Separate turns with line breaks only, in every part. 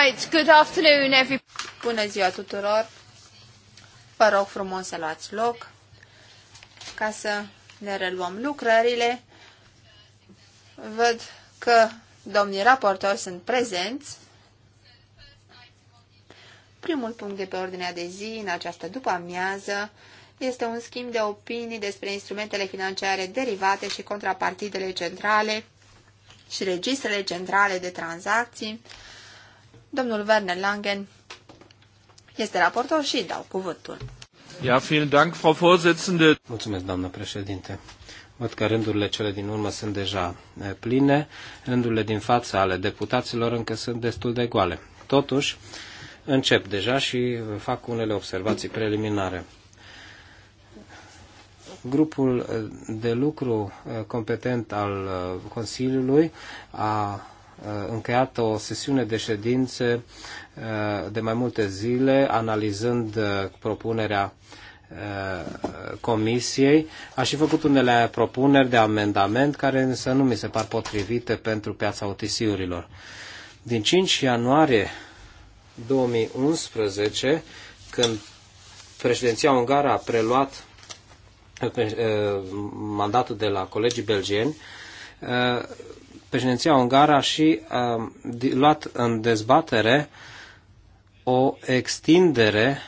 Right, good afternoon, every... Bună ziua tuturor! Vă rog frumos să luați loc ca să ne reluăm lucrările. Văd că domnii raportori sunt prezenți. Primul punct de pe ordinea de zi în această după-amiază este un schimb de opinii despre instrumentele financiare derivate și contrapartidele centrale și registrele centrale de tranzacții Domnul Werner Langen este raportor și dau cuvântul.
Ja,
vielen Dank, Frau Vorsitzende. Mulțumesc, doamnă președinte. Văd că rândurile cele din urmă sunt deja pline, rândurile din față ale deputaților încă sunt destul de goale. Totuși, încep deja și fac unele observații preliminare. Grupul de lucru competent al Consiliului a Uh, încheiat o sesiune de ședințe uh, de mai multe zile, analizând uh, propunerea comisiei. Aș fi făcut unele propuneri de amendament care însă nu mi se par potrivite pentru piața OTC-urilor. Din 5 ianuarie 2011, când președinția ungară a preluat mandatul de la colegii belgieni, președinția ungară a și a, um, luat în dezbatere o extindere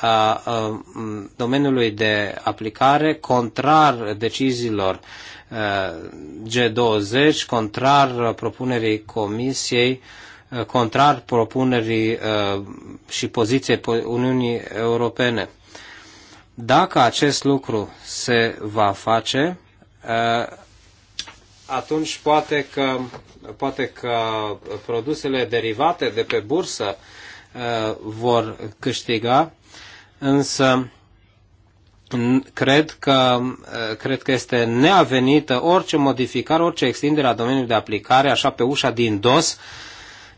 a, a um, domeniului de aplicare contrar deciziilor a, uh, G20, contrar propunerii Comisiei, a, uh, contrar propunerii a, uh, și poziției Uniunii Europene. Dacă acest lucru se va face, atunci poate că, poate că produsele derivate de pe bursă uh, vor câștiga, însă cred că, uh, cred că este neavenită orice modificare, orice extindere a domeniului de aplicare, așa pe ușa din dos.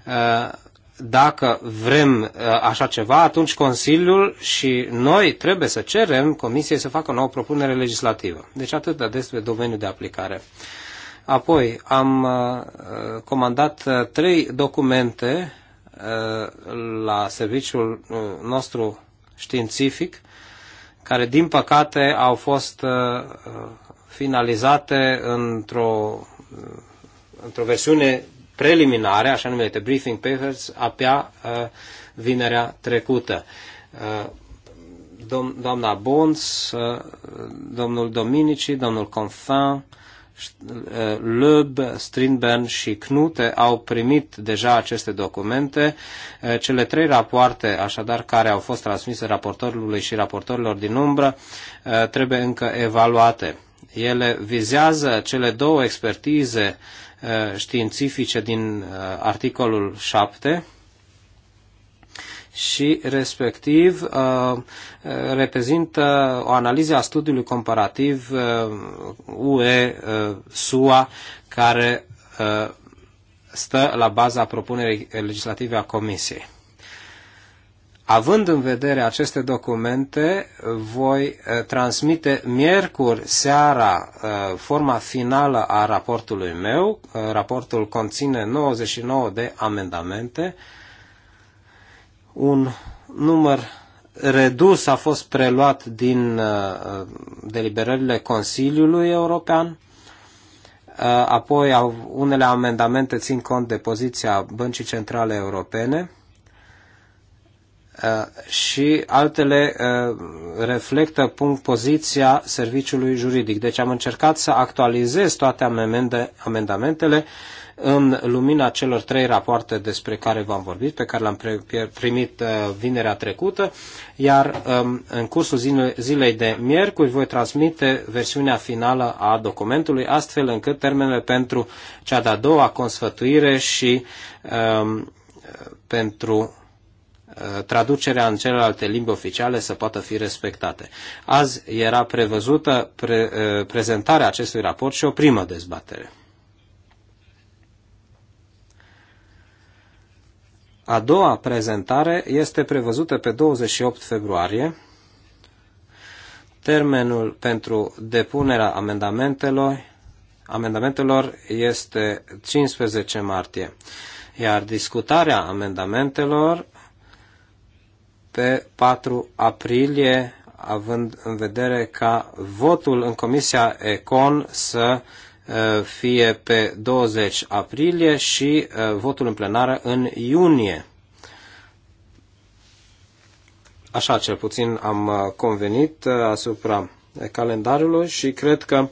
Uh, dacă vrem așa ceva, atunci Consiliul și noi trebuie să cerem Comisiei să facă o nouă propunere legislativă. Deci atât despre domeniul de aplicare. Apoi am uh, comandat uh, trei documente uh, la serviciul nostru științific, care din păcate au fost finalizate într-o, într-o versiune preliminare, așa numite briefing papers, apia vinerea trecută. doamna Bons, domnul Dominici, domnul Confin, Löb, Strindberg și Knute au primit deja aceste documente. Cele trei rapoarte, așadar, care au fost transmise raportorului și raportorilor din umbră, trebuie încă evaluate. Ele vizează cele două expertize științifice din uh, articolul 7, și respectiv uh, uh, reprezintă o analiză a studiului comparativ UE-SUA uh, care stă la baza propunerii legislative a Comisiei. Având în vedere aceste documente, voi transmite miercuri seara forma finală a raportului meu. Raportul conține 99 de amendamente un număr redus a fost preluat din uh, deliberările Consiliului European, uh, apoi unele amendamente țin cont de poziția Băncii Centrale Europene Uh, și altele uh, reflectă punct poziția serviciului juridic. Deci am încercat să actualizez toate amendamentele în lumina celor trei rapoarte despre care v-am vorbit, pe care le-am primit uh, vinerea trecută, iar um, în cursul zilei de miercuri voi transmite versiunea finală a documentului, astfel încât termenele pentru cea de-a doua consfătuire și um, pentru Uh, traducerea în celelalte limbi oficiale să poată fi respectate. Azi era prevăzută pre, uh, prezentarea acestui raport și o primă dezbatere. A doua prezentare este prevăzută pe 28 februarie. Termenul pentru depunerea amendamentelor, amendamentelor este 15 martie, iar discutarea amendamentelor pe 4 aprilie, având în vedere ca votul în Comisia Econ să uh, fie pe 20 aprilie și uh, votul în plenară în iunie. Așa cel puțin am uh, convenit asupra calendarului și cred că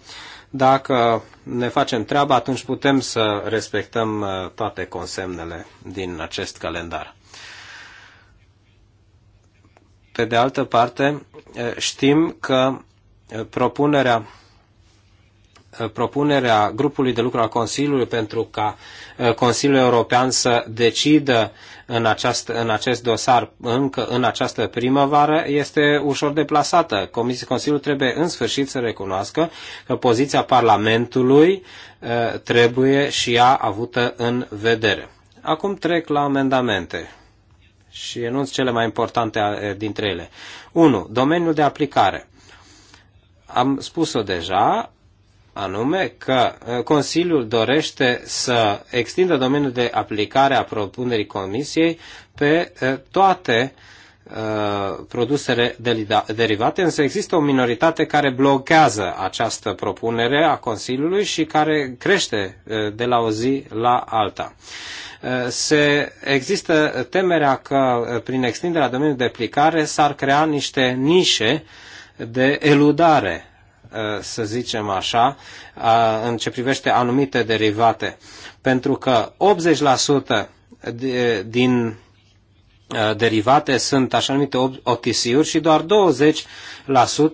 dacă ne facem treaba, atunci putem să respectăm toate consemnele din acest calendar. Pe de altă parte, știm că propunerea propunerea grupului de lucru al Consiliului pentru ca Consiliul European să decidă în, acest în acest dosar încă în această primăvară este ușor deplasată. Comisia Consiliul trebuie în sfârșit să recunoască că poziția Parlamentului trebuie și ea avută în vedere. Acum trec la amendamente și enunț cele mai importante dintre ele. 1. Domeniul de aplicare. Am spus-o deja, anume că Consiliul dorește să extindă domeniul de aplicare a propunerii Comisiei pe toate uh, Uh, produse derivate, însă există o minoritate care blochează această propunere a Consiliului și care crește uh, de la o zi la alta. Uh, se există temerea că prin extinderea domeniului de aplicare s-ar crea niște nișe de eludare, să zicem așa, în ce privește anumite derivate. Pentru că 80% din Uh, derivate sunt așa numite OTC-uri și doar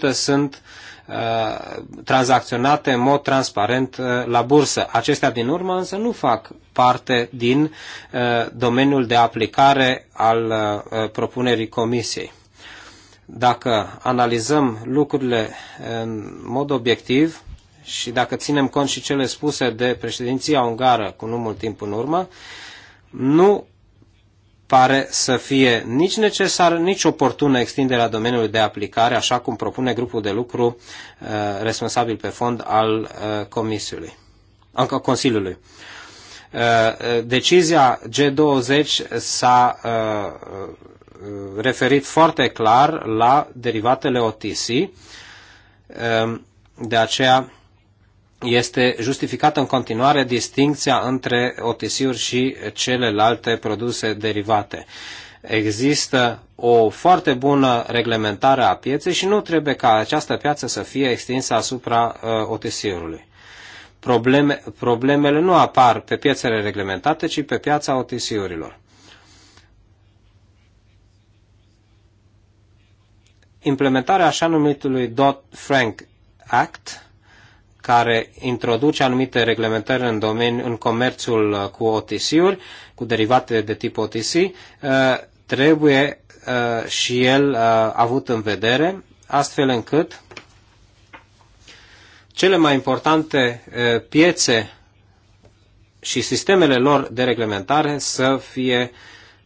20% sunt uh, tranzacționate în mod transparent uh, la bursă. Acestea din urmă însă nu fac parte din domeniul de aplicare al propunerii comisiei. Dacă analizăm lucrurile în mod obiectiv și dacă ținem cont și cele spuse de președinția ungară cu nu mult timp în urmă, nu pare să fie nici necesară, nici oportună extinderea domeniului de aplicare, așa cum propune grupul de lucru uh, responsabil pe fond al uh, Comisiului, Consiliului. Uh, decizia G20 s-a referit foarte clar la derivatele OTC, de aceea este justificată în continuare distinția între OTC-uri și celelalte produse derivate. Există o foarte bună reglementare a pieței și nu trebuie ca această piață să fie extinsă asupra uh, OTC-ului. Probleme, problemele nu apar pe piețele reglementate, ci pe piața OTC-urilor. Implementarea așa numitului Dodd-Frank Act care introduce anumite reglementări în, domeniu, în comerțul uh, cu OTC-uri, cu derivate de tip OTC, uh, trebuie uh, și el avut în vedere, astfel încât cele mai importante piețe și sistemele lor de reglementare să fie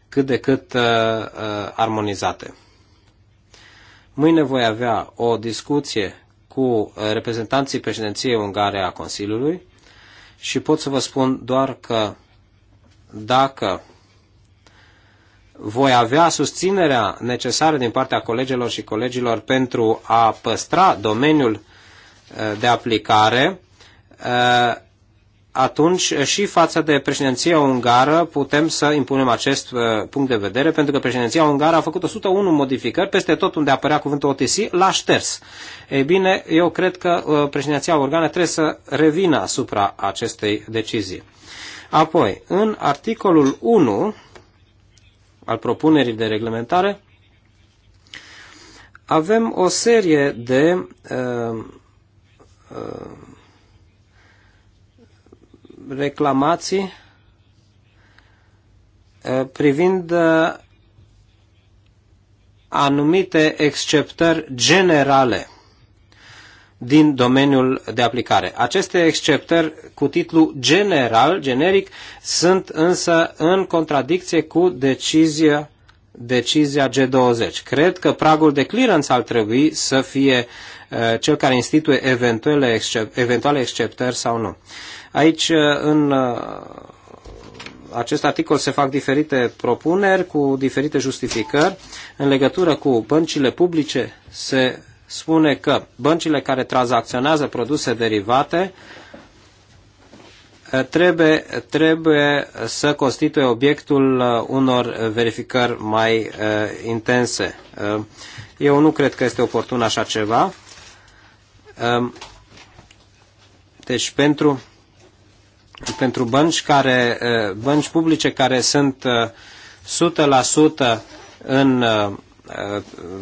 cât de cât armonizate. Mâine voi avea o discuție cu uh, reprezentanții președinției ungare a Consiliului și pot să vă spun doar că dacă voi avea susținerea necesară din partea colegelor și colegilor pentru a păstra domeniul uh, de aplicare, uh, atunci eh, și față de președinția ungară putem să impunem acest uh, punct de vedere, pentru că președinția ungară a făcut 101 modificări peste tot unde apărea cuvântul OTC, l-a șters. Ei bine, eu cred că uh, președinția organă trebuie să revină asupra acestei decizii. Apoi, în articolul 1 al propunerii de reglementare, avem o serie de uh, uh, reclamații eh, privind eh, anumite exceptări generale din domeniul de aplicare. Aceste exceptări cu titlu general, generic, sunt însă în contradicție cu decizia, decizia G20. Cred că pragul de clearance ar trebui să fie uh, cel care instituie eventuale, excep, eventuale exceptări sau nu. Aici, uh, în uh, acest articol se fac diferite propuneri cu diferite justificări. În legătură cu băncile publice se spune că băncile care tranzacționează produse derivate uh, trebuie, trebuie să constituie obiectul unor verificări mai intense. Eu nu cred că este oportun așa ceva. Deci pentru pentru bănci, care, bănci publice care sunt 100% în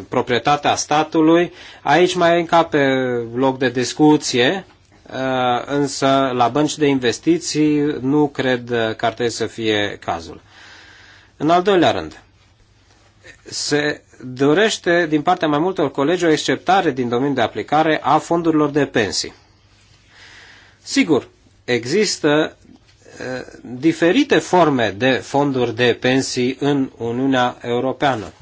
proprietatea statului. Aici mai încape loc de discuție, însă la bănci de investiții nu cred că ar trebui să fie cazul. În al doilea rând, se dorește din partea mai multor colegi o exceptare din domeniul de aplicare a fondurilor de pensii. Sigur, există eh, diferite forme de fonduri de pensii în Uniunea Europeană.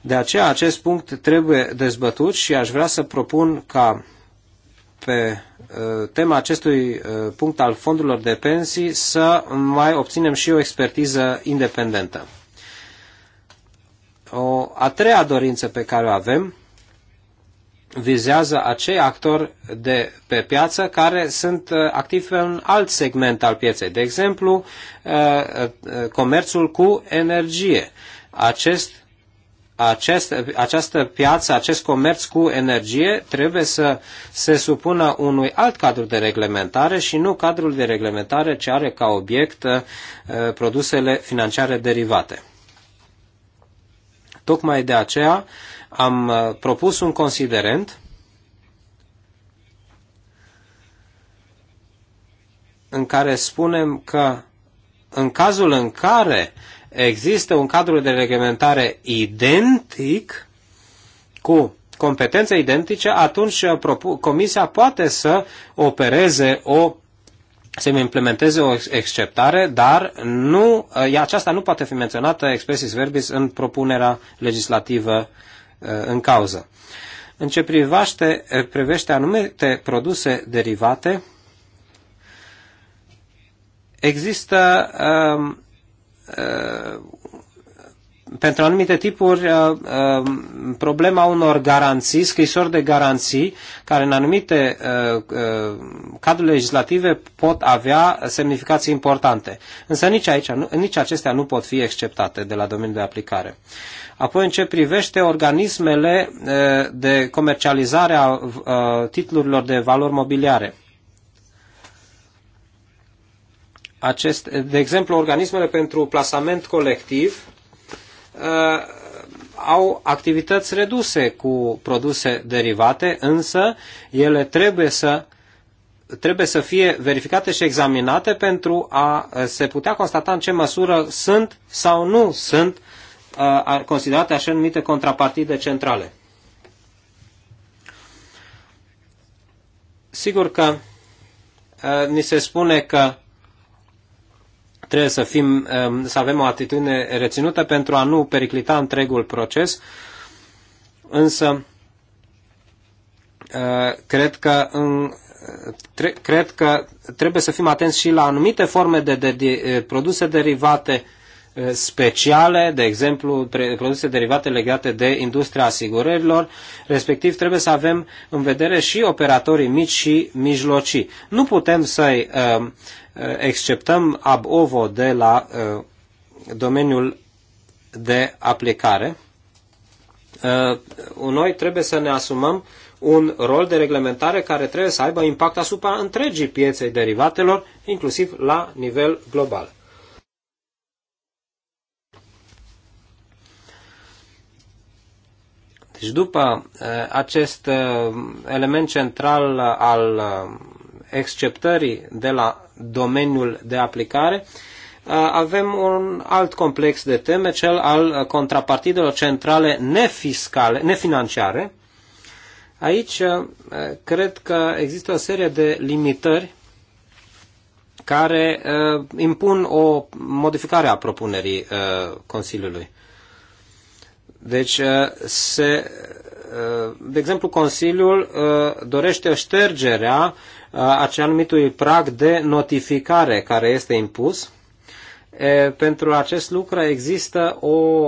De aceea acest punct trebuie dezbătut și aș vrea să propun ca pe eh, tema acestui eh, punct al fondurilor de pensii să mai obținem și o expertiză independentă. O a treia dorință pe care o avem vizează acei actori de pe piață care sunt uh, activi pe un alt segment al pieței, de exemplu uh, uh, comerțul cu energie. Acest acest, această piață, acest comerț cu energie trebuie să se supună unui alt cadru de reglementare și nu cadrul de reglementare ce are ca obiect uh, produsele financiare derivate. Tocmai de aceea am uh, propus un considerent în care spunem că în cazul în care există un cadru de reglementare identic cu competențe identice, atunci uh, Comisia poate să opereze o să implementeze o exceptare, dar nu, uh, aceasta nu poate fi menționată expresis verbis în propunerea legislativă Uh, în cauză. În ce privește, uh, privește anumite produse derivate, există um, uh, pentru anumite tipuri, uh, uh, problema unor garanții, scrisori de garanții, care în anumite uh, cadre legislative pot avea semnificații importante. Însă nici, aici, nici acestea nu pot fi exceptate de la domeniul de aplicare. Apoi, în ce privește organismele de comercializare a titlurilor de valori mobiliare, acest, de exemplu, organismele pentru plasament colectiv, Uh, au activități reduse cu produse derivate, însă ele trebuie să trebuie să fie verificate și examinate pentru a se putea constata în ce măsură sunt sau nu sunt uh, considerate așa numite contrapartide centrale. Sigur că uh, ni se spune că Trebuie să, fim, um, să avem o atitudine reținută pentru a nu periclita întregul proces, însă uh, cred că în, cred că trebuie să fim atenți și la anumite forme de, de, de eh, produse derivate Eh, speciale, de exemplu produse derivate legate de industria asigurărilor, respectiv trebuie să avem în vedere și operatorii mici și mijlocii. Nu putem să-i uh, exceptăm ab ovo de la uh, domeniul de aplicare. Uh, noi trebuie să ne asumăm un rol de reglementare care trebuie să aibă impact asupra întregii pieței derivatelor, inclusiv la nivel global. Și după uh, acest uh, element central al uh, exceptării de la domeniul de aplicare, avem un alt complex de teme, cel al contrapartidelor centrale nefiscale, nefinanciare. Aici cred că există o serie de limitări care impun o modificare a propunerii Consiliului. Deci, uh, se, uh, de exemplu, Consiliul uh, dorește ștergerea acea anumitului prag de notificare care este impus. Pentru acest lucru există o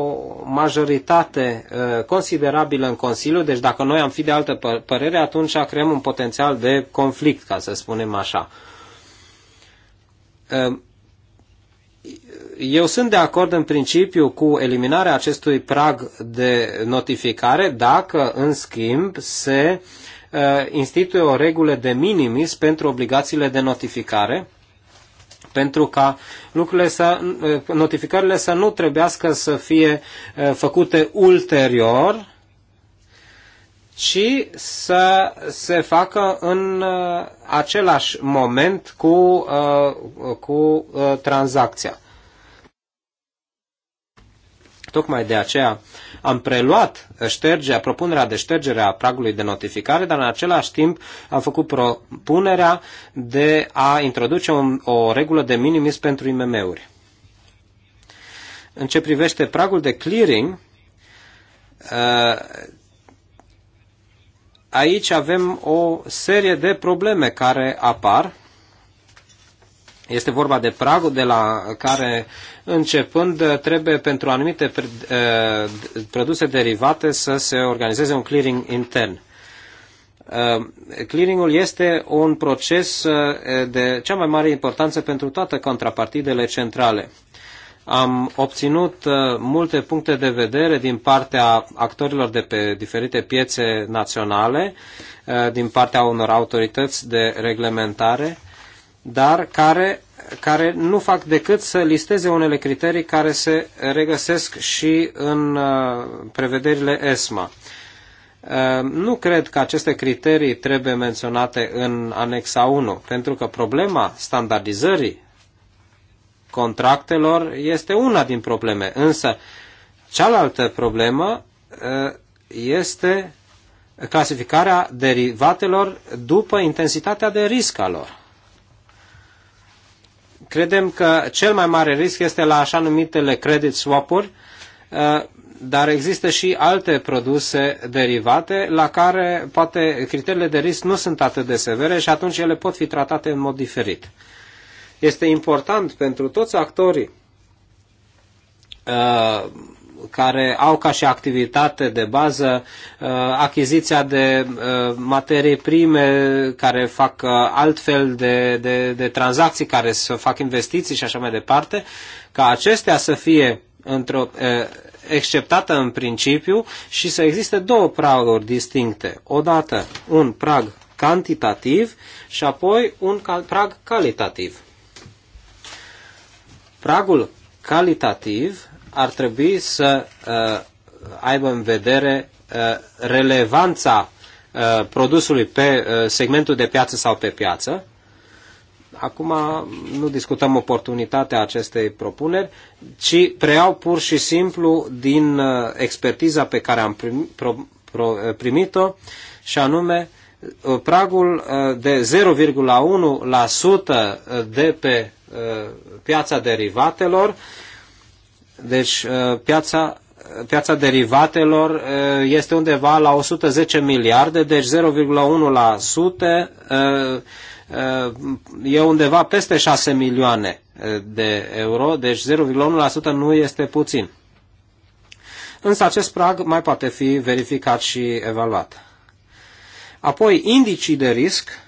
majoritate considerabilă în Consiliu, deci dacă noi am fi de altă părere, atunci creăm un potențial de conflict, ca să spunem așa eu sunt de acord în principiu cu eliminarea acestui prag de notificare dacă, în schimb, se uh, instituie o regulă de minimis pentru obligațiile de notificare, pentru ca lucrurile să, uh, notificările să nu trebuiască să fie uh, făcute ulterior ci să se facă în uh, același moment cu, uh, cu uh, tranzacția. Tocmai de aceea am preluat ștergerea, propunerea de ștergere a pragului de notificare, dar în același timp am făcut propunerea de a introduce un, o regulă de minimis pentru IMM-uri. În ce privește pragul de clearing, aici avem o serie de probleme care apar. Este vorba de pragul de la care, începând, trebuie pentru anumite eh, produse derivate să se organizeze un clearing intern. Eh, clearingul este un proces eh, de cea mai mare importanță pentru toate contrapartidele centrale am obținut uh, multe puncte de vedere din partea actorilor de pe diferite piețe naționale, uh, din partea unor autorități de reglementare, dar care, care nu fac decât să listeze unele criterii care se regăsesc și în uh, prevederile ESMA. Nu cred că aceste criterii trebuie menționate în anexa 1, pentru că problema standardizării contractelor este una din probleme, însă cealaltă problemă este clasificarea derivatelor după intensitatea de risc a lor. Credem că cel mai mare risc este la așa numitele credit swap-uri, dar există și alte produse derivate la care poate criteriile de risc nu sunt atât de severe și atunci ele pot fi tratate în mod diferit. Este important pentru toți actorii uh, care au ca și activitate de bază uh, achiziția de uh, materii prime, care fac uh, altfel de, de, de tranzacții, care să fac investiții și așa mai departe, ca acestea să fie într-o uh, exceptată în principiu și să existe două praguri distincte. Odată un prag cantitativ și apoi un prag calitativ. Pragul calitativ ar trebui să uh, aibă în vedere uh, relevanța uh, produsului pe segmentul de piață sau pe piață. Acum nu discutăm oportunitatea acestei propuneri, ci preiau pur și simplu din expertiza pe care am primit-o și anume pragul de 0,1% de pe Uh, piața derivatelor. Deci uh, piața, piața derivatelor uh, este undeva la 110 miliarde, deci 0,1% e undeva peste 6 milioane de euro, deci 0,1% nu este puțin. Însă acest prag mai poate fi verificat și evaluat. Apoi, indicii de risc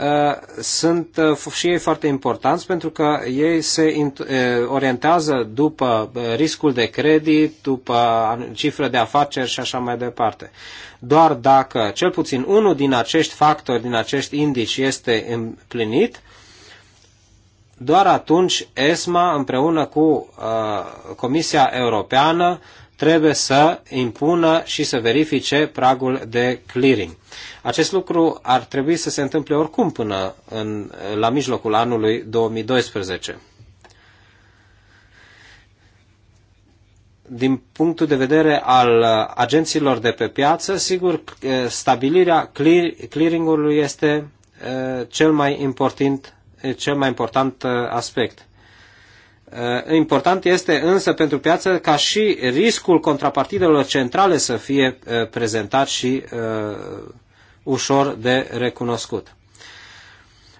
Uh, sunt uh, și ei foarte importanți pentru că ei se uh, orientează după riscul de credit, după cifră de afaceri și așa mai departe. Doar dacă cel puțin unul din acești factori, din acești indici este împlinit, doar atunci ESMA împreună cu uh, Comisia Europeană trebuie să impună și să verifice pragul de clearing. Acest lucru ar trebui să se întâmple oricum până în, la mijlocul anului 2012. din punctul de vedere al agenților de pe piață, sigur, eh, stabilirea clearing-ului este eh, cel mai important, eh, cel mai important aspect. Important este însă pentru piață ca și riscul contrapartidelor centrale să fie prezentat și ușor de recunoscut.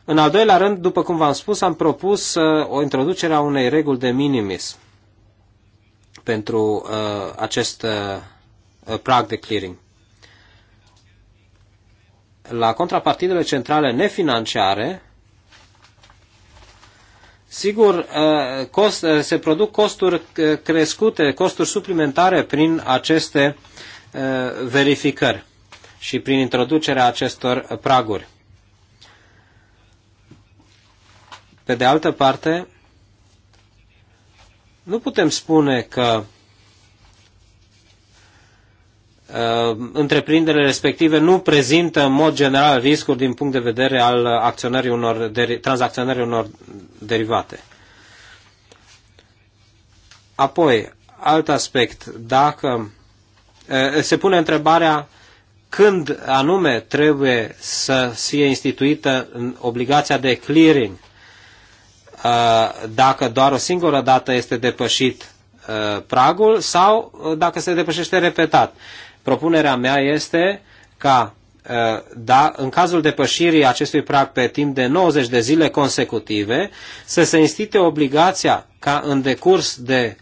În al doilea rând, după cum v-am spus, am propus uh, o introducere a unei reguli de minimis pentru uh, acest uh, uh, prag de clearing. La contrapartidele centrale nefinanciare, sigur, uh, cost, uh, se produc costuri uh, crescute, costuri suplimentare prin aceste uh, verificări și prin introducerea acestor praguri. Pe de altă parte, nu putem spune că uh, întreprinderile respective nu prezintă în mod general riscuri din punct de vedere al acționării unor deri, tranzacționării unor derivate. Apoi, alt aspect, dacă uh, se pune întrebarea când anume trebuie să fie instituită obligația de clearing uh, dacă doar o singură dată este depășit uh, pragul sau uh, dacă se depășește repetat. Propunerea mea este ca da, în cazul depășirii acestui prag pe timp de 90 de zile consecutive, să se instite obligația ca în decurs de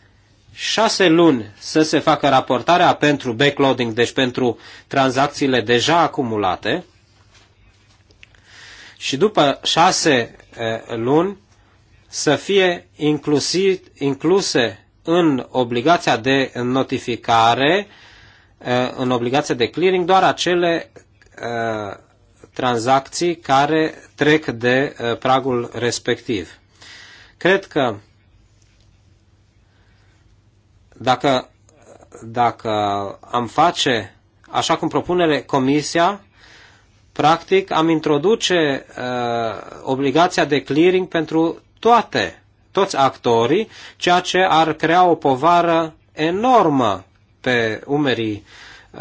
șase luni să se facă raportarea pentru backloading, deci pentru tranzacțiile deja acumulate, și după șase luni să fie incluse în obligația de notificare, în obligația de clearing, doar acele tranzacții care trec de pragul respectiv. Cred că dacă, dacă am face așa cum propune Comisia, practic am introduce uh, obligația de clearing pentru toate, toți actorii, ceea ce ar crea o povară enormă pe umerii uh,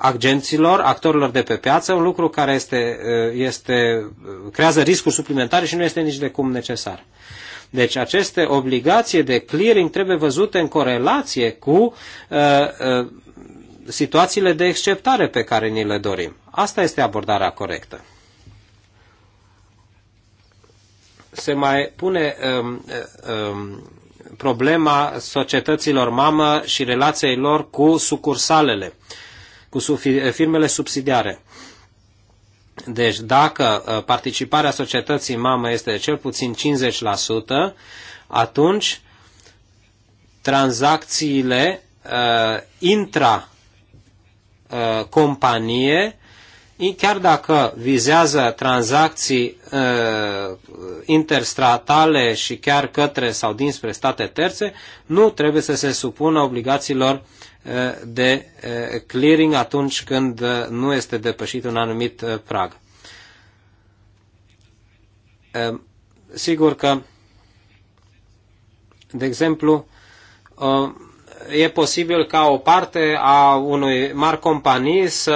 agenților, actorilor de pe piață, un lucru care este, uh, este, creează riscuri suplimentare și nu este nici de cum necesar. Uh, deci aceste obligații de clearing trebuie văzute în corelație cu uh, uh, situațiile de exceptare pe care ni le dorim. Asta este abordarea corectă. Se mai pune um, um, problema societăților mamă și relației lor cu sucursalele, cu firmele subsidiare. Deci dacă uh, participarea societății mamă este de cel puțin 50%, atunci tranzacțiile uh, intra uh, companie, chiar dacă vizează tranzacții uh, interstatale și chiar către sau dinspre state terțe, nu trebuie să se supună obligațiilor de eh, clearing atunci când eh, nu este depășit un anumit eh, prag. Sigur că, de exemplu, e posibil ca o parte a unui mari companii să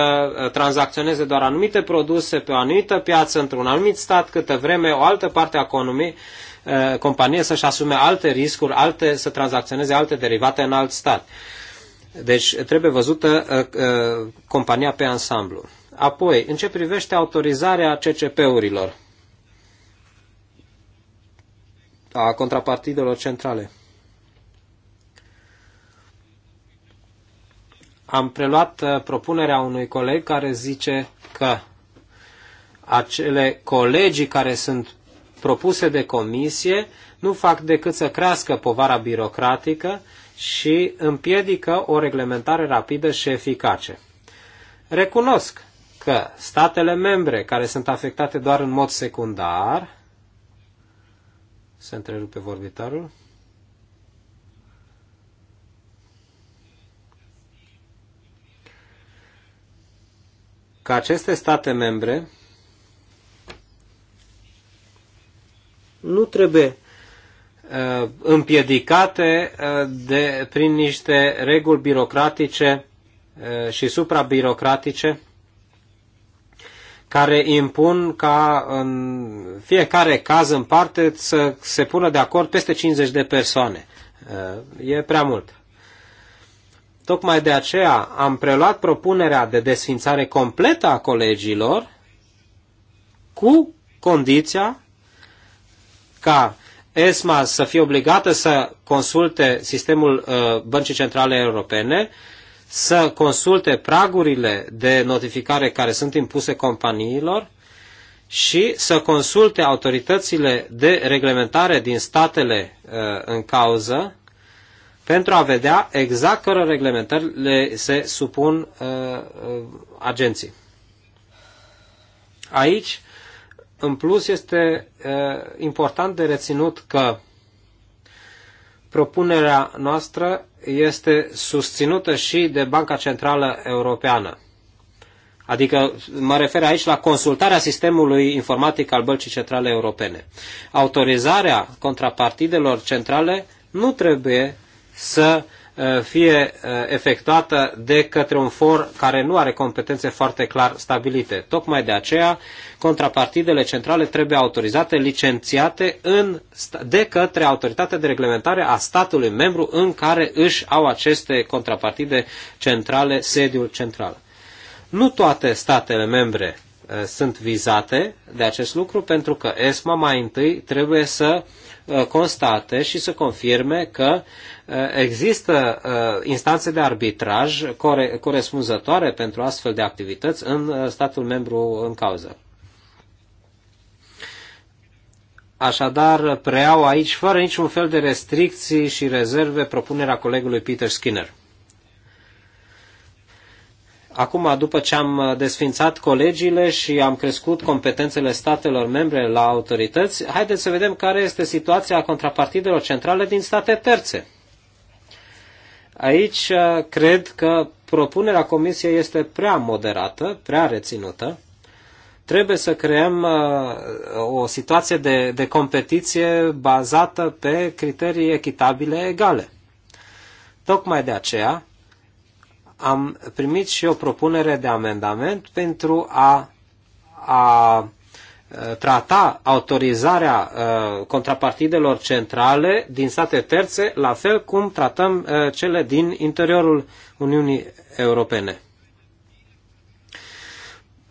tranzacționeze doar anumite produse pe o anumită piață într-un anumit stat, câtă vreme o altă parte a economiei companie să-și asume alte riscuri, alte, să tranzacționeze alte derivate în alt stat. Deci trebuie văzută uh, uh, compania pe ansamblu. Apoi, în ce privește autorizarea CCP-urilor, a contrapartidelor centrale. Am preluat uh, propunerea unui coleg care zice că acele colegii care sunt propuse de comisie nu fac decât să crească povara birocratică și împiedică o reglementare rapidă și eficace. Recunosc că statele membre care sunt afectate doar în mod secundar se întrerupe vorbitorul. Că aceste state membre nu trebuie Uh, împiedicate uh, de, prin niște reguli birocratice uh, și suprabirocratice care impun ca în fiecare caz în parte să se pună de acord peste 50 de persoane. E prea mult. Tocmai de aceea am preluat propunerea de desfințare completă a colegiilor cu condiția ca ESMA să fie obligată să consulte sistemul uh, Băncii Centrale Europene, să consulte pragurile de notificare care sunt impuse companiilor și să consulte autoritățile de reglementare din statele uh, în cauză pentru a vedea exact care reglementări le se supun uh, agenții. Aici în plus, este important de reținut că propunerea noastră este susținută și de Banca Centrală Europeană. Adică mă refer aici la consultarea sistemului informatic al Bălcii Centrale Europene. Autorizarea contrapartidelor centrale nu trebuie să uh, Uh, fie uh, efectuată de către un for care nu are competențe foarte clar stabilite. Tocmai de aceea, contrapartidele centrale trebuie autorizate, licențiate în, de către autoritatea de reglementare a statului membru în care își au aceste contrapartide centrale sediul central. Nu toate statele membre uh, sunt vizate de acest lucru pentru că ESMA mai întâi trebuie să uh, Uh, constate și să confirme că uh, există uh, instanțe de arbitraj corespunzătoare pentru astfel de activități în statul membru în cauză. Așadar, preiau aici, fără niciun fel de restricții și rezerve, propunerea colegului Peter Skinner. Acum, după ce am uh, desfințat colegiile și am crescut competențele statelor membre la autorități, haideți să vedem care este situația contrapartidelor centrale din state terțe. Aici uh, cred că propunerea Comisiei este prea moderată, prea reținută. Trebuie să creăm uh, o situație de, de competiție bazată pe criterii echitabile egale. Tocmai de aceea, am primit și o propunere de amendament pentru a, a trata autorizarea contrapartidelor centrale din state terțe, la fel cum tratăm cele din interiorul Uniunii Europene.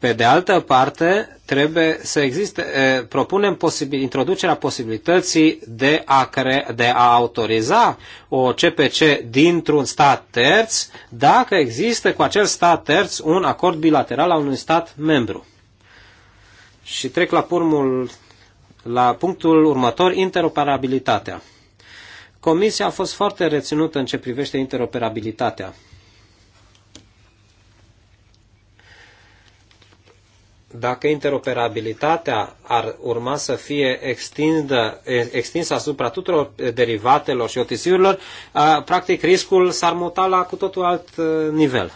Pe de altă parte, trebuie să existe, propunem posibil, introducerea posibilității de a, cre, de a autoriza o CPC dintr-un stat terț dacă există cu acel stat terț un acord bilateral al unui stat membru. Și trec la, purmul, la punctul următor, interoperabilitatea. Comisia a fost foarte reținută în ce privește interoperabilitatea dacă interoperabilitatea ar urma să fie extindă, extinsă asupra tuturor derivatelor și OTC-urilor, practic riscul s-ar muta la cu totul alt nivel.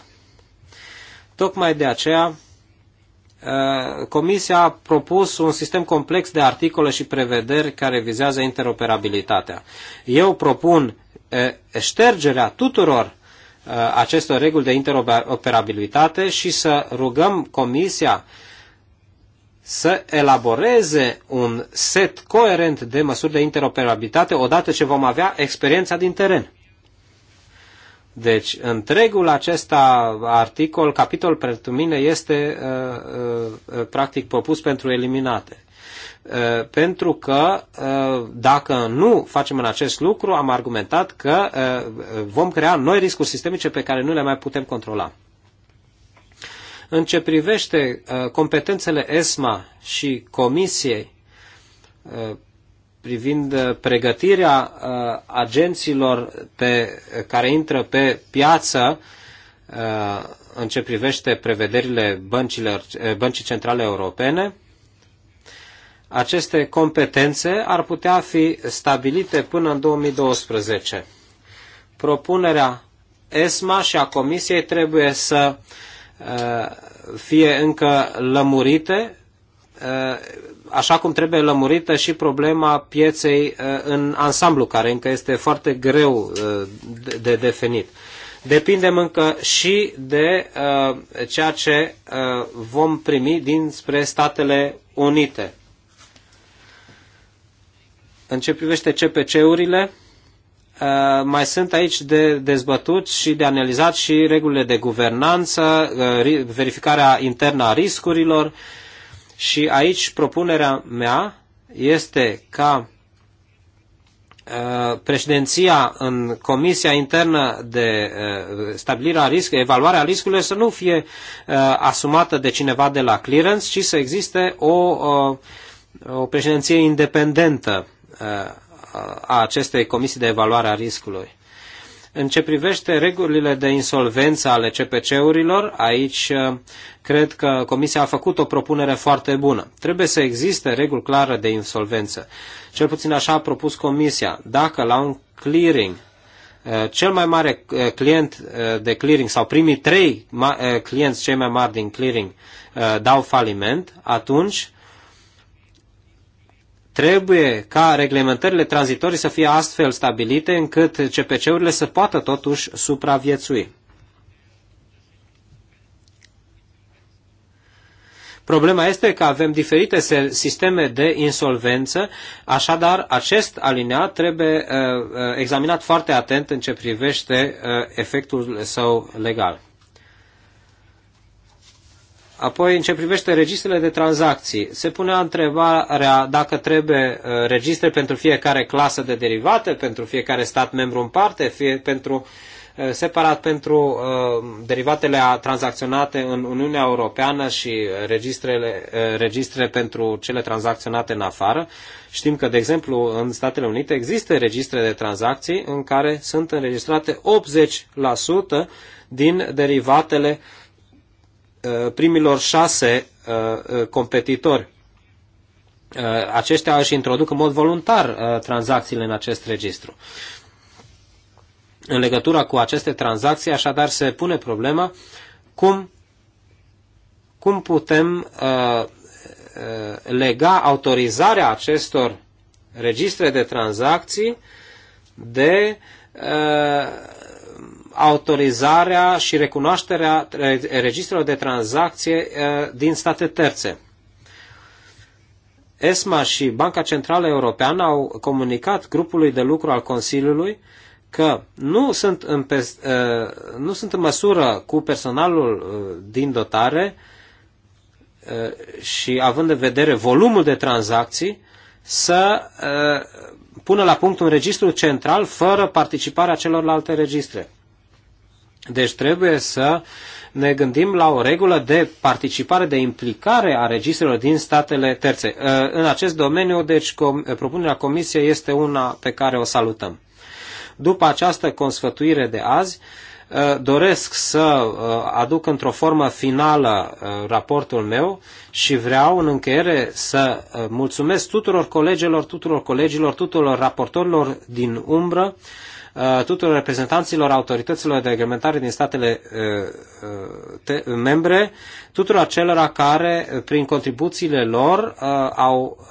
Tocmai de aceea, Comisia a propus un sistem complex de articole și prevederi care vizează interoperabilitatea. Eu propun ștergerea tuturor acestor reguli de interoperabilitate și să rugăm Comisia uh, să elaboreze un set coerent de măsuri de interoperabilitate odată ce vom avea experiența din teren. Deci, întregul acesta articol, capitol pentru mine, este uh, uh, uh, practic propus pentru eliminate. Uh, pentru că uh, dacă nu facem în acest lucru, am argumentat că uh, vom crea noi riscuri sistemice pe care nu le mai putem controla. În ce privește uh, competențele ESMA și Comisiei uh, privind uh, pregătirea agenților pe, care intră pe piață în ce privește prevederile băncilor, Băncii Centrale Europene, aceste competențe ar putea fi stabilite până în 2012. Propunerea ESMA și a Comisiei trebuie să Uh, fie încă lămurite, uh, așa cum trebuie lămurită și problema pieței uh, în ansamblu, care încă este foarte greu de definit. Depindem încă și de ceea ce vom primi dinspre Statele Unite. În ce privește CPC-urile, Uh, mai sunt aici de dezbătut și de analizat și regulile de guvernanță, uh, verificarea internă a riscurilor și aici propunerea mea este ca uh, președinția în Comisia Internă de Stabilirea Riscului, Evaluarea Riscurilor să nu fie asumată de cineva de la clearance, ci să existe o, o președinție independentă a acestei comisii de evaluare a riscului. În ce privește regulile de insolvență ale CPC-urilor, aici uh, cred că Comisia a făcut o propunere foarte bună. Trebuie să existe reguli clare de insolvență. Cel puțin așa a propus Comisia. Dacă la un clearing uh, cel mai mare uh, client de clearing sau primii trei clienți cei mai mari din clearing dau faliment, atunci Trebuie ca reglementările tranzitorii să fie astfel stabilite încât CPC-urile să poată totuși supraviețui. Problema este că avem diferite sisteme de insolvență, așadar acest alineat trebuie uh, uh, examinat foarte atent în ce privește uh, efectul său legal. Apoi, în ce privește registrele de tranzacții, se pune întrebarea dacă trebuie uh, registre pentru fiecare clasă de derivate, pentru fiecare stat membru în parte, fie pentru, uh, separat pentru uh, derivatele tranzacționate în Uniunea Europeană și registrele, registre pentru cele tranzacționate în afară. Știm că, de exemplu, în Statele Unite există registre de tranzacții în care sunt înregistrate 80% din derivatele uh, Uh, primilor șase uh, uh, competitori. Aceștia își introduc în mod voluntar tranzacțiile în acest registru. În legătura cu aceste tranzacții, așadar, se pune problema cum, cum putem lega autorizarea acestor registre de tranzacții de autorizarea și recunoașterea registrelor de tranzacție din state terțe. ESMA și Banca Centrală Europeană au comunicat grupului de lucru al Consiliului că nu sunt în, nu sunt în măsură cu personalul din dotare și având în vedere volumul de tranzacții să pună la punct un registru central fără participarea celorlalte registre. Deci trebuie să ne gândim la o regulă de participare, de implicare a registrelor din statele terțe. Uh, în acest domeniu, deci, propunerea Comisiei este una pe care o salutăm. După această consfătuire de azi, uh, doresc să uh, aduc într-o formă finală raportul meu și vreau în încheiere să mulțumesc tuturor colegilor, tuturor colegilor, tuturor raportorilor din umbră, Uh, tuturor reprezentanților autorităților de reglementare din statele uh, uh, membre, tuturor acelora care, prin contribuțiile lor, au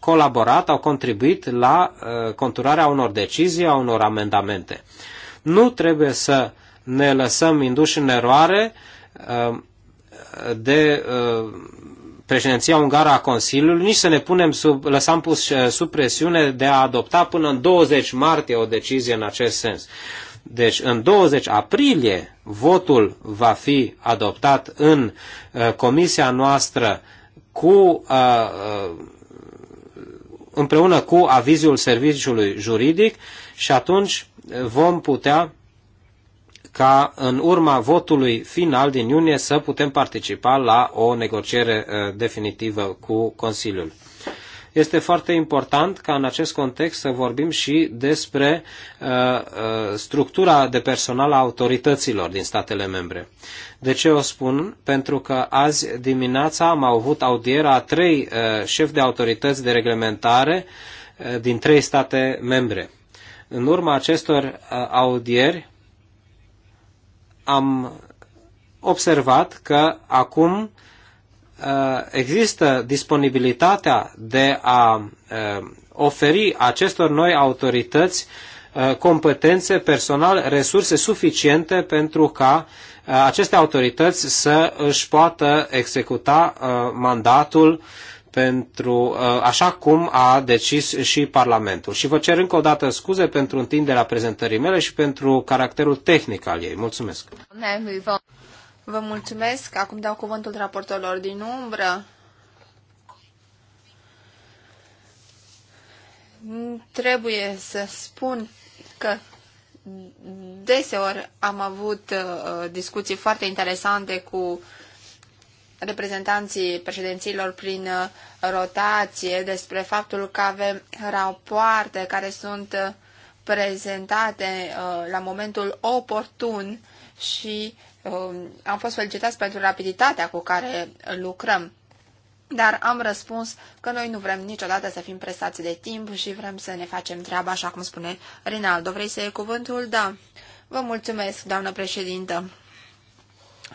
colaborat, au contribuit la conturarea unor decizii, a unor amendamente. Nu trebuie să ne lăsăm induși în eroare de președinția ungară a Consiliului, nici să ne punem sub, lăsăm pus eh, sub presiune de a adopta până în 20 martie o decizie în acest sens. Deci în 20 aprilie votul va fi adoptat în uh, comisia noastră cu uh, uh, împreună cu avizul serviciului juridic și atunci vom putea ca în urma votului final din iunie să putem participa la o negociere uh, definitivă cu Consiliul. Este foarte important ca în acest context să vorbim și despre uh, uh, structura de personal a autorităților din statele membre. De ce o spun? Pentru că azi dimineața am avut audiera a trei uh, șefi de autorități de reglementare uh, din trei state membre. În urma acestor uh, audieri, am observat că acum uh, există disponibilitatea de a uh, oferi acestor noi autorități uh, competențe, personal, resurse suficiente pentru ca aceste autorități să își poată executa mandatul pentru, uh, așa cum a decis și Parlamentul. Și vă cer încă o dată scuze pentru întinderea prezentării mele și pentru caracterul tehnic al ei. Mulțumesc!
Vă mulțumesc! Acum dau cuvântul raportorilor din umbră. Trebuie să spun că deseori am avut uh, discuții foarte interesante cu uh, reprezentanții președinților prin uh, rotație despre faptul că avem rapoarte care sunt uh, prezentate uh, la momentul oportun și um, am fost felicitați pentru rapiditatea cu care lucrăm. Dar am răspuns că noi nu vrem niciodată să fim presați de timp și vrem să ne facem treaba, așa cum spune Rinaldo. Vrei să iei cuvântul? Da. Vă mulțumesc, doamnă președintă.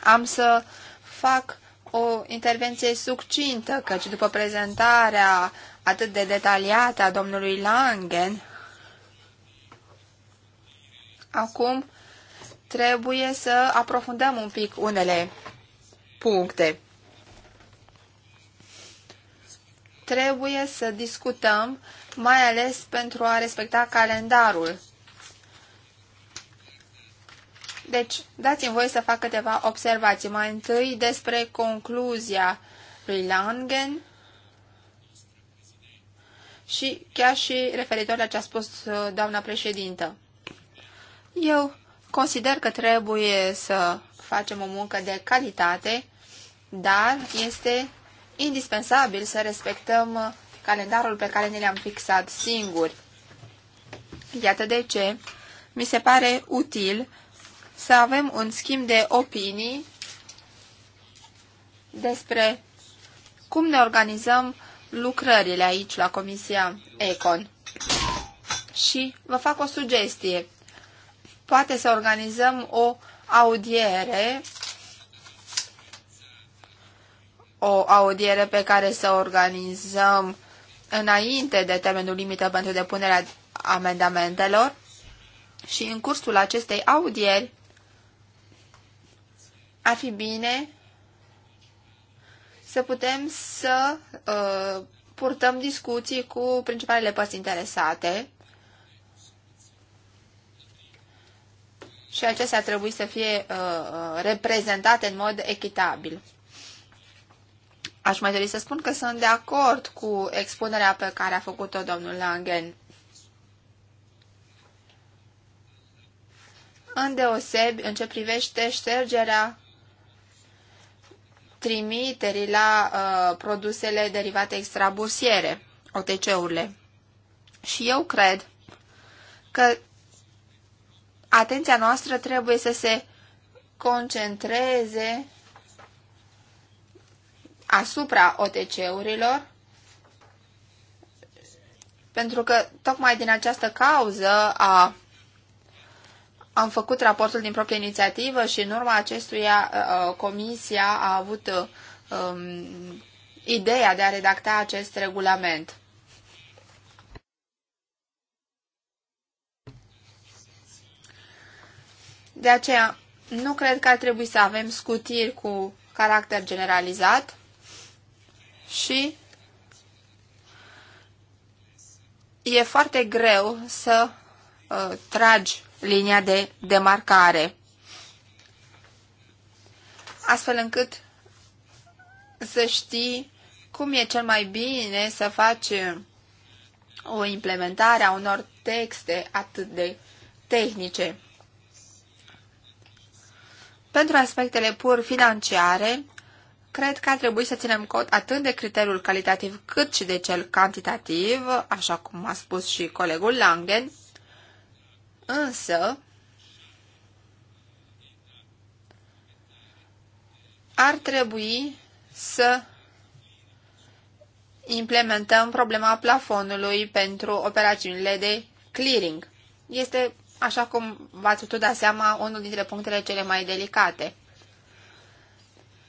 Am să fac o intervenție succintă, căci după prezentarea atât de detaliată a domnului Langen, acum trebuie să aprofundăm un pic unele puncte. Trebuie să discutăm, mai ales pentru a respecta calendarul deci, dați-mi voi să fac câteva observații. Mai întâi despre concluzia lui Langen și chiar și referitor la ce a spus uh, doamna președintă. Eu consider că trebuie să facem o muncă de calitate, dar este indispensabil să respectăm calendarul pe care ne l-am fixat singuri. Iată de ce mi se pare util să avem un schimb de opinii despre cum ne organizăm lucrările aici la Comisia Econ. Și vă fac o sugestie. Poate să organizăm o audiere, o audiere pe care să organizăm înainte de termenul limită pentru depunerea amendamentelor și în cursul acestei audieri ar fi bine să putem să uh, purtăm discuții cu principalele părți interesate și acestea trebuie să fie uh, uh, reprezentate în mod echitabil. Aș mai dori să spun că sunt de acord cu expunerea pe care a făcut-o domnul Langen. Îndeosebi în ce privește ștergerea trimiterii la uh, produsele derivate extrabursiere, OTC-urile. Și eu cred că atenția noastră trebuie să se concentreze asupra OTC-urilor, pentru că tocmai din această cauză a am făcut raportul din proprie inițiativă și în urma acestuia uh, uh, comisia a avut uh, um, ideea de a redacta acest regulament. De aceea, nu cred că ar trebui să avem scutiri cu caracter generalizat și e foarte greu să uh, tragi linia de demarcare, astfel încât să știi cum e cel mai bine să faci o implementare a unor texte atât de tehnice. Pentru aspectele pur financiare, cred că ar trebui să ținem cont atât de criteriul calitativ cât și de cel cantitativ, așa cum a spus și colegul Langen, însă ar trebui să implementăm problema plafonului pentru operațiunile de clearing. Este, așa cum v-ați putut da seama, unul dintre punctele cele mai delicate.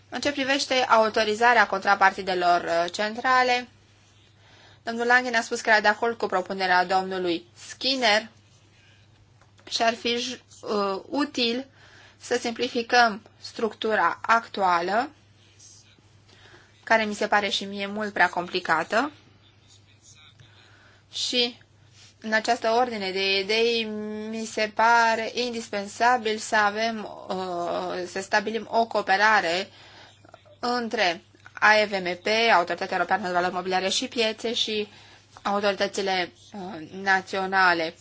În ce privește autorizarea contrapartidelor uh, centrale, domnul Lange ne-a spus că era de acord cu propunerea domnului Skinner și ar fi uh, util să simplificăm structura actuală, care mi se pare și mie mult prea complicată, și în această ordine de idei mi se pare indispensabil să avem, uh, să stabilim o cooperare între AEVMP, Autoritatea Europeană de Valori Mobiliare și Piețe și autoritățile uh, naționale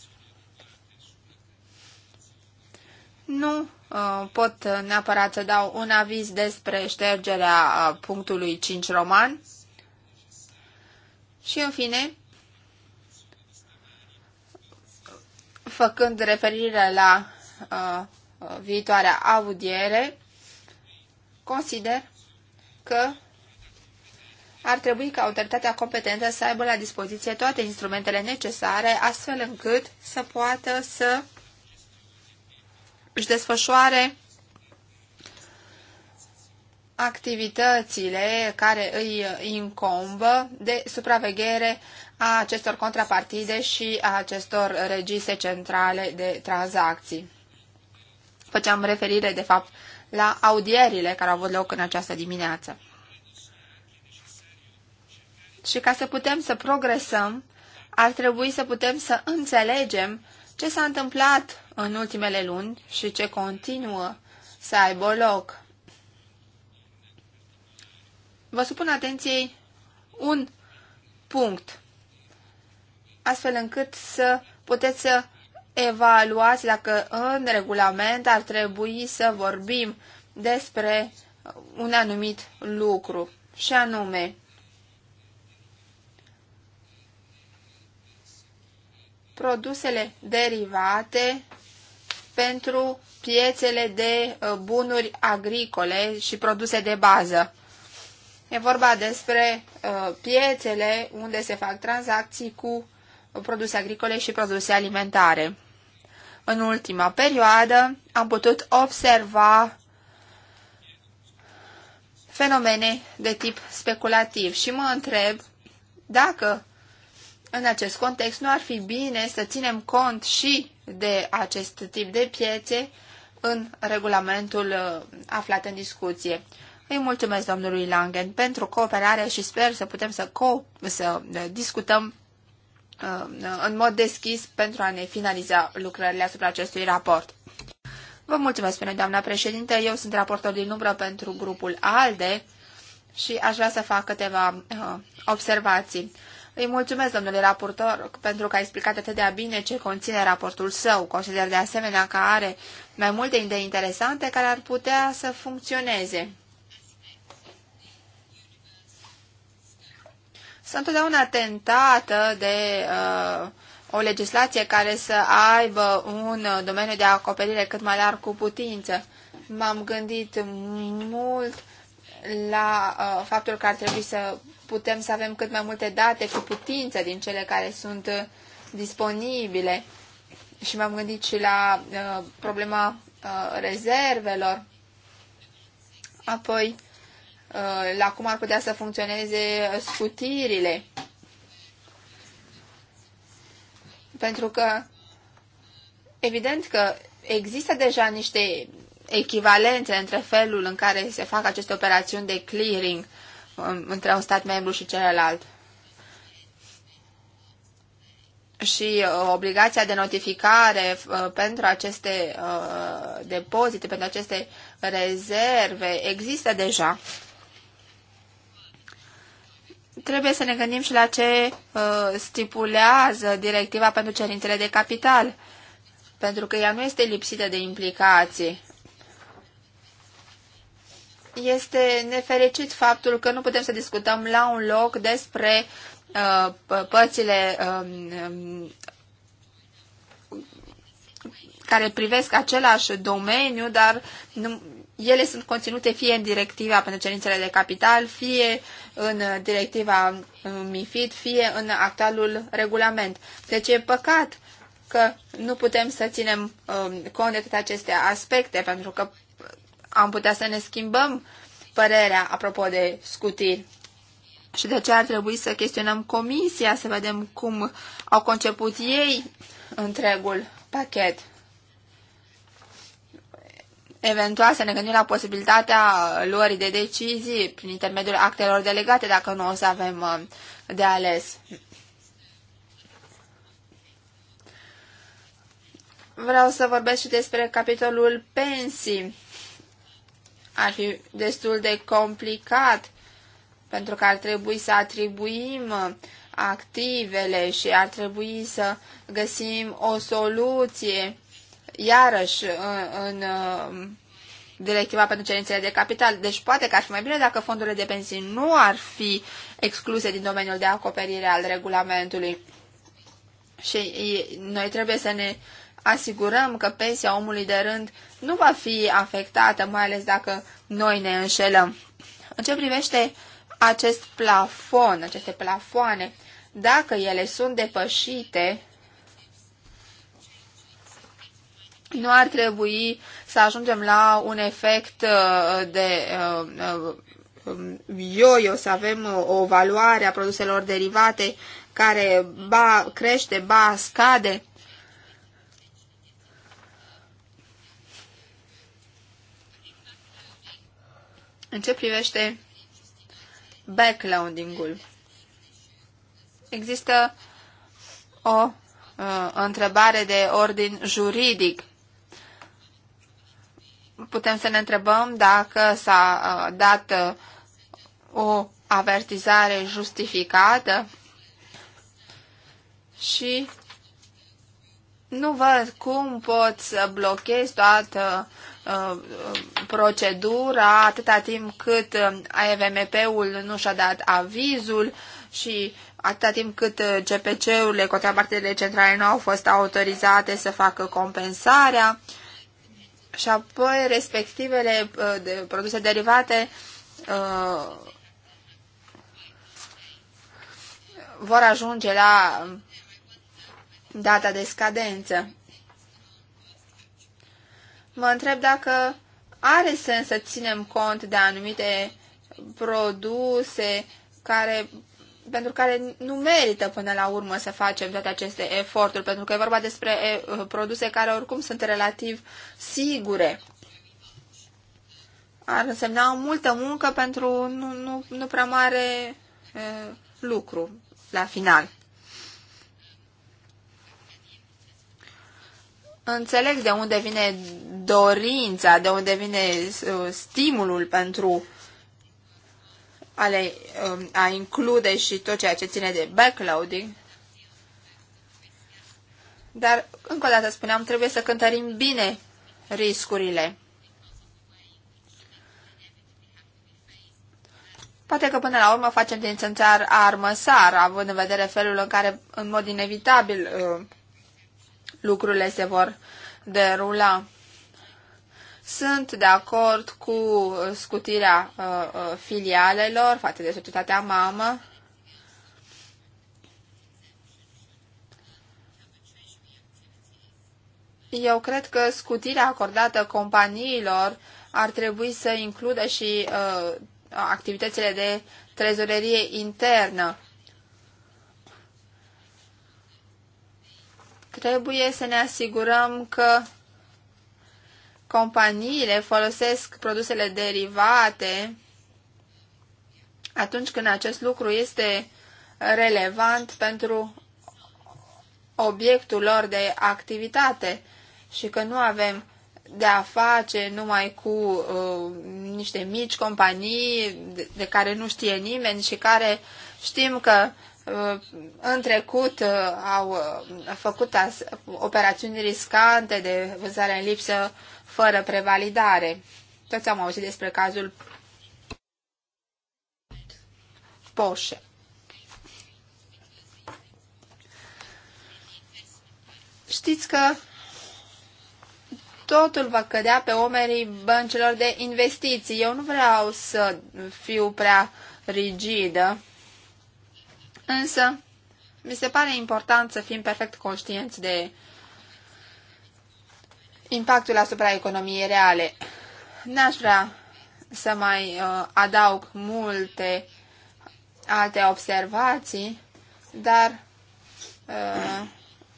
Nu uh, pot neapărat să dau un aviz despre ștergerea uh, punctului 5 roman. Și în fine, făcând referire la uh, viitoarea audiere, consider că ar trebui ca autoritatea competentă să aibă la dispoziție toate instrumentele necesare, astfel încât să poată să își desfășoare activitățile care îi incombă de supraveghere a acestor contrapartide și a acestor registre centrale de tranzacții. Făceam referire, de fapt, la audierile care au avut loc în această dimineață. Și ca să putem să progresăm, ar trebui să putem să înțelegem ce s-a întâmplat în ultimele luni și ce continuă să aibă loc. Vă supun atenției un punct, astfel încât să puteți să evaluați dacă în regulament ar trebui să vorbim despre un anumit lucru, și anume produsele derivate pentru piețele de uh, bunuri agricole și produse de bază. E vorba despre uh, piețele unde se fac tranzacții cu produse agricole și produse alimentare. În ultima perioadă am putut observa fenomene de tip speculativ și mă întreb dacă în acest context nu ar fi bine să ținem cont și de acest tip de piețe în regulamentul uh, aflat în discuție. Îi mulțumesc domnului Langen pentru cooperare și sper să putem să, co- să uh, discutăm uh, în mod deschis pentru a ne finaliza lucrările asupra acestui raport. Vă mulțumesc, spune doamna președinte. Eu sunt raportor din umbră pentru grupul ALDE și aș vrea să fac câteva uh, observații. Îi mulțumesc, domnule raportor, pentru că a explicat atât de bine ce conține raportul său. Consider de asemenea că are mai multe idei interesante care ar putea să funcționeze. Sunt întotdeauna tentată de uh, o legislație care să aibă un domeniu de acoperire cât mai larg cu putință. M-am gândit mult la uh, faptul că ar trebui să putem să avem cât mai multe date cu putință din cele care sunt uh, disponibile și m-am gândit și la uh, problema uh, rezervelor, apoi uh, la cum ar putea să funcționeze scutirile. Pentru că evident că există deja niște echivalențe între felul în care se fac aceste operațiuni de clearing um, între un stat membru și celălalt. Și uh, obligația de notificare uh, pentru aceste uh, depozite, pentru aceste rezerve, există deja. Trebuie să ne gândim și la ce stipulează directiva pentru cerințele de capital pentru că ea nu este lipsită de implicații este nefericit faptul că nu putem să discutăm la un loc despre uh, părțile uh, care privesc același domeniu, dar nu, ele sunt conținute fie în directiva pentru cerințele de capital, fie în directiva um, MIFID, fie în actualul regulament. Deci e păcat că nu putem să ținem um, cont de toate aceste aspecte, pentru că am putea să ne schimbăm părerea apropo de scutiri. Și de aceea ar trebui să chestionăm comisia, să vedem cum au conceput ei întregul pachet. Eventual să ne gândim la posibilitatea luării de decizii prin intermediul actelor delegate, dacă nu o să avem uh, de ales. Vreau să vorbesc și despre capitolul pensii ar fi destul de complicat pentru că ar trebui să atribuim uh, activele și ar trebui să găsim o soluție iarăși uh, în, în uh, directiva pentru cerințele de capital. Deci poate că ar fi mai bine dacă fondurile de pensii nu ar fi excluse din domeniul de acoperire al regulamentului. Și noi trebuie să ne asigurăm că pensia omului de rând nu va fi afectată, mai ales dacă noi ne înșelăm. În ce privește acest plafon, aceste plafoane, dacă ele sunt depășite, nu ar trebui să ajungem la un efect uh, de uh, um, um, yo-yo, să avem uh, o valoare a produselor derivate care ba crește, ba scade. În ce privește backloading-ul, există o uh, întrebare de ordin juridic. Putem să ne întrebăm dacă s-a uh, dat uh, o avertizare justificată și nu văd cum poți să blochezi toată Uh, procedura atâta timp cât uh, AVMP-ul nu și-a dat avizul și atâta timp cât CPC-urile, uh, contrapartele centrale nu au fost autorizate să facă compensarea și apoi respectivele de produse derivate vor ajunge la data de scadență mă întreb dacă are sens să ținem cont de anumite produse care, pentru care nu merită până la urmă să facem toate aceste eforturi, pentru că e vorba despre produse care oricum sunt relativ sigure. Ar însemna multă muncă pentru nu, nu, nu prea mare e, lucru la final. înțeleg de unde vine dorința, de unde vine uh, stimulul pentru a, le, um, a include și tot ceea ce ține de backloading, dar, încă o dată spuneam, trebuie să cântărim bine riscurile. Poate că până la urmă facem din țânțar armă sar, având în vedere felul în care, în mod inevitabil, uh, lucrurile se vor derula. Sunt de acord cu scutirea uh, uh, filialelor față de societatea mamă. Eu cred că scutirea acordată companiilor ar trebui să includă și uh, activitățile de trezorerie internă Trebuie să ne asigurăm că companiile folosesc produsele derivate atunci când acest lucru este relevant pentru obiectul lor de activitate și că nu avem de a face numai cu uh, niște mici companii de, de care nu știe nimeni și care știm că Uh, în trecut uh, au uh, făcut operațiuni riscante de vânzare în lipsă fără prevalidare. Toți am auzit despre cazul Porsche. Știți că totul va cădea pe omerii băncilor de investiții. Eu nu vreau să fiu prea rigidă Însă, mi se pare important să fim perfect conștienți de impactul asupra economiei reale. N-aș vrea să mai uh, adaug multe alte observații, dar uh,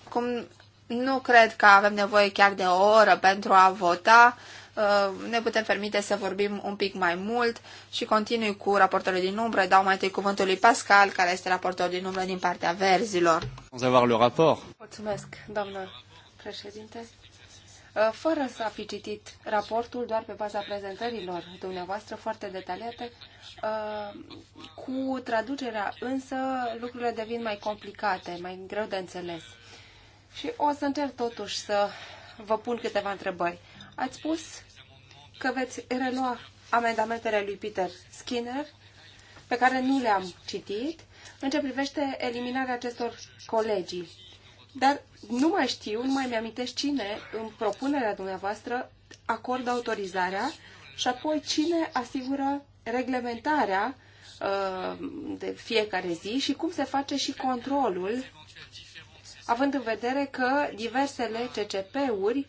cum nu cred că avem nevoie chiar de o oră pentru a vota, Uh, ne putem permite să vorbim un pic mai mult și continui cu raportorul din umbră. Dau mai întâi cuvântul lui Pascal, care este raportorul din umbră din partea verzilor.
Mulțumesc, doamnă președinte. Uh, fără să fi citit raportul, doar pe baza prezentărilor dumneavoastră foarte detaliate, uh, cu traducerea însă lucrurile devin mai complicate, mai greu de înțeles. Și o să încerc totuși să vă pun câteva întrebări. Ați spus că veți relua amendamentele lui Peter Skinner, pe care nu le-am citit, în ce privește eliminarea acestor colegii. Dar nu mai știu, nu mai mi-amintesc cine, în propunerea dumneavoastră, acordă autorizarea și apoi cine asigură reglementarea uh, de fiecare zi și cum se face și controlul, având în vedere că diversele CCP-uri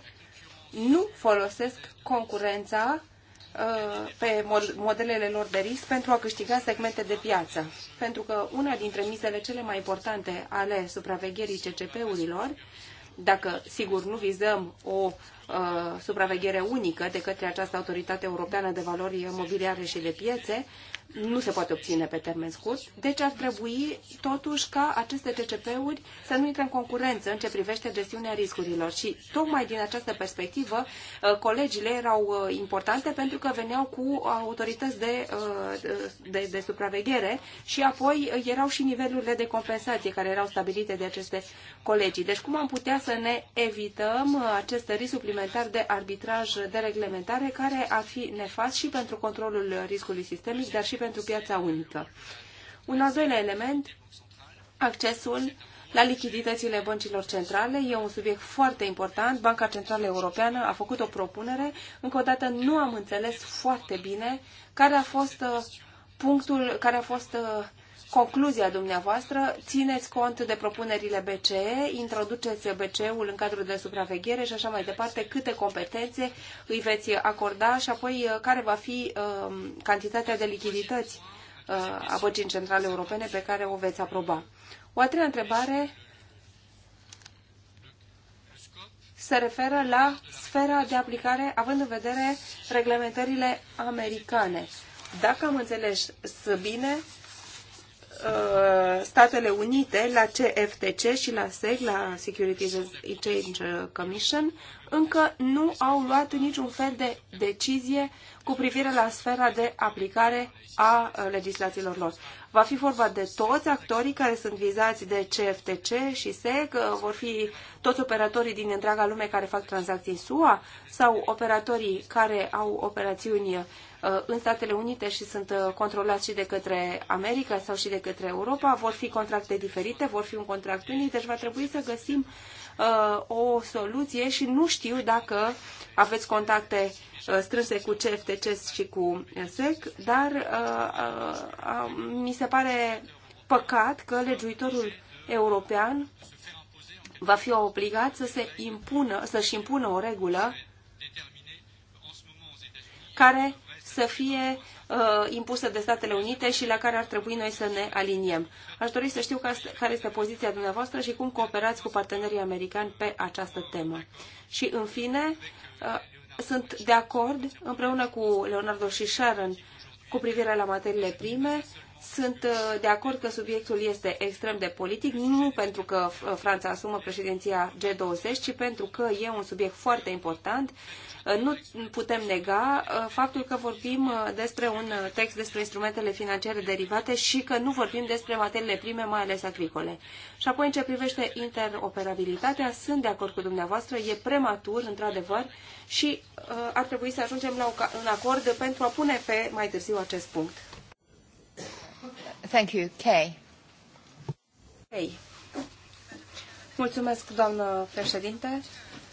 nu folosesc concurența uh, pe modelele lor de risc pentru a câștiga segmente de piață. Pentru că una dintre mizele cele mai importante ale supravegherii CCP-urilor, dacă sigur nu vizăm o uh, supraveghere unică de către această autoritate europeană de valori mobiliare și de piețe, nu se poate obține pe termen scurt, deci ar trebui totuși ca aceste TCP-uri să nu intre în concurență în ce privește gestiunea riscurilor. Și tocmai din această perspectivă, uh, colegile erau uh, importante pentru că veneau cu autorități de, uh, de, de supraveghere și apoi erau și nivelurile de compensație care erau stabilite de aceste colegii. Deci cum am putea să ne evităm acest risc suplimentar de arbitraj, de reglementare, care ar fi nefast și pentru controlul riscului sistemic, dar și și pentru piața unică. Un al doilea element, accesul la lichiditățile băncilor centrale. E un subiect foarte important. Banca Centrală Europeană a făcut o propunere. Încă o dată nu am înțeles foarte bine care a fost uh, punctul, care a fost uh, concluzia dumneavoastră, țineți cont de propunerile BCE, introduceți BCE-ul în cadrul de supraveghere și așa mai departe, câte competențe îi veți acorda și apoi uh, care va fi uh, cantitatea de lichidități uh, a Băncii Centrale Europene pe care o veți aproba. O a treia întrebare se referă la sfera de aplicare, având în vedere reglementările americane. Dacă am înțeles bine, Uh, Statele Unite, la CFTC și la SEC, la Securities Exchange uh, Commission, încă nu au luat niciun fel de decizie cu privire la sfera de aplicare a uh, legislațiilor lor. Va fi vorba de toți actorii care sunt vizați de CFTC și SEC, vor fi toți operatorii din întreaga lume care fac tranzacții SUA sau operatorii care au operațiuni Uh, în Statele Unite și sunt uh, controlați și de către America sau și de către Europa, vor fi contracte diferite, vor fi un contract unic, deci va trebui să găsim uh, o soluție și nu știu dacă aveți contacte strânse cu CFTC și cu SEC, dar mi se pare păcat că legiuitorul european va fi obligat să se impună, să-și impună o regulă care să fie uh, impusă de Statele Unite și la care ar trebui noi să ne aliniem. Aș dori să știu care este poziția dumneavoastră și cum cooperați cu partenerii americani pe această temă. Și, în fine, uh, sunt de acord împreună cu Leonardo și Sharon cu privire la materiile prime. Sunt uh, de acord că subiectul este extrem de politic, nu pentru că Franța asumă președinția G20, ci pentru că e un subiect foarte important nu putem nega uh, faptul că vorbim uh, despre un uh, text despre instrumentele financiare derivate și că nu vorbim despre materiile prime, mai ales agricole. Și apoi, în ce privește interoperabilitatea, sunt de acord cu dumneavoastră, e prematur, într-adevăr, și ar trebui să ajungem la un acord pentru a pune pe mai târziu acest punct. Thank you. Kay. Kay. Mulțumesc, doamnă președinte,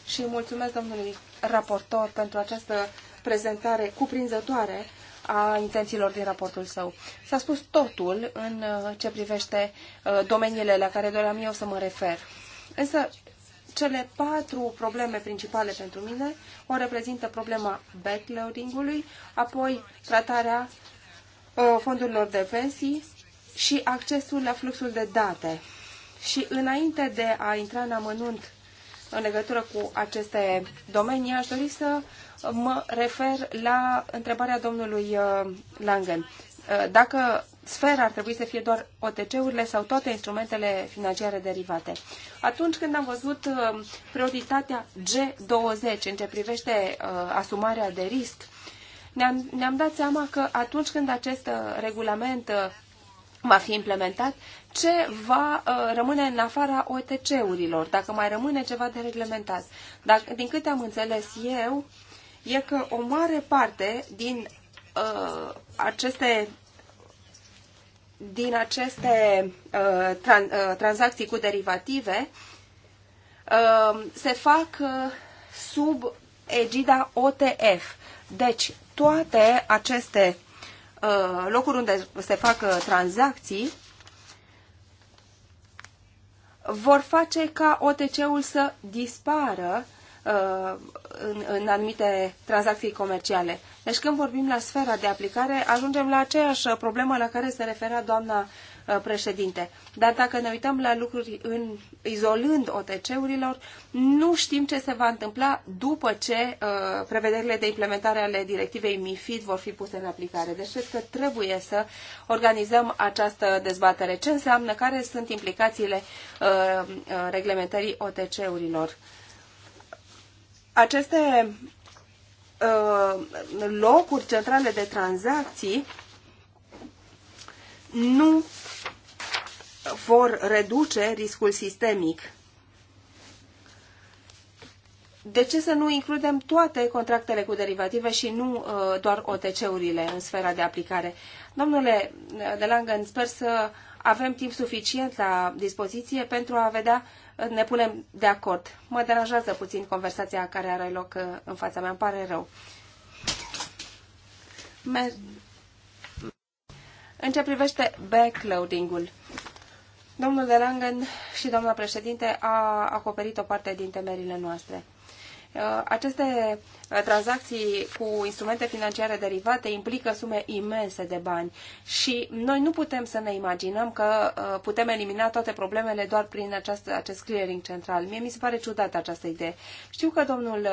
și mulțumesc domnului raportor pentru această prezentare cuprinzătoare a intențiilor din raportul său. S-a spus totul în uh, ce privește uh, domeniile la care doream eu să mă refer. Însă, cele patru probleme principale pentru mine o reprezintă problema backloading-ului, apoi tratarea uh, fondurilor de pensii și accesul la fluxul de date. Și înainte de a intra în amănunt în legătură cu aceste domenii, aș dori să mă refer la întrebarea domnului uh, Langen. Uh, dacă sfera ar trebui să fie doar OTC-urile sau toate instrumentele financiare derivate. Atunci când am văzut uh, prioritatea G20 în ce privește asumarea de risc, ne-am, ne-am dat seama că atunci când acest regulament va fi implementat, ce va uh, rămâne în afara OTC-urilor, dacă mai rămâne ceva de reglementat. Dacă, din câte am înțeles eu, e că o mare parte din uh, aceste din aceste uh, tran, uh, tranzacții cu derivative uh, se fac uh, sub egida OTF. Deci, toate aceste uh, locuri unde se fac uh, tranzacții vor face ca OTC-ul să dispară uh, în, în anumite tranzacții comerciale. Deci când vorbim la sfera de aplicare, ajungem la aceeași problemă la care se referea doamna Uh, președinte. Dar dacă ne uităm la lucruri în, izolând OTC-urilor, nu știm ce se va întâmpla după ce uh, prevederile de implementare ale directivei MIFID vor fi puse în aplicare. Deci cred că trebuie să organizăm această dezbatere. Ce înseamnă, care sunt implicațiile uh, uh reglementării OTC-urilor? Aceste uh, locuri centrale de tranzacții nu vor reduce riscul sistemic. De ce să nu includem toate contractele cu derivative și nu uh, doar OTC-urile în sfera de aplicare? Domnule uh, de Langen, sper să avem timp suficient la dispoziție pentru a vedea, uh, ne punem de acord. Mă deranjează puțin conversația care are loc uh, în fața mea, îmi pare rău. Mer- în ce privește backloading-ul, Domnul de Langen și doamna președinte a acoperit o parte din temerile noastre. Uh, aceste uh, tranzacții cu instrumente financiare derivate implică sume imense de bani și noi nu putem să ne imaginăm că uh, putem elimina toate problemele doar prin această, acest clearing central. Mie mi se pare ciudată această idee. Știu că domnul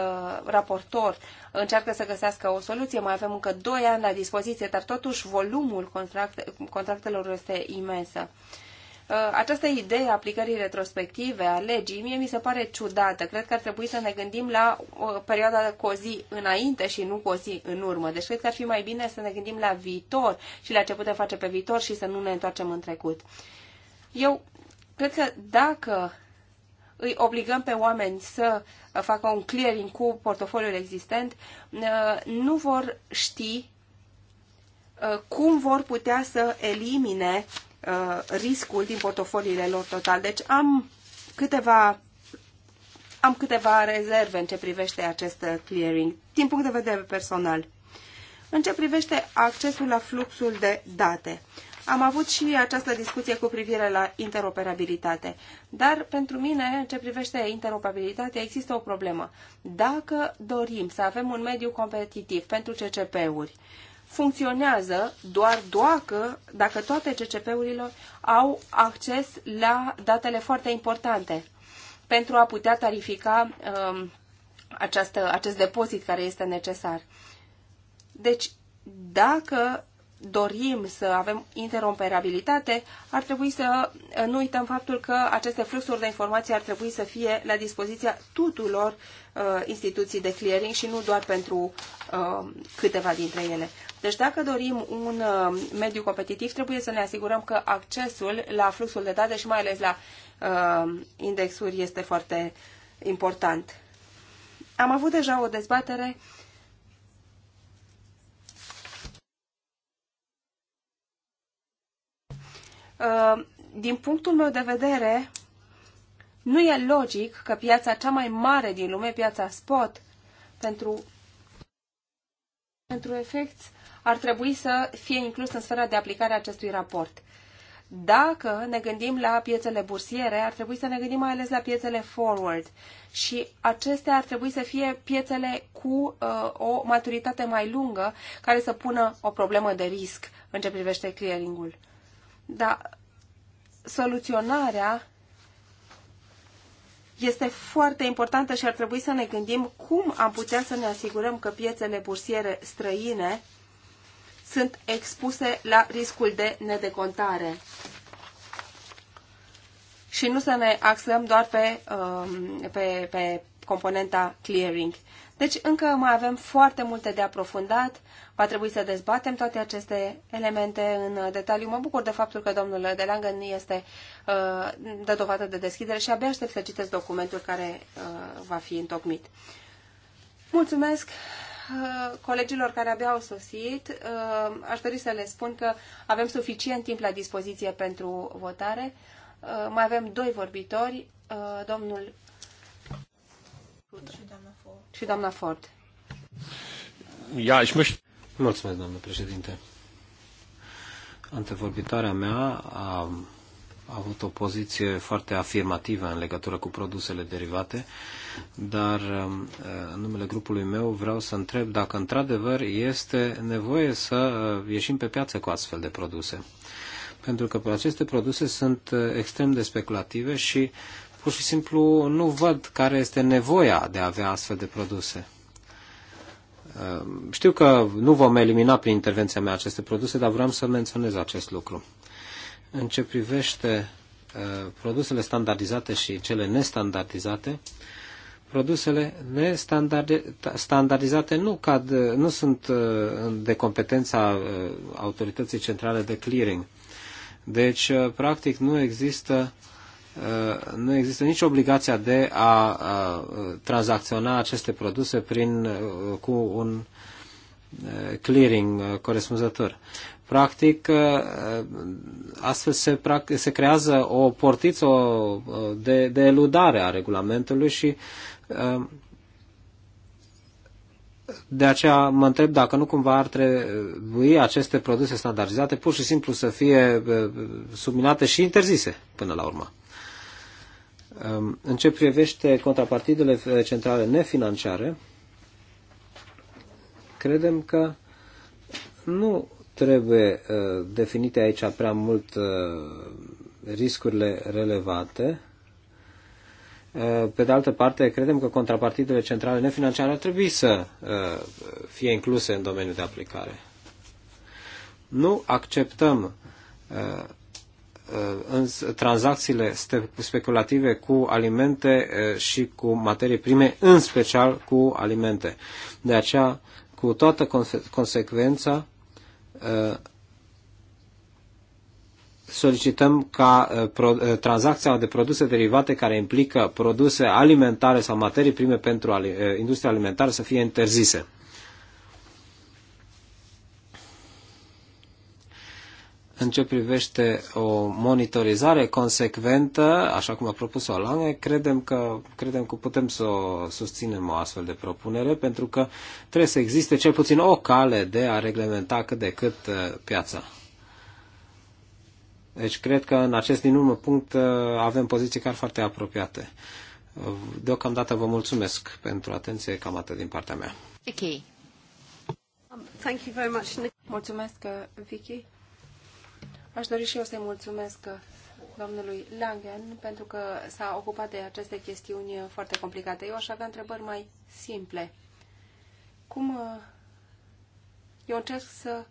raportor încearcă să găsească o soluție, mai avem încă 2 ani la dispoziție, dar totuși volumul contract, contractelor este imensă. Uh, Uh, această idee a aplicării retrospective a legii mie mi se pare ciudată. Cred că ar trebui să ne gândim la o uh, perioadă cu o zi înainte și nu cu o zi în urmă. Deci cred că ar fi mai bine să ne gândim la viitor și la ce putem face pe viitor și să nu ne întoarcem în trecut. Eu cred că dacă îi obligăm pe oameni să uh, facă un clearing cu portofoliul existent, nu vor ști cum vor putea să elimine Uh, riscul din portofoliile lor total. Deci am câteva am câteva rezerve în ce privește acest clearing, din punct de vedere personal. În ce privește accesul la fluxul de date, am avut și această discuție cu privire la interoperabilitate. Dar pentru mine, în ce privește interoperabilitatea, există o problemă. Dacă dorim să avem un mediu competitiv pentru CCP-uri, funcționează doar doacă, dacă toate CCP-urile au acces la datele foarte importante pentru a putea tarifica um, această, acest depozit care este necesar. Deci, dacă dorim să avem interoperabilitate, ar trebui să uh, nu uităm faptul că aceste fluxuri de informații ar trebui să fie la dispoziția tuturor uh, instituții de clearing și nu doar pentru uh, câteva dintre ele. Deci dacă dorim un uh, mediu competitiv, trebuie să ne asigurăm că accesul la fluxul de date și mai ales la uh, indexuri este foarte important. Am avut deja o dezbatere uh, Uh, din punctul meu de vedere, nu e logic că piața cea mai mare din lume, piața spot, pentru, pentru efect, ar trebui să fie inclus în sfera de aplicare a acestui raport. Dacă ne gândim la piețele bursiere, ar trebui să ne gândim mai ales la piețele forward și acestea ar trebui să fie piețele cu uh, o maturitate mai lungă care să pună o problemă de risc în ce privește clearingul dar soluționarea este foarte importantă și ar trebui să ne gândim cum am putea să ne asigurăm că piețele bursiere străine sunt expuse la riscul de nedecontare. Și nu să ne axăm doar pe, um, pe, pe componenta clearing. Deci încă mai avem foarte multe de aprofundat, va trebui să dezbatem toate aceste elemente în detaliu. Mă bucur de faptul că domnul de Langen este uh, de dovadă de deschidere și abia aștept să citesc documentul care uh, va fi întocmit. Mulțumesc uh, colegilor care abia au sosit. Aș dori să le spun că avem suficient timp la dispoziție pentru votare. Mai avem doi vorbitori, domnul și doamna Ford. Și doamna Ford.
Ia, și Mulțumesc, doamnă președinte. Antevorbitoarea mea a a avut o poziție foarte afirmativă în legătură cu produsele derivate, dar um, în numele grupului meu vreau să întreb dacă într-adevăr este nevoie să uh, ieșim pe piață cu astfel de produse. Pentru că aceste produse sunt uh, extrem de speculative și pur și simplu nu văd care este nevoia de a avea astfel de produse. Ehm, știu că nu vom elimina prin intervenția mea aceste produse, dar vreau să menționez acest lucru. În ce privește ehm, produsele standardizate și cele nestandardizate, produsele nestandardizate nu, cad, nu sunt ehm, de competența autorității centrale de clearing. Deci, practic, nu există Uh, nu există nicio obligația de a, a tranzacționa aceste produse prin, uh, cu un uh, clearing corespunzător. Practic, astfel se, se creează o portiță de, de eludare a regulamentului și de aceea mă întreb dacă nu cumva ar trebui aceste produse standardizate pur și simplu să fie subminate și interzise până la urmă. Ehm, în ce privește contrapartidele centrale nefinanciare, credem că nu trebuie eh, definite aici prea mult eh, riscurile relevate. Eh, pe de altă parte, credem că contrapartidele centrale nefinanciare ar trebui să fie incluse în domeniul de aplicare. Nu acceptăm Uh, tranzacțiile speculative cu alimente uh, și cu materii prime, în special cu alimente. De aceea, cu toată conse consecvența, uh, solicităm ca tranzacția de produse derivate care implică produse alimentare sau materii prime pentru industria alimentară să fie interzise. în ce privește o monitorizare consecventă, așa cum a propus-o Lange, credem că, credem că putem să o susținem o astfel de propunere, pentru că trebuie să existe cel puțin o cale de a reglementa cât de cât uh, piața. Deci cred că în acest din urmă punct uh, avem poziții care foarte apropiate. Deocamdată vă mulțumesc pentru atenție, cam atât din partea mea.
Ok. Um, thank you very much, Nick. Mulțumesc, uh, Vicky. Aș dori și eu să-i mulțumesc domnului Langen pentru că s-a ocupat de aceste chestiuni foarte complicate. Eu aș avea întrebări mai simple. Cum uh, eu încerc să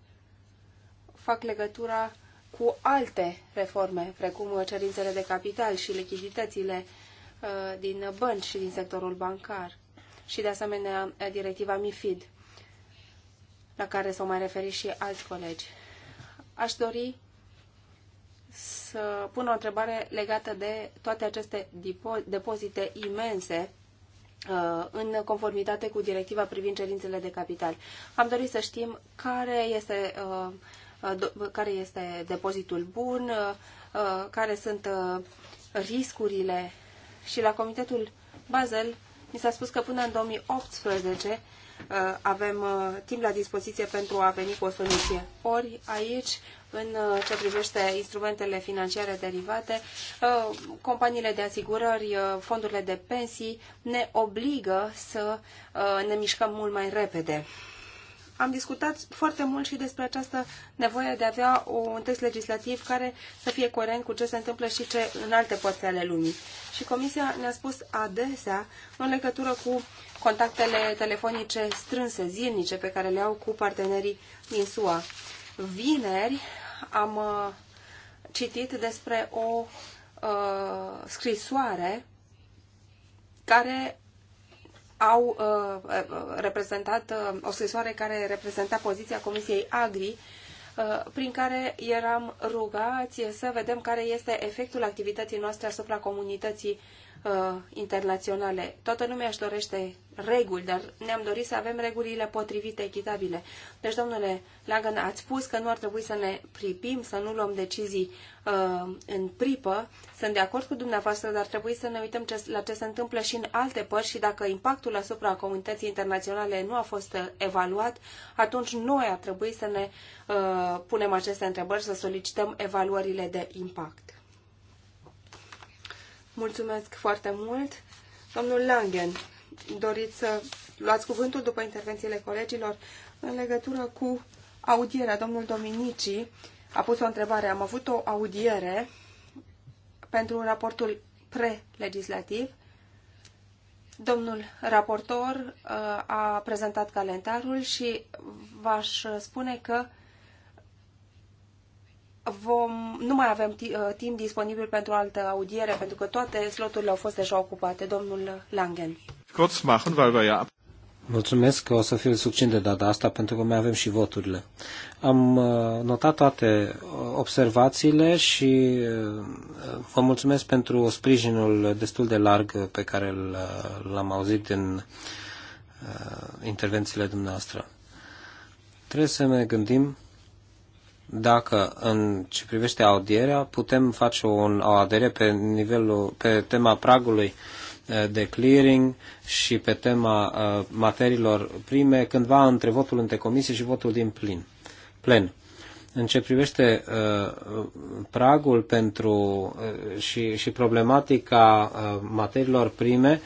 fac legătura cu alte reforme, precum cerințele de capital și lichiditățile uh, din bănci și din sectorul bancar și, de asemenea, directiva MIFID, la care s-au mai referit și alți colegi. Aș dori să pun o întrebare legată de toate aceste depozite imense uh, în conformitate cu directiva privind cerințele de capital. Am dorit să știm care este, uh, care este depozitul bun, uh, care sunt riscurile și la Comitetul Basel mi s-a spus că până în 2018 Uh, avem uh, timp la dispoziție pentru a veni cu o soluție. Ori aici, în uh, ce privește instrumentele financiare derivate, companiile de asigurări, fondurile de pensii ne obligă să ne mișcăm mult mai repede. Am discutat foarte mult și despre această nevoie de a avea un text legislativ care să fie coerent cu ce se întâmplă și ce în alte părți ale lumii. Și Comisia ne-a spus adesea în legătură cu contactele telefonice strânse, zilnice, pe care le au cu partenerii din SUA. Vineri am uh, citit despre o uh, scrisoare care au uh, uh, reprezentat uh, o scrisoare care reprezenta poziția Comisiei Agri uh, prin care eram rugați să vedem care este efectul activității noastre asupra comunității uh, internaționale. Toată lumea își dorește reguli, dar ne-am dorit să avem regulile potrivite, echitabile. Deci, domnule Langan, ați spus că nu ar trebui să ne pripim, să nu luăm decizii uh, în pripă. Sunt de acord cu dumneavoastră, dar trebuie să ne uităm ce, la ce se întâmplă și în alte părți și dacă impactul asupra comunității internaționale nu a fost uh, evaluat, atunci noi ar trebui să ne uh, punem aceste întrebări, să solicităm evaluările de impact. Mulțumesc foarte mult. Domnul Langen, doriți să luați cuvântul după intervențiile colegilor în legătură cu audierea. Domnul Dominici a pus o întrebare. Am avut o audiere pentru raportul pre-legislativ. Domnul raportor uh, a prezentat calendarul și v-aș spune că vom, nu mai avem uh, timp disponibil pentru altă audiere, pentru că toate sloturile au fost deja ocupate. Domnul Langen.
Mulțumesc că o să fiu succint de data asta pentru că mai avem și voturile. Am uh, notat toate uh, observațiile și vă mulțumesc pentru sprijinul destul de larg pe care l-am auzit din intervențiile dumneavoastră. Trebuie să ne gândim dacă în ce privește audierea putem face un, o audiere pe, nivelul, pe tema pragului eh, de clearing și pe tema eh, materiilor prime cândva între votul între comisie și votul din plin, plen. În ce privește eh, pragul pentru și, și problematica materiilor prime,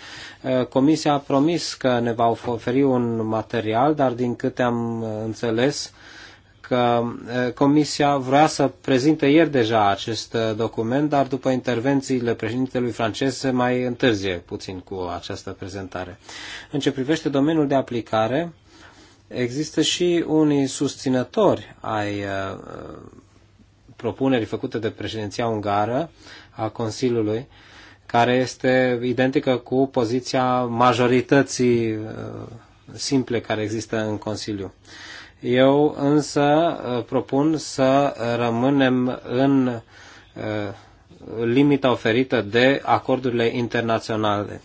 Comisia a promis că ne va oferi un material, dar din câte am înțeles, uh, că Comisia vrea să prezinte ieri deja acest document, dar după intervențiile președintelui francez se mai întârzie puțin cu această prezentare. În ce privește domeniul de aplicare, există și unii susținători ai propunerii făcute de președinția ungară a Consiliului, care este identică cu poziția majorității simple care există în Consiliu. Eu însă uh, propun să rămânem în uh, limita oferită de acordurile internaționale.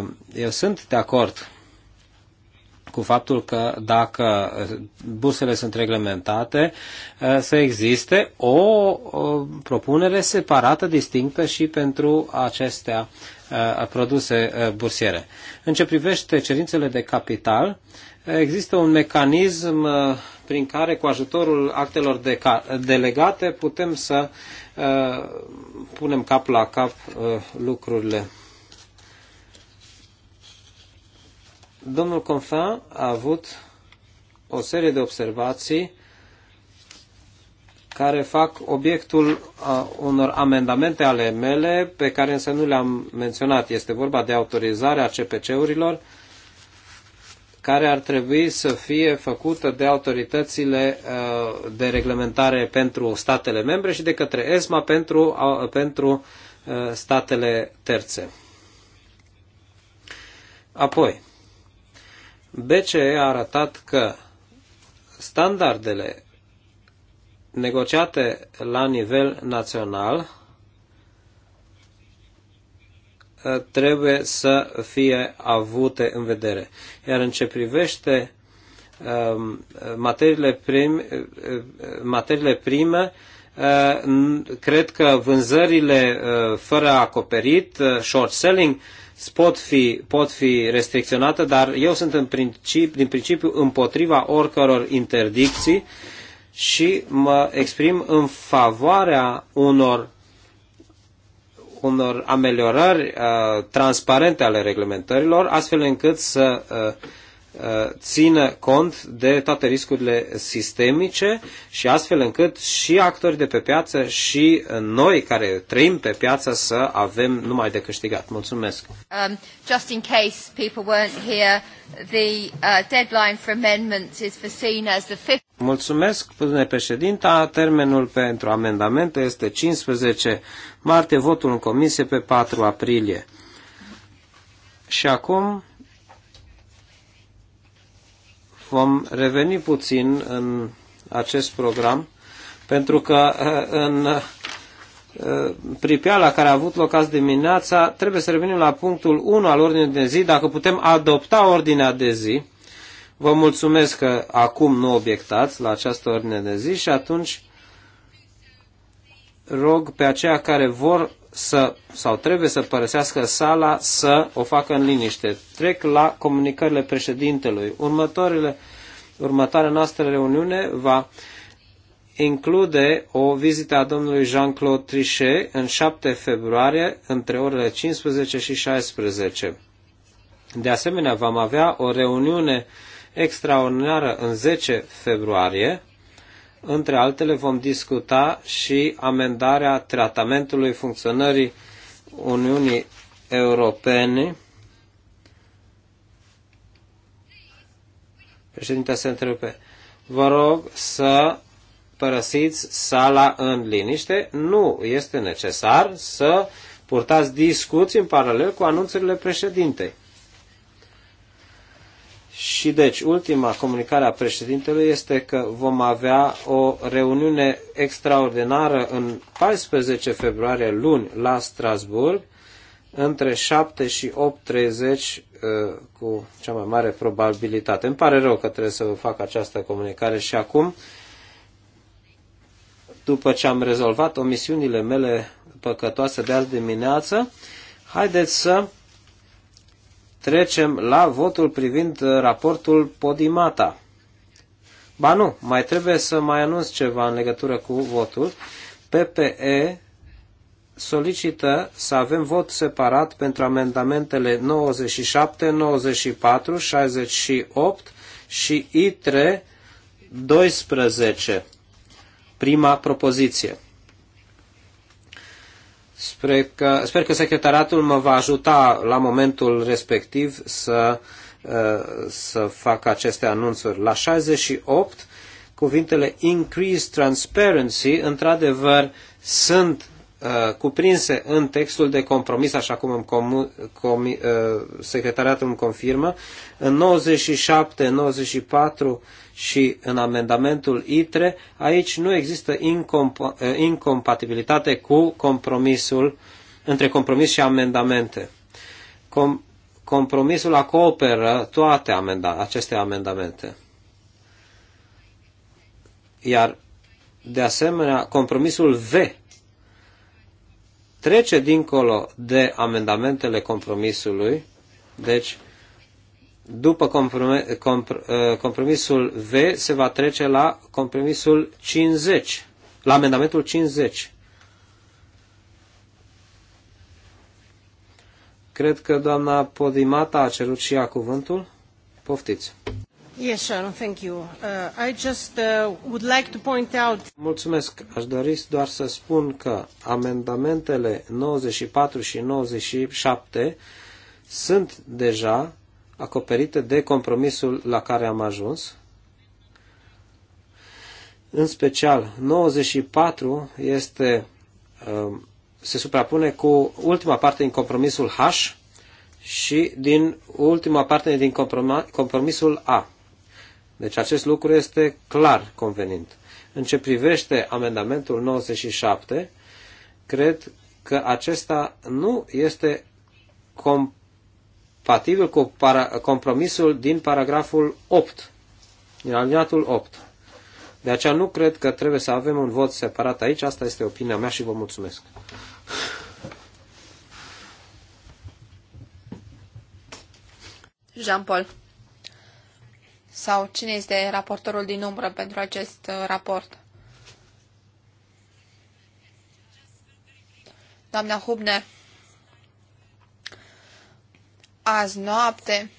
Uh, eu sunt de acord cu faptul că dacă bursele sunt reglementate, să existe o propunere separată, distinctă și pentru acestea produse bursiere. În ce privește cerințele de capital, există un mecanism uh, prin care, cu ajutorul actelor delegate, putem să uh, punem cap la cap uh, lucrurile. Domnul Confin a avut o serie de observații care fac obiectul unor amendamente ale mele pe care însă nu le-am menționat. Este vorba de autorizarea CPC-urilor, care ar trebui să fie făcută de autoritățile uh, de reglementare pentru statele membre și de către ESMA pentru, uh, pentru uh, statele terțe. Apoi, BCE a arătat că standardele negociate la nivel național Uh, trebuie să fie avute în vedere. Iar în ce privește um, materiile, prim, uh, uh, materiile prime, cred că vânzările fără acoperit, short selling, pot fi, pot fi restricționate, dar eu sunt în principiu, din principiu împotriva oricăror interdicții și mă exprim în favoarea unor unor ameliorări uh, transparente ale reglementărilor, astfel încât să uh, uh, țină cont de toate riscurile sistemice și astfel încât și actorii de pe piață și noi care trăim pe piață să avem numai de câștigat. Mulțumesc.
Um, just in case people weren't here, the uh, deadline for amendments is foreseen as the 5th
Mulțumesc, domnule președinte. Termenul pentru amendamente este 15 martie, votul în comisie pe 4 aprilie. Și acum vom reveni puțin în acest program, pentru că eh, în eh, pripeala care a avut loc azi dimineața, trebuie să revenim la punctul 1 al ordinii de zi, dacă putem adopta ordinea de zi, Vă mulțumesc că acum nu obiectați la această ordine de zi și atunci rog pe aceia care vor să sau trebuie să părăsească sala să o facă în liniște. Trec la comunicările președintelui. Următoarele, următoarea noastră reuniune va include o vizită a domnului Jean-Claude Trichet în 7 februarie între orele 15 și 16. De asemenea, vom avea o reuniune extraordinară în 10 februarie. Între altele vom discuta și amendarea tratamentului funcționării Uniunii Europene. Președinte se întrerupe. Vă rog să părăsiți sala în liniște. Nu este necesar să purtați discuții în paralel cu anunțurile președintei. Și deci, ultima comunicare a președintelui este că vom avea o reuniune extraordinară în 14 februarie, luni, la Strasburg, între 7 și 8.30 uh, cu cea mai mare probabilitate. Îmi pare rău că trebuie să vă fac această comunicare și acum, după ce am rezolvat omisiunile mele păcătoase de azi dimineață, haideți să trecem la votul privind uh, raportul Podimata. Ba nu, mai trebuie să mai anunț ceva în legătură cu votul. PPE solicită să avem vot separat pentru amendamentele 97, 94, 68 și ITRE 12, prima propoziție. Spre că, sper că secretariatul mă va ajuta la momentul respectiv să, uh, să fac aceste anunțuri. La 68, cuvintele increased transparency, într-adevăr, sunt uh, cuprinse în textul de compromis, așa cum îmi comu- com, uh, secretariatul îmi confirmă. În 97-94 și în amendamentul ITRE, aici nu există eh, incompatibilitate cu compromisul, între compromis și amendamente. Com compromisul acoperă toate amenda aceste amendamente. Iar, de asemenea, compromisul V trece dincolo de amendamentele compromisului, deci după uh, compromisul V se va trece la compromisul 50, la amendamentul 50. Cred că doamna Podimata a cerut și ea cuvântul. Poftiți. Yes, sir, thank you. Uh, I just uh, would like to point out... Mulțumesc. Aș dori doar să spun că amendamentele 94 și 97 sunt deja acoperite de compromisul la care am ajuns. În special, 94 este, um, se suprapune cu ultima parte din compromisul H și din ultima parte din compromisul A. Deci acest lucru este clar convenit. În ce privește amendamentul 97, cred că acesta nu este comp- compatibil cu compromisul din paragraful 8, din aliniatul 8. De aceea nu cred că trebuie să avem un vot separat aici, asta este opinia mea și vă mulțumesc.
Jean-Paul. Sau cine este raportorul din umbră pentru acest uh, raport? Doamna Hubner, azi noapte,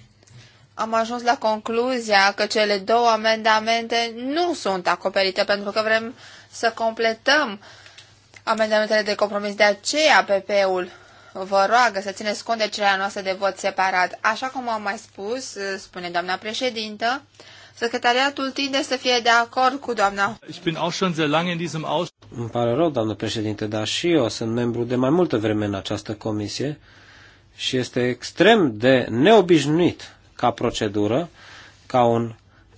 am ajuns la concluzia că cele două amendamente nu sunt acoperite pentru că vrem să completăm amendamentele de compromis. De aceea PP-ul vă roagă să țineți cont de cererea noastră de vot separat. Așa cum am mai spus, spune doamna președintă, secretariatul tinde să fie de acord cu doamna. Ich bin auch schon sehr lange in diesem Ausschuss.
Îmi pare rău, doamnă președinte, dar și eu sunt membru de mai multă vreme în această comisie și este extrem de neobișnuit ca procedură ca un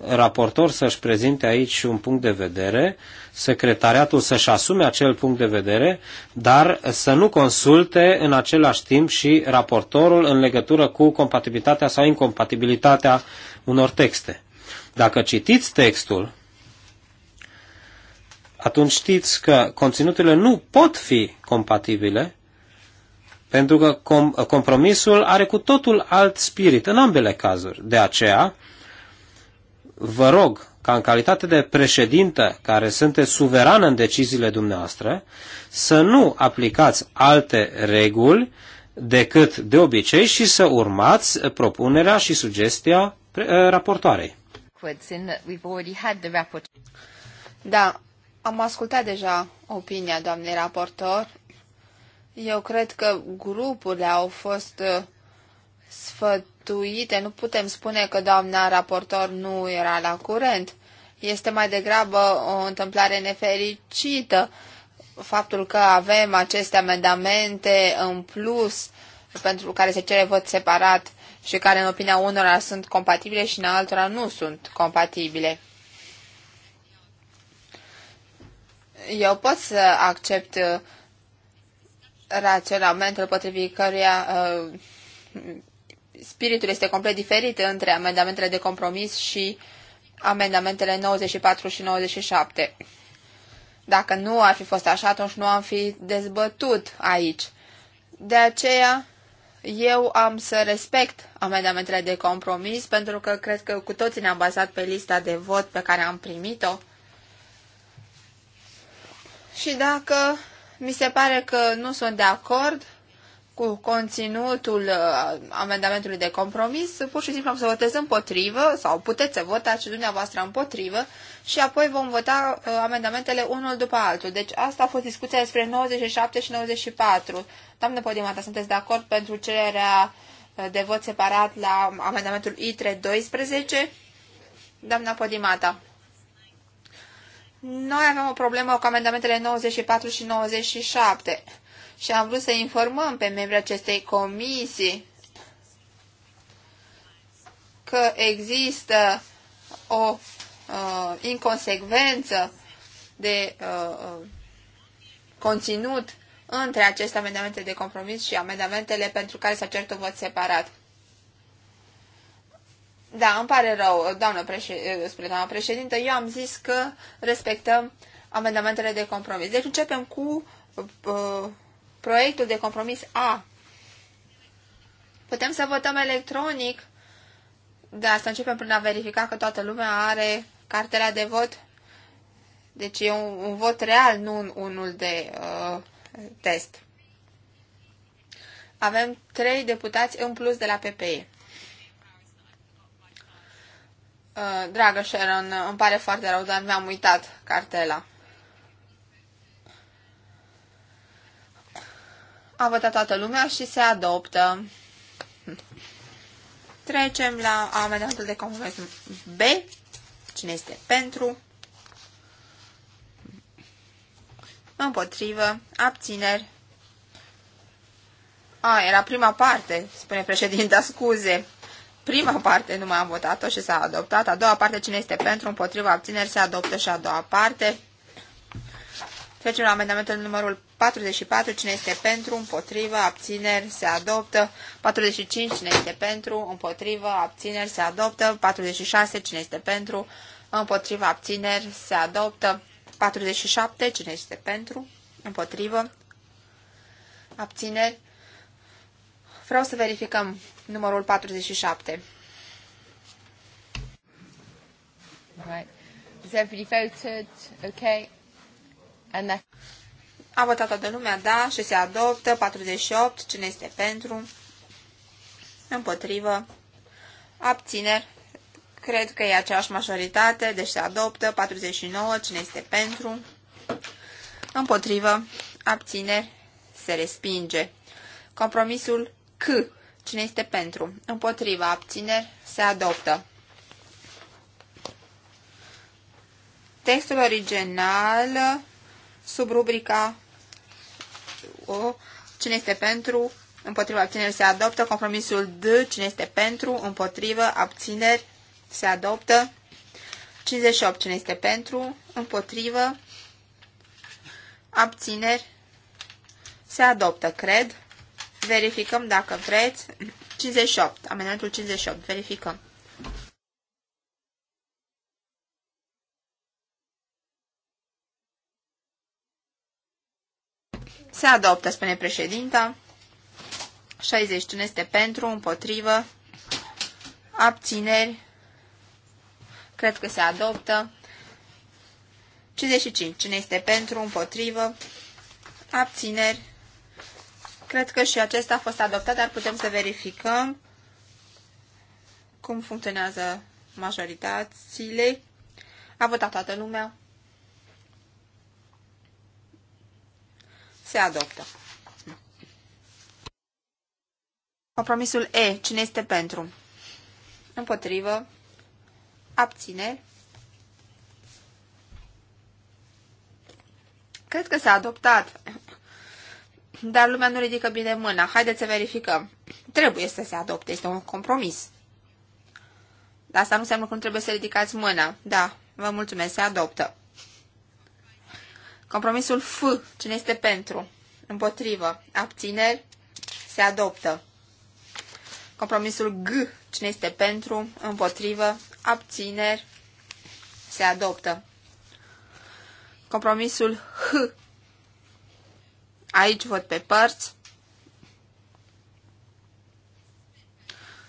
raportor să-și prezinte aici un punct de vedere, secretariatul să-și asume acel punct de vedere, dar să nu consulte în același timp și raportorul în legătură cu compatibilitatea sau incompatibilitatea unor texte. Dacă citiți textul, atunci știți că conținuturile nu pot fi compatibile pentru că com- compromisul are cu totul alt spirit în ambele cazuri. De aceea, vă rog ca în calitate de președintă care sunteți suverană în deciziile dumneavoastră, să nu aplicați alte reguli decât de obicei și să urmați propunerea și sugestia eh, raportoarei.
Da, am ascultat deja opinia doamnei raportor eu cred că grupurile au fost uh, sfătuite. Nu putem spune că doamna raportor nu era la curent. Este mai degrabă o întâmplare nefericită. Faptul că avem aceste amendamente în plus pentru care se cere vot separat și care în opinia unora sunt compatibile și în altora nu sunt compatibile. Eu pot să accept uh, raționamentul potrivit căruia uh, spiritul este complet diferit între amendamentele de compromis și amendamentele 94 și 97. Dacă nu ar fi fost așa, atunci nu am fi dezbătut aici. De aceea, eu am să respect amendamentele de compromis, pentru că cred că cu toții ne-am bazat pe lista de vot pe care am primit-o. Și dacă mi se pare că nu sunt de acord cu conținutul uh, amendamentului de compromis, pur și simplu am să votez împotrivă, sau puteți să votați dumneavoastră împotrivă, și apoi vom vota uh, amendamentele unul după altul. Deci asta a fost discuția despre 97 și 94. Doamne Podimata, sunteți de acord pentru cererea uh, de vot separat la amendamentul I312? Doamna Podimata. Noi avem o problemă cu amendamentele 94 și 97 și am vrut să informăm pe membrii acestei comisii că există o uh, inconsecvență de uh, uh conținut între aceste amendamente de compromis și amendamentele pentru care s-a cerut un vot separat. Da, îmi pare rău, doamnă președ... spune doamna președintă, eu am zis că respectăm amendamentele de compromis. Deci începem cu uh, proiectul de compromis A. Putem să votăm electronic, da, să începem prin a verifica că toată lumea are cartela de vot. Deci e un, un vot real, nu un, unul de uh, test. Avem trei deputați în plus de la PPE. Uh, dragă Sharon, îmi pare foarte rău, dar mi-am uitat cartela. A votat toată lumea și se adoptă. Trecem la amendamentul de compromis B. Cine este pentru? Împotrivă. Abțineri. A, era prima parte, spune președinta, scuze prima parte nu mai am votat-o și s-a adoptat. A doua parte, cine este pentru, împotriva, abțineri, se adoptă și a doua parte. Trecem la amendamentul numărul 44. Cine este pentru, împotriva, abțineri, se adoptă. 45. Cine este pentru, împotriva, abțineri, se adoptă. 46. Cine este pentru, împotriva, abțineri, se adoptă. 47. Cine este pentru, împotriva, abțineri. Vreau să verificăm numărul 47. Right. everybody voted? Okay. And A votat toată lumea, da, și se adoptă. 48. Cine este pentru? Împotrivă. Abțineri. Cred că e aceeași majoritate, deci se adoptă. 49. Cine este pentru? Împotrivă. Abțineri. Se respinge. Compromisul C. Cine este pentru? Împotriva. Abțineri. Se adoptă. Textul original sub rubrica o, cine este pentru, împotriva abțineri se adoptă, compromisul D, cine este pentru, împotriva, abțineri se adoptă, 58, cine este pentru, împotriva, abțineri se adoptă, cred. Verificăm dacă vreți. 58. Amendamentul 58. Verificăm. Se adoptă, spune președinta. 61 este pentru, împotrivă, abțineri, cred că se adoptă. 55, cine este pentru, împotrivă, abțineri, Cred că și acesta a fost adoptat, dar putem să verificăm cum funcționează majoritățile. A votat toată lumea. Se adoptă. Compromisul E. Cine este pentru? Împotrivă. Abține. Cred că s-a adoptat dar lumea nu ridică bine mâna. Haideți să verificăm. Trebuie să se adopte, este un compromis. Dar asta nu înseamnă că nu trebuie să ridicați mâna. Da, vă mulțumesc, se adoptă. Compromisul F, cine este pentru? Împotrivă. Abțineri, se adoptă. Compromisul G, cine este pentru? Împotrivă. Abțineri, se adoptă. Compromisul H, Aici văd pe părți.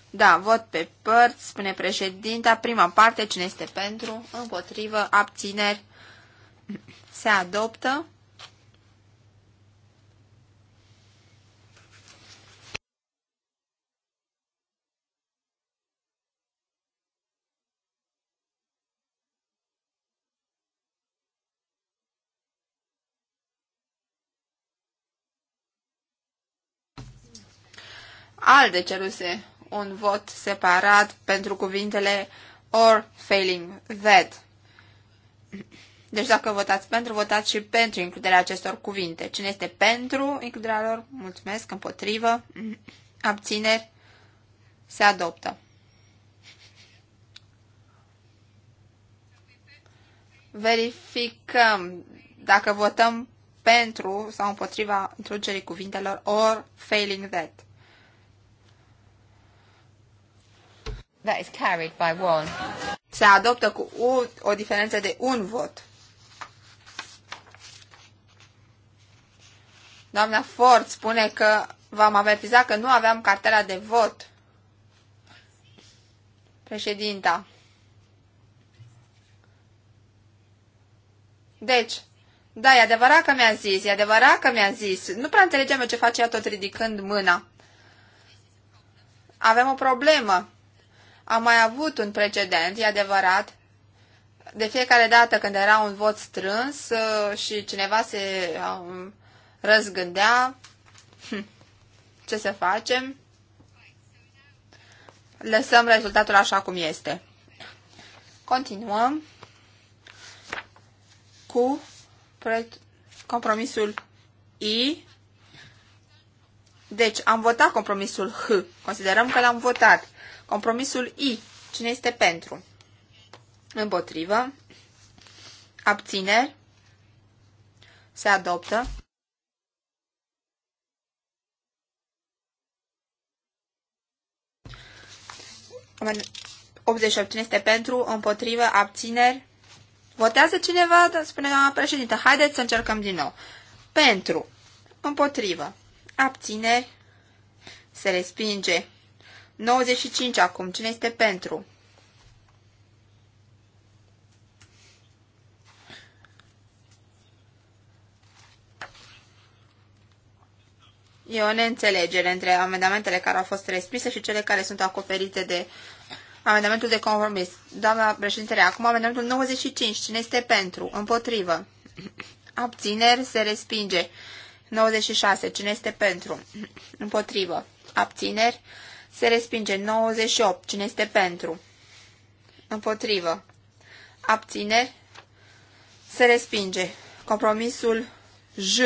Da, vot pe părți, spune președinta. Prima parte, cine este pentru, împotrivă, abțineri, se adoptă. ALDE ceruse un vot separat pentru cuvintele or failing that. Deci dacă votați pentru, votați și pentru includerea acestor cuvinte. Cine este pentru includerea lor? Mulțumesc, împotrivă, abțineri, se adoptă. Verificăm dacă votăm pentru sau împotriva introducerii cuvintelor or failing that. That is carried by one. Se adoptă cu o, o diferență de un vot. Doamna Ford spune că v-am avertizat că nu aveam cartela de vot. Președinta. Deci, da, e adevărat că mi-a zis, e adevărat că mi-a zis. Nu prea înțelegem eu ce face ea tot ridicând mâna. Avem o problemă. Am mai avut un precedent, e adevărat, de fiecare dată când era un vot strâns uh, și cineva se um, răzgândea, hm, ce să facem? Lăsăm rezultatul așa cum este. Continuăm cu compromisul I. Deci, am votat compromisul H. Considerăm că l-am votat. Compromisul I. Cine este pentru? Împotrivă. Abțineri. Se adoptă. Amen. 88. Cine este pentru? Împotrivă. Abțineri. Votează cineva? Da, spune doamna președintă. Haideți să încercăm din nou. Pentru. Împotrivă. Abțineri. Se respinge. 95 acum. Cine este pentru? E o neînțelegere între amendamentele care au fost respinse și cele care sunt acoperite de amendamentul de conformis Doamna președintele, acum amendamentul 95. Cine este pentru? Împotrivă. Abțineri se respinge. 96. Cine este pentru? Împotrivă. Abțineri se respinge 98. Cine este pentru? Împotrivă. Abțineri. Se respinge. Compromisul J.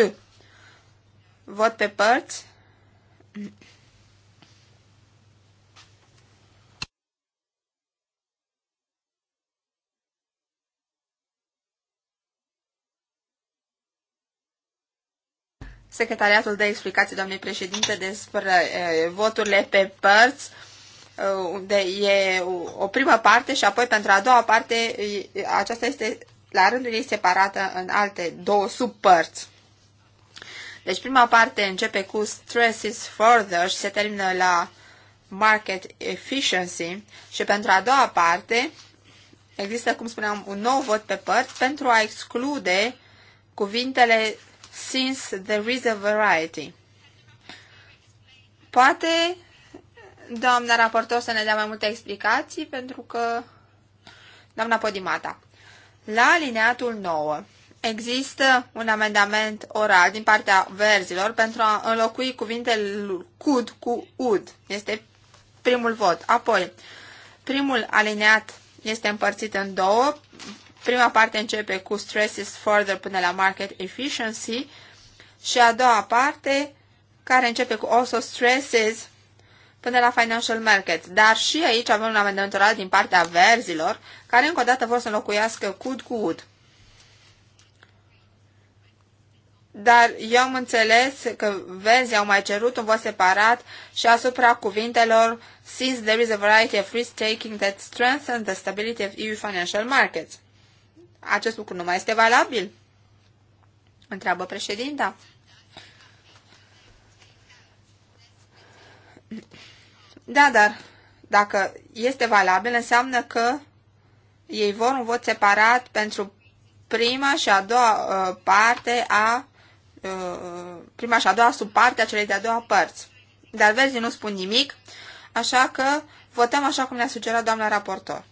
Vot pe părți. Secretariatul de explicații, doamnei președinte, despre voturile pe părți, De unde e o primă parte și apoi pentru a doua parte aceasta este la rândul ei separată în alte două subpărți. Deci prima parte începe cu stresses further și se termină la market efficiency și pentru a doua parte există, cum spuneam, un nou vot pe părți pentru a exclude cuvintele since there is a variety. Poate doamna raportor să ne dea mai multe explicații, pentru că doamna Podimata. La alineatul 9 există un amendament oral din partea verzilor pentru a înlocui cuvintele cud cu ud. Este primul vot. Apoi, primul alineat este împărțit în două. Prima parte începe cu stresses further până la market efficiency și a doua parte care începe cu also stresses până la financial market. Dar și aici avem un amendament oral din partea verzilor care încă o dată vor să înlocuiască cud cu ud. Dar eu am înțeles că verzi au mai cerut un vot separat și asupra cuvintelor since there is a variety of risk taking that strengthens the stability of EU financial markets acest lucru nu mai este valabil? Întreabă președinta. Da, dar dacă este valabil, înseamnă că ei vor un vot separat pentru prima și a doua uh, parte a uh, prima și a doua subparte a celei de-a doua părți. Dar vezi, nu spun nimic, așa că votăm așa cum ne-a sugerat doamna raportor.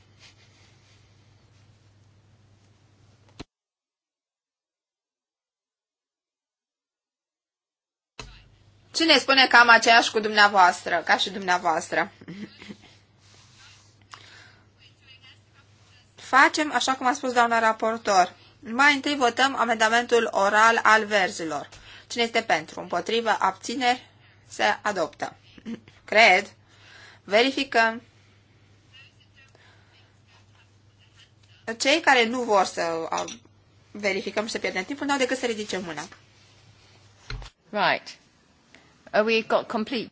Cine spune că am aceeași cu dumneavoastră, ca și dumneavoastră? Facem așa cum a spus doamna raportor. Mai întâi votăm amendamentul oral al verzilor. Cine este pentru? Împotrivă? Abțineri? Se adoptă. Cred. Verificăm. Cei care nu vor să uh, verificăm și să pierdem timpul, n-au decât să ridice mâna. Right. Uh, we got complete.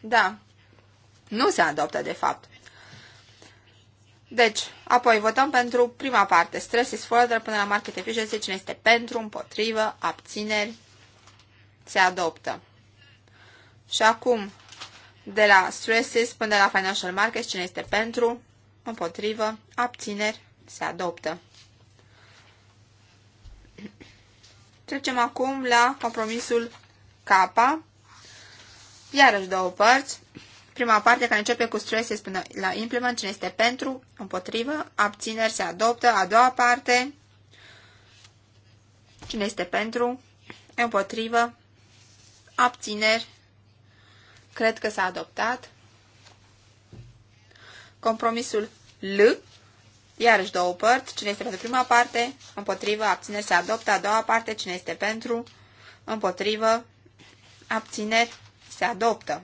Da. Nu se adoptă, de fapt. Deci, apoi votăm pentru prima parte. Stress is further până la market efficiency. Cine este pentru, împotrivă, abțineri, se adoptă. Și acum, de la stresses până la financial markets, cine este pentru, împotrivă, abțineri, se adoptă. Trecem acum la compromisul K, iarăși două părți. Prima parte care începe cu stresses până la implement, cine este pentru, împotrivă, abțineri se adoptă. A doua parte, cine este pentru, împotrivă, abțineri, cred că s-a adoptat. Compromisul L, iarăși două părți, cine este pentru prima parte, împotrivă, abțineri se adoptă. A doua parte, cine este pentru, împotrivă, abțineri, se adoptă.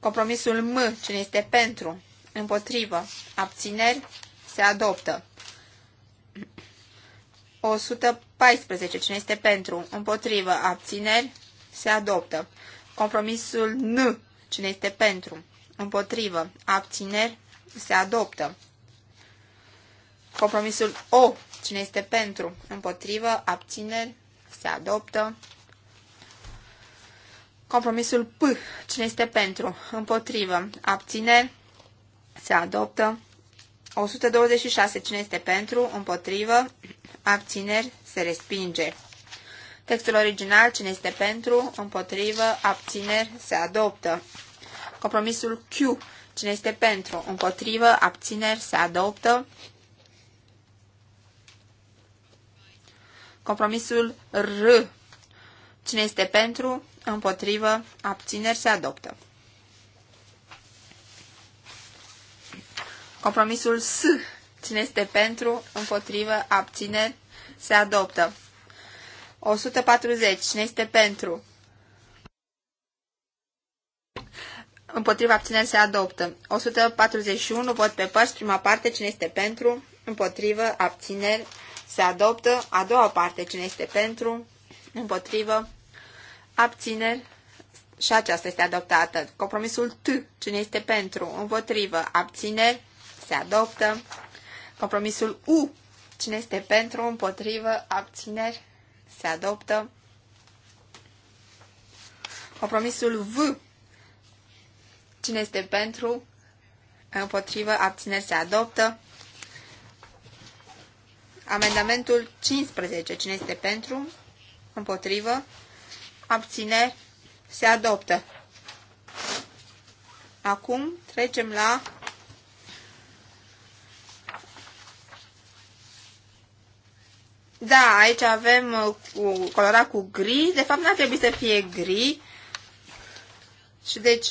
Compromisul M, cine este pentru, împotrivă, abțineri, se adoptă. 114, cine este pentru, împotrivă, abțineri, se adoptă. Compromisul N, cine este pentru, împotrivă, abțineri, se adoptă. Compromisul O, cine este pentru, împotrivă, abțineri, se adoptă. Compromisul P. Cine este pentru? Împotrivă. Abține. Se adoptă. 126. Cine este pentru? Împotrivă. Abțineri. Se respinge. Textul original. Cine este pentru? Împotrivă. Abțineri. Se adoptă. Compromisul Q. Cine este pentru? Împotrivă. Abțineri. Se adoptă. Compromisul R Cine este pentru, împotrivă, abțineri, se adoptă. Compromisul S. Cine este pentru, împotrivă, abțineri, se adoptă. 140. Cine este pentru? Împotriva abțineri se adoptă. 141. Vot pe părți. Prima parte. Cine este pentru? Împotrivă. Abțineri. Se adoptă. A doua parte. Cine este pentru? împotrivă, abțineri și aceasta este adoptată. Compromisul T, cine este pentru, împotrivă, abțineri, se adoptă. Compromisul U, cine este pentru, împotrivă, abțineri, se adoptă. Compromisul V, cine este pentru, împotrivă, abțineri, se adoptă. Amendamentul 15, cine este pentru, Împotrivă. Abțineri. Se adoptă. Acum trecem la Da, aici avem uh, cu, colorat cu gri. De fapt, n-ar trebui să fie gri. Și deci,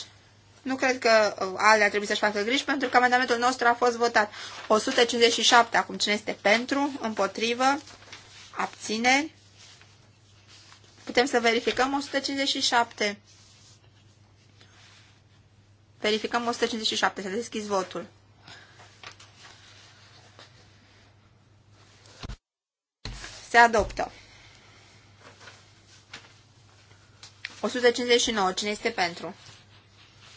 nu cred că uh, alea trebuie să-și facă griji, pentru că amendamentul nostru a fost votat. 157. Acum, cine este pentru? Împotrivă? Abțineri? Putem să verificăm 157. Verificăm 157. Să deschizi votul. Se adoptă. 159. Cine este pentru?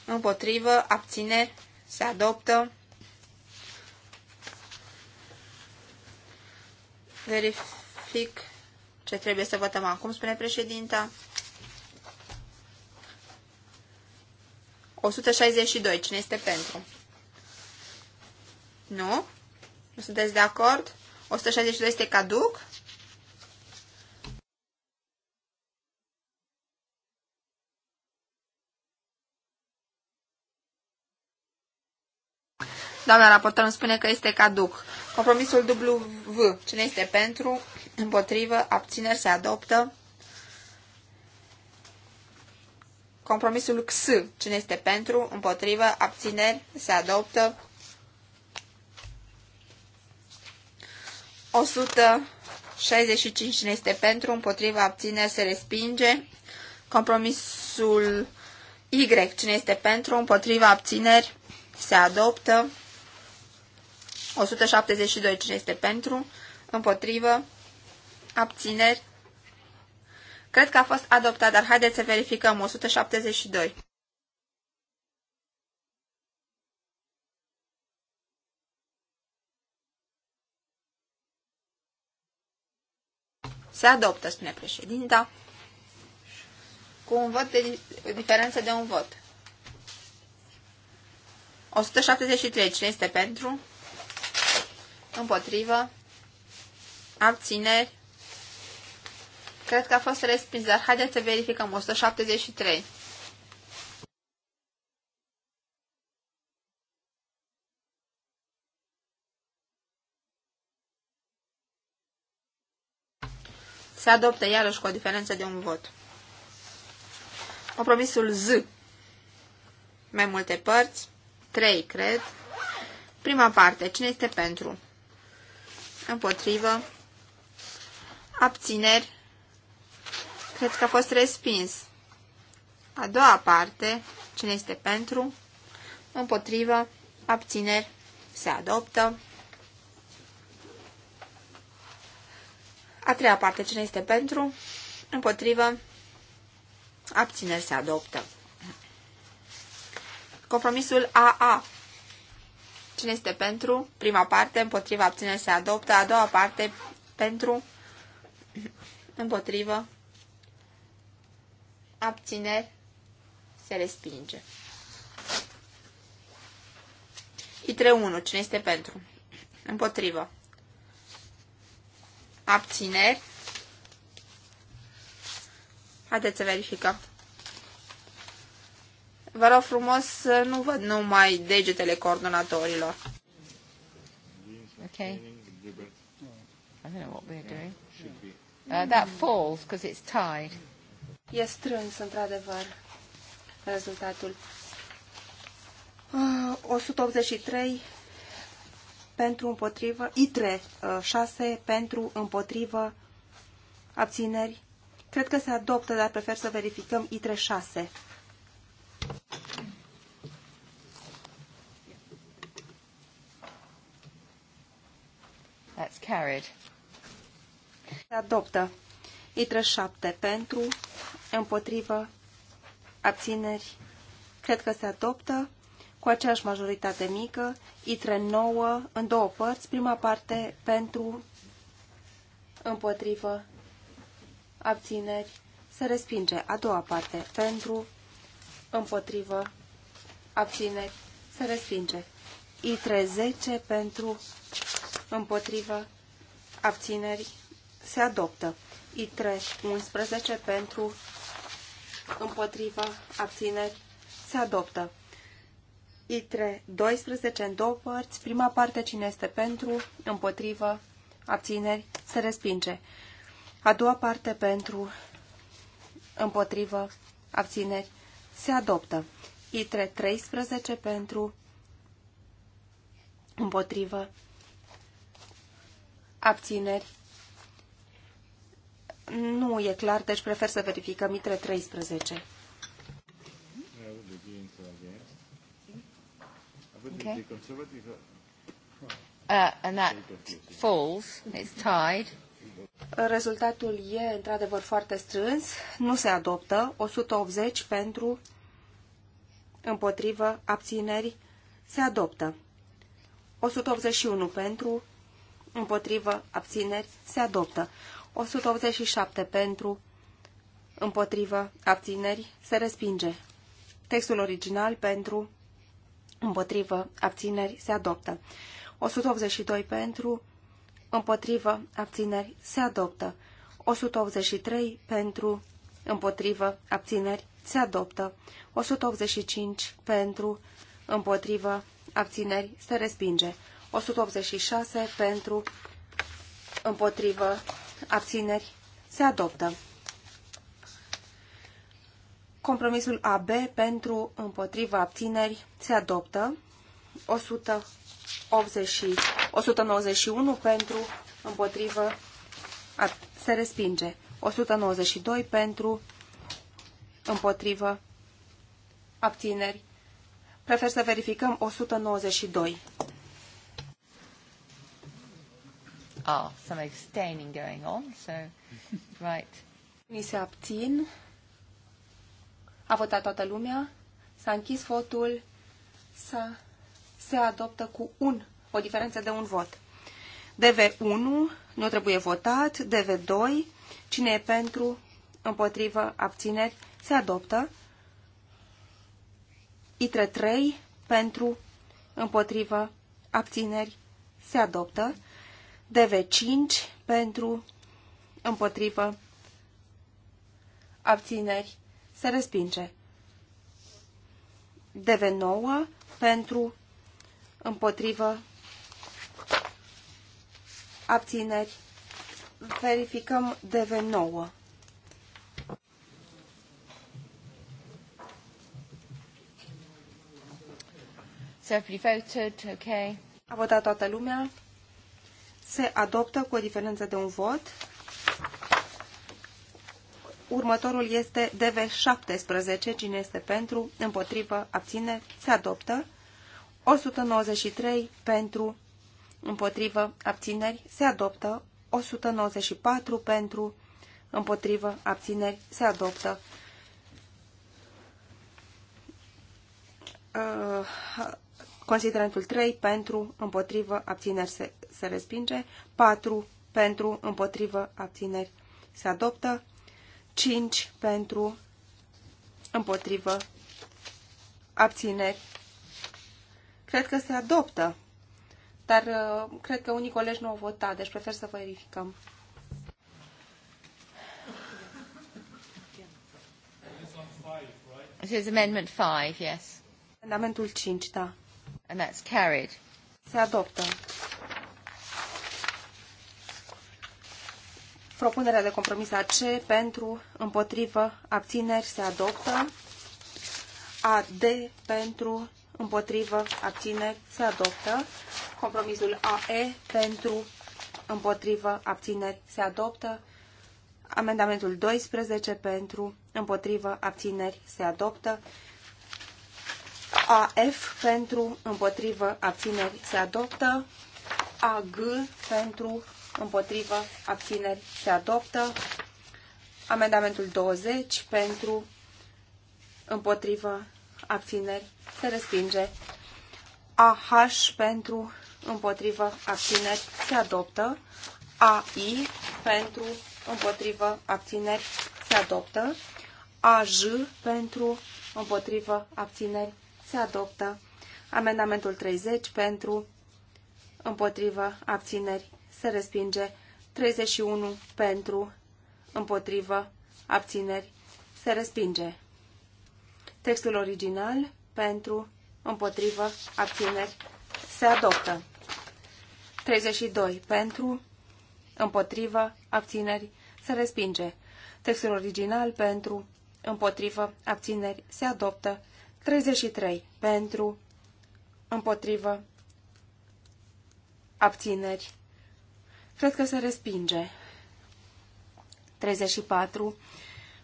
Împotrivă, abține, se adoptă. Verific noastre trebuie să votăm acum, spune președinta. 162. Cine este pentru? Nu? Nu sunteți de acord? 162 este caduc? Doamna raportor îmi spune că este caduc. Compromisul W. Cine este pentru? împotrivă, abțineri se adoptă. Compromisul X, cine este pentru, împotrivă, abțineri se adoptă. 165 cine este pentru, Împotrivă, abțineri se respinge. Compromisul Y cine este pentru, Împotrivă, abțineri se adoptă. 172 cine este pentru, împotrivă abțineri. Cred că a fost adoptat, dar haideți să verificăm. 172. Se adoptă, spune președinta, cu un vot de diferență de un vot. 173. Cine este pentru? Împotrivă? Abțineri? Cred că a fost respins, dar haideți să verificăm. 173. Se adoptă iarăși cu o diferență de un vot. Compromisul Z. Mai multe părți. 3, cred. Prima parte. Cine este pentru? Împotrivă. Abțineri. Cred că a fost respins. A doua parte, cine este pentru, împotrivă, abțineri, se adoptă. A treia parte, cine este pentru, împotrivă, abțineri, se adoptă. Compromisul AA. Cine este pentru? Prima parte, împotriva, abțineri, se adoptă. A doua parte, pentru, împotrivă, abțineri, se respinge. Itre 1. Cine este pentru? Împotrivă. Abțineri. Haideți să verificăm. Vă rog frumos să nu văd numai degetele coordonatorilor. Okay.
I don't know what we're doing. Uh, that
falls because it's tied.
E strâns, într-adevăr, rezultatul. 183 ah, pentru împotrivă, ITRE 6 ah, pentru împotrivă, abțineri. Cred că se adoptă, dar prefer să verificăm ITRE 6. That's carried. Se adoptă. ITRE 7 pentru împotrivă, abțineri, cred că se adoptă cu aceeași majoritate mică, ITRE 9 în două părți, prima parte pentru, împotrivă, abțineri, se respinge, a doua parte pentru, împotrivă, abțineri, se respinge, ITRE 10 pentru, împotrivă, abțineri, se adoptă, ITRE 11 pentru, împotrivă, abțineri, se adoptă. ITRE 12 în două părți, prima parte cine este pentru, împotrivă, abțineri, se respinge. A doua parte pentru, împotrivă, abțineri, se adoptă. ITRE 13 pentru, împotrivă, abțineri, nu e clar, deci prefer să verificăm Mitre 13. Okay. Uh, and that falls. It's tied. Rezultatul e într-adevăr foarte strâns, nu se adoptă, 180 pentru, împotrivă, abțineri, se adoptă. 181 pentru, împotrivă, abțineri, se adoptă. 187 pentru, împotrivă, abțineri, se respinge. Textul original pentru, împotrivă, abțineri, se adoptă. 182 pentru, împotrivă, abțineri, se adoptă. 183 pentru, împotrivă, abțineri, se adoptă. 185 pentru, împotrivă, abțineri, se respinge. 186 pentru, împotrivă, abțineri, se adoptă. Compromisul AB pentru împotriva abțineri se adoptă. 180, 191 pentru împotrivă se respinge. 192 pentru împotrivă abțineri. Prefer să verificăm 192. are some abstaining going on, so, right. Mi se abțin. A votat toată lumea. S-a închis votul. Să se adoptă cu un, o diferență de un vot. DV1 nu trebuie votat. DV2, cine e pentru, împotrivă, abțineri, se adoptă. ITRE 3, pentru, împotrivă, abțineri, se adoptă. DV5 pentru, împotrivă, abțineri, se respinge. DV9 pentru, împotrivă, abțineri, verificăm DV9. So if you voted, okay. A votat toată lumea se adoptă cu o diferență de un vot. Următorul este DV17. Cine este pentru, împotrivă, abține, se adoptă. 193 pentru, împotrivă, abțineri, se adoptă. 194 pentru, împotrivă, abțineri, se adoptă. Uh, Considerentul 3 pentru, împotrivă, abțineri se, se respinge. 4 pentru, împotrivă, abțineri se adoptă. 5 pentru, împotrivă, abțineri. Cred că se adoptă, dar uh, cred că unii colegi nu au votat, deci prefer să verificăm. This is amendment 5, yes. Amendamentul 5, da. And that's carried. Se adoptă. Propunerea de compromis C pentru, împotrivă, abțineri se adoptă. A D pentru, împotrivă, abțineri se adoptă. Compromisul AE pentru, împotrivă, abțineri se adoptă. Amendamentul 12 pentru, împotrivă, abțineri se adoptă. AF pentru împotrivă abțineri se adoptă, AG pentru împotrivă abțineri se adoptă, amendamentul 20 pentru împotrivă abțineri se respinge, AH pentru împotrivă abțineri se adoptă, AI pentru împotrivă abțineri se adoptă, AJ pentru împotrivă abțineri se adoptă. Amendamentul 30 pentru, împotrivă, abțineri, se respinge. 31 pentru, împotrivă, abțineri, se respinge. Textul original pentru, împotrivă, abțineri, se adoptă. 32 pentru, împotrivă, abțineri, se respinge. Textul original pentru, împotrivă, abțineri, se adoptă. 33. Pentru, împotrivă, abțineri. Cred că se respinge. 34.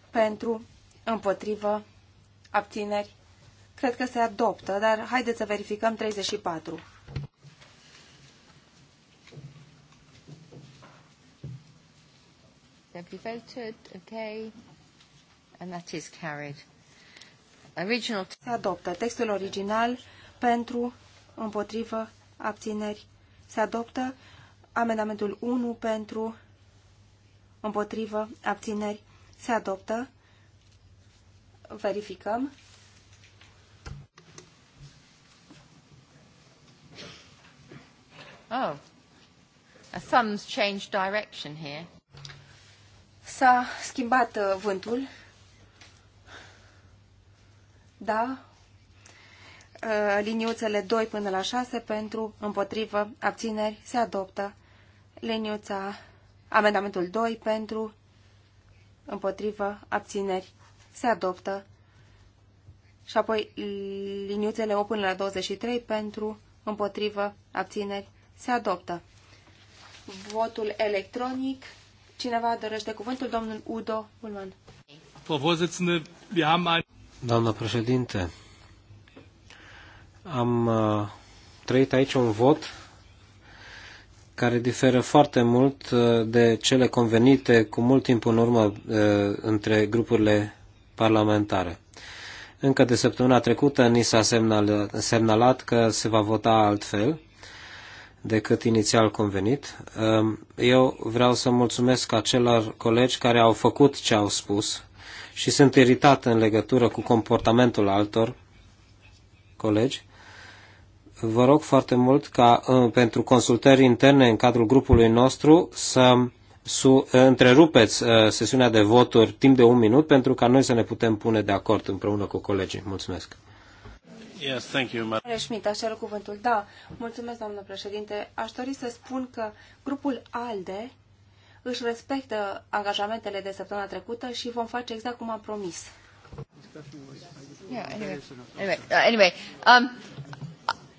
Pentru, împotrivă, abțineri. Cred că se adoptă, dar haideți să verificăm 34. Have you voted? Okay. And that is carried. Original. Se adoptă textul original pentru, împotrivă, abțineri. Se adoptă amendamentul 1 pentru, împotrivă, abțineri. Se adoptă. Verificăm. Oh,
a thumb's changed direction here. S-a
schimbat uh, vântul da, uh, liniuțele 2 până la 6 pentru, împotrivă, abțineri, se adoptă. Liniuța, amendamentul 2 pentru, împotrivă, abțineri, se adoptă. Și apoi liniuțele 8 până la 23 pentru, împotrivă, abțineri, se adoptă. Votul electronic. Cineva dorește cuvântul? Domnul Udo Ulman. Frau Vorsitzende, wir haben ein...
Doamna președinte, am uh, trăit aici un vot care diferă foarte mult uh, de cele convenite cu mult timp în urmă uh, între grupurile parlamentare. Încă de săptămâna trecută ni s-a semnal, semnalat că se va vota altfel decât inițial convenit. Uh, eu vreau să mulțumesc acelor colegi care au făcut ce au spus și sunt iritat în legătură cu comportamentul altor colegi. Vă rog foarte mult ca uh, pentru consultări interne în cadrul grupului nostru să su, uh, întrerupeți uh, sesiunea de voturi timp de un minut pentru ca noi să ne putem pune de acord împreună cu colegii. Mulțumesc.
Yes, thank you, Schmidt, așa cuvântul. Da, mulțumesc, doamnă președinte. Aș dori să spun că grupul ALDE își respectă angajamentele de săptămâna trecută și vom face exact cum am promis. anyway, anyway, uh, anyway um,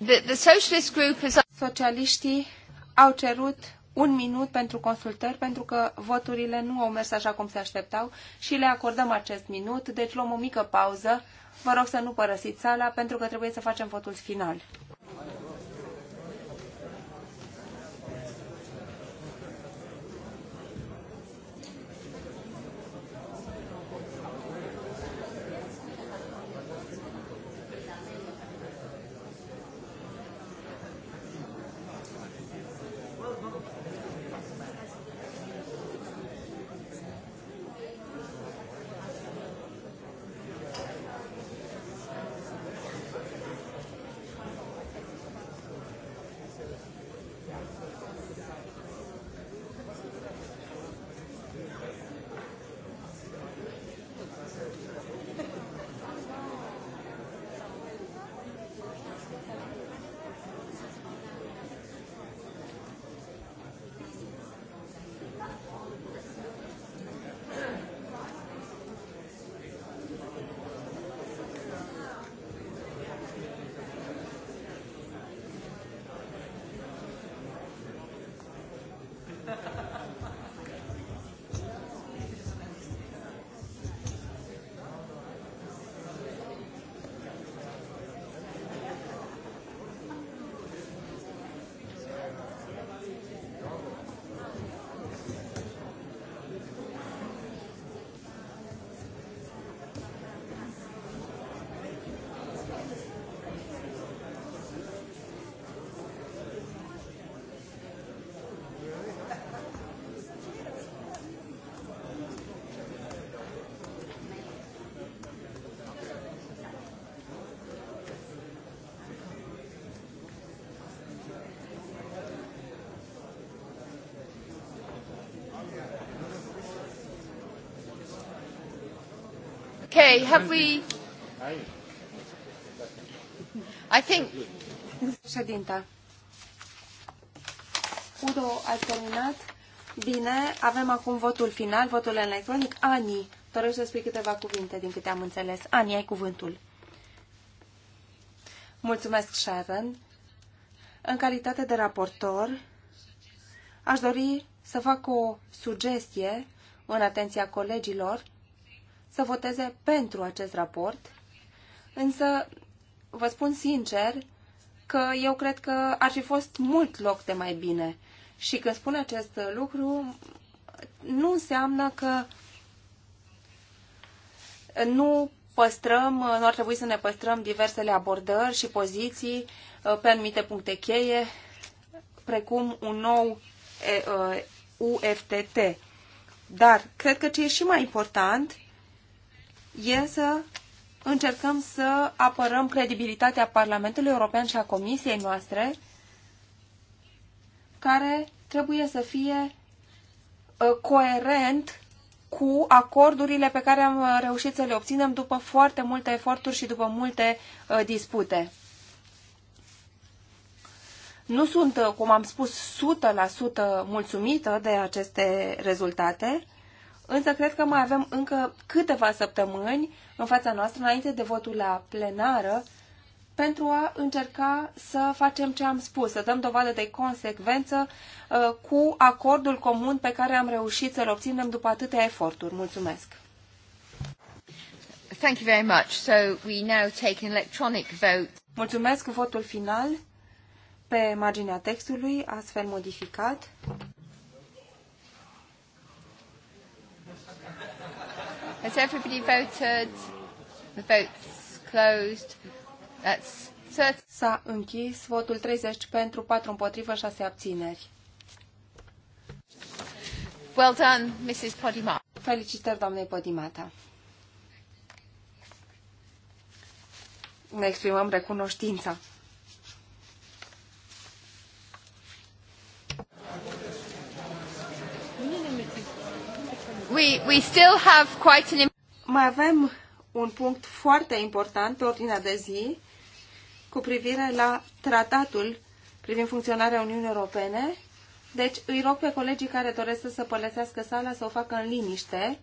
the, the socialist group is... Socialiștii au cerut un minut pentru consultări, pentru că voturile nu au mers așa cum se așteptau și le acordăm acest minut, deci luăm o mică pauză. Vă rog să nu părăsiți sala, pentru că trebuie să facem votul final. Okay, have we... I think... Ședinta. Udo, ai terminat? Bine, avem acum votul final, votul electronic. Ani, dorești să spui câteva cuvinte din câte am înțeles. Ani, ai cuvântul. Mulțumesc, Sharon. În calitate de raportor, aș dori să fac o sugestie în atenția colegilor să voteze pentru acest raport, însă vă spun sincer că eu cred că ar fi fost mult loc de mai bine. Și când spun acest lucru, nu înseamnă că nu păstrăm, nu ar trebui să ne păstrăm diversele abordări și poziții uh, pe anumite puncte cheie, precum un nou UFTT. Uh, Dar cred că ce e și mai important e să încercăm să apărăm credibilitatea Parlamentului European și a Comisiei noastre, care trebuie să fie ă, coerent cu acordurile pe care am ă, reușit să le obținem după foarte multe eforturi și după multe ă, dispute. Nu sunt, cum am spus, 100% mulțumită de aceste rezultate, însă cred că mai avem încă câteva săptămâni în fața noastră, înainte de votul la plenară, pentru a încerca să facem ce am spus, să dăm dovadă de consecvență uh, cu acordul comun pe care am reușit să-l obținem după atâtea eforturi. Mulțumesc! Thank you very much. So we now take an electronic vote. Mulțumesc votul final pe marginea textului, astfel modificat. Has everybody voted? The vote's closed. That's S-a închis votul 30 pentru, 4 împotrivă, 6 abțineri. Well done, Mrs. Podimata. Felicitări, doamnei Podimata. Ne exprimăm recunoștința.
we, we still
have quite an... Mai avem un punct foarte important pe ordinea de zi cu privire la tratatul privind funcționarea Uniunii Europene. Deci îi rog pe colegii care doresc să se părăsească sala să o facă în liniște.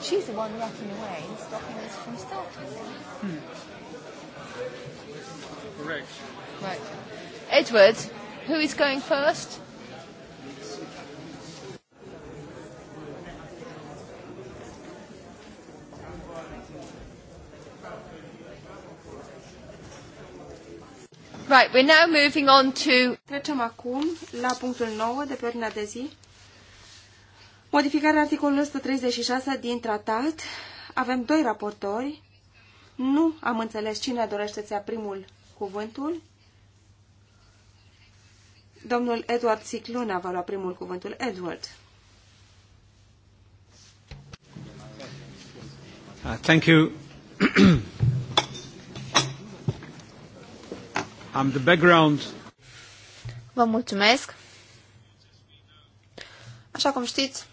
She's the one rocking away stopping us from starting.
Hmm. Correct. Right.
Edward, Who is going first? Right, we're now
moving on to... Trecem acum la punctul 9 de pe ordinea de zi. Modificarea articolului 136 din tratat. Avem doi raportori. Nu am înțeles cine dorește să ia primul cuvântul. Domnul Edward Cicluna va lua primul cuvântul. Edward.
Uh, thank you. Am the background.
Vă mulțumesc. Așa cum știți,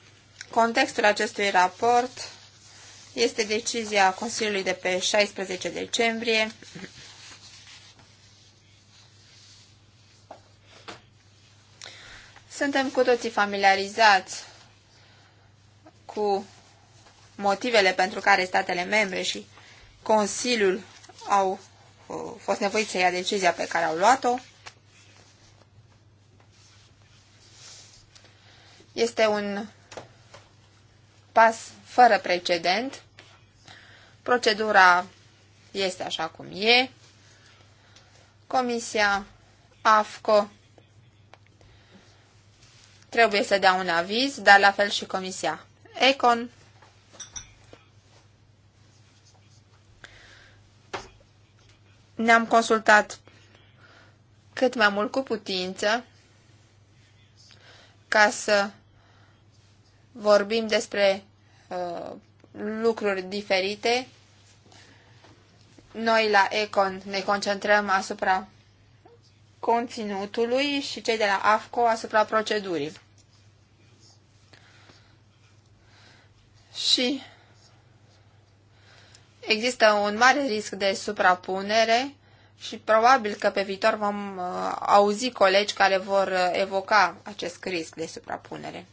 contextul acestui raport este decizia Consiliului de pe 16 decembrie Suntem cu toții familiarizați cu motivele pentru care statele membre și Consiliul au uh, fost nevoiți să ia decizia pe care au luat-o. Este un pas fără precedent. Procedura este așa cum e. Comisia AFCO trebuie să dea un aviz, dar la fel și Comisia Econ. Ne-am consultat cât mai mult cu putință ca să vorbim despre uh, lucruri diferite. Noi la Econ ne concentrăm asupra conținutului și cei de la AFCO asupra procedurii. Și există un mare risc de suprapunere și probabil că pe viitor vom uh, auzi colegi care vor uh, evoca acest risc de suprapunere.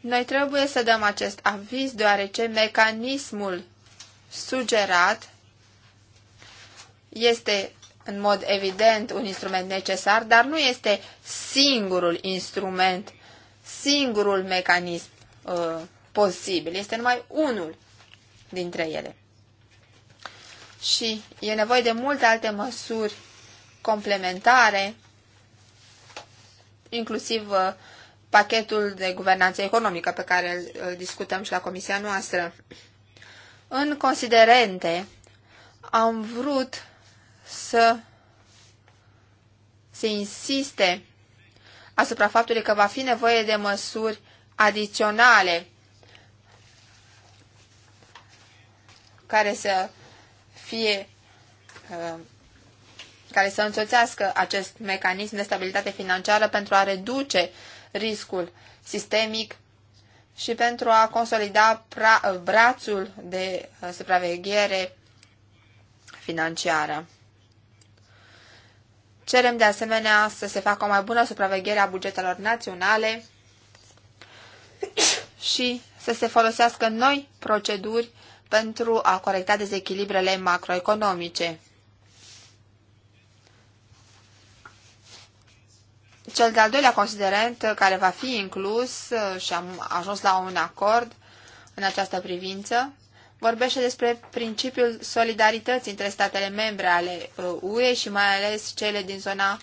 Noi trebuie să dăm acest aviz deoarece mecanismul sugerat este în mod evident un instrument necesar, dar nu este singurul instrument, singurul mecanism uh, posibil. Este numai unul dintre ele. Și e nevoie de multe alte măsuri complementare, inclusiv uh, pachetul de guvernanță economică pe care îl, îl discutăm și la comisia noastră. În considerente am vrut să se insiste asupra faptului că va fi nevoie de măsuri adiționale care să fie uh, care să însoțească acest mecanism de stabilitate financiară pentru a reduce riscul sistemic și pentru a consolida brațul de uh, supraveghere financiară. Cerem de asemenea să se facă o mai bună supraveghere a bugetelor naționale și să se folosească noi proceduri pentru a corecta dezechilibrele macroeconomice. Cel de-al doilea considerent uh, care va fi inclus uh, și am ajuns la un acord în această privință vorbește despre principiul solidarității între statele membre ale UE uh, și mai ales cele din zona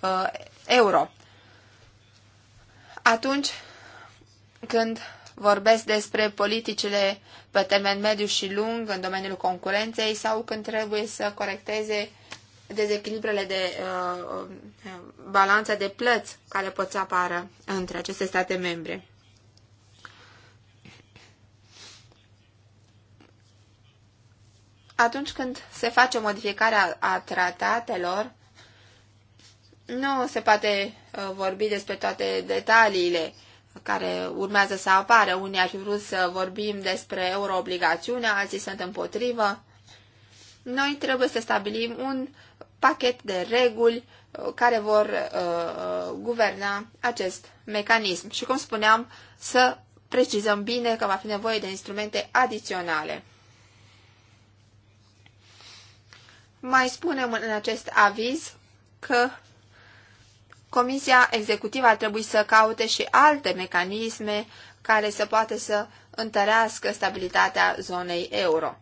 uh, euro. Atunci când vorbesc despre politicile pe termen mediu și lung în domeniul concurenței sau când trebuie să corecteze dezechilibrele de uh, uh balanța de plăți care pot să apară între aceste state membre. Atunci când se face o modificare a tratatelor, nu se poate uh, vorbi despre toate detaliile care urmează să apară. Unii ar fi vrut să vorbim despre euroobligațiune, alții sunt împotrivă. Noi trebuie să stabilim un pachet de reguli uh, care vor uh, uh, guverna acest mecanism. Și cum spuneam, să precizăm bine că va fi nevoie de instrumente adiționale. Mai spunem în acest aviz că Comisia Executivă ar trebui să caute și alte mecanisme care să poată să întărească stabilitatea zonei euro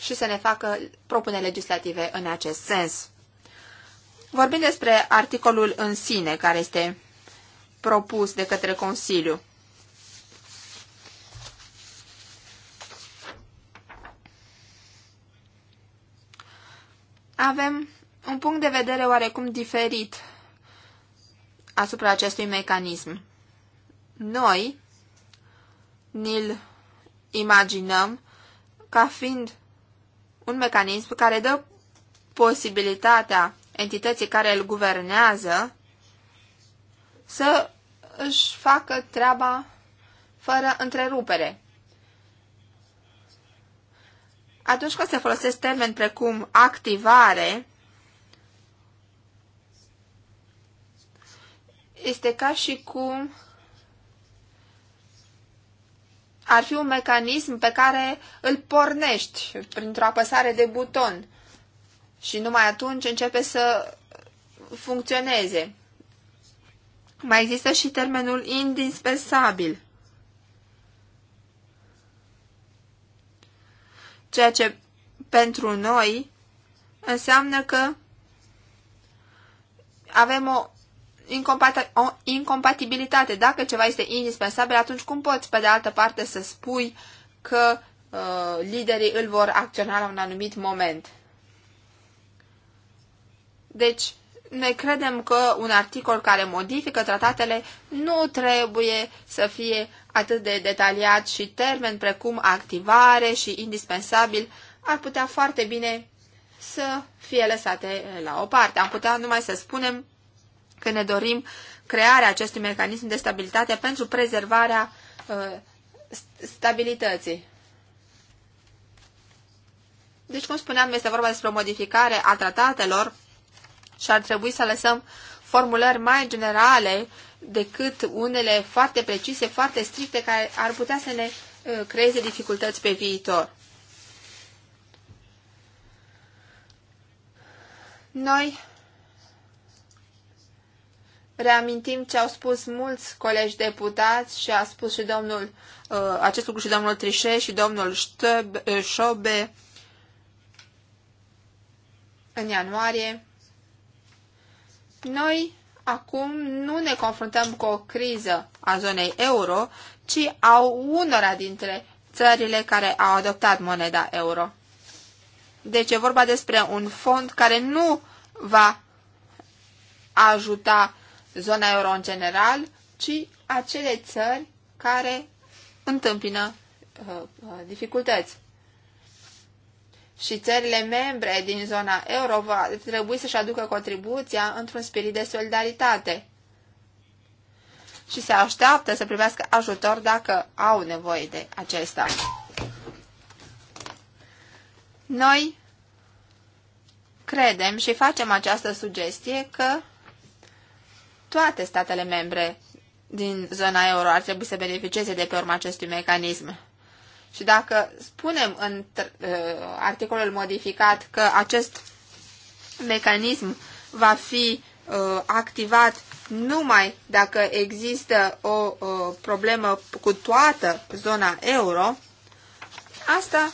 și să ne facă propuneri legislative în acest sens. Vorbim despre articolul în sine care este propus de către Consiliu. Avem un punct de vedere oarecum diferit asupra acestui mecanism. Noi ni-l imaginăm ca fiind un mecanism care dă posibilitatea entității care îl guvernează să își facă treaba fără întrerupere. Atunci când se folosesc termeni precum activare, este ca și cum ar fi un mecanism pe care îl pornești printr-o apăsare de buton și numai atunci începe să funcționeze. Mai există și termenul indispensabil, ceea ce pentru noi înseamnă că avem o, o incompatibilitate. Dacă ceva este indispensabil, atunci cum poți, pe de altă parte, să spui că uh, liderii îl vor acționa la un anumit moment? Deci, noi credem că un articol care modifică tratatele nu trebuie să fie atât de detaliat și termen precum activare și indispensabil ar putea foarte bine să fie lăsate la o parte. Am putea numai să spunem că ne dorim crearea acestui mecanism de stabilitate pentru prezervarea uh, stabilității. Deci, cum spuneam, este vorba despre o modificare a tratatelor și ar trebui să lăsăm formulări mai generale decât unele foarte precise, foarte stricte, care ar putea să ne uh, creeze dificultăți pe viitor. Noi reamintim ce au spus mulți colegi deputați și a spus și domnul, uh, acest lucru și domnul Trișe și domnul uh, Șobe în ianuarie. Noi acum nu ne confruntăm cu o criză a zonei euro, ci au unora dintre țările care au adoptat moneda euro. Deci e vorba despre un fond care nu va ajuta zona euro în general, ci acele țări care întâmpină uh, uh dificultăți și țările membre din zona euro va trebui să-și aducă contribuția într-un spirit de solidaritate și se așteaptă să primească ajutor dacă au nevoie de acesta. Noi credem și facem această sugestie că toate statele membre din zona euro ar trebui să beneficieze de pe urma acestui mecanism. Și dacă spunem în uh, articolul modificat că acest mecanism va fi uh, activat numai dacă există o uh, problemă cu toată zona euro, asta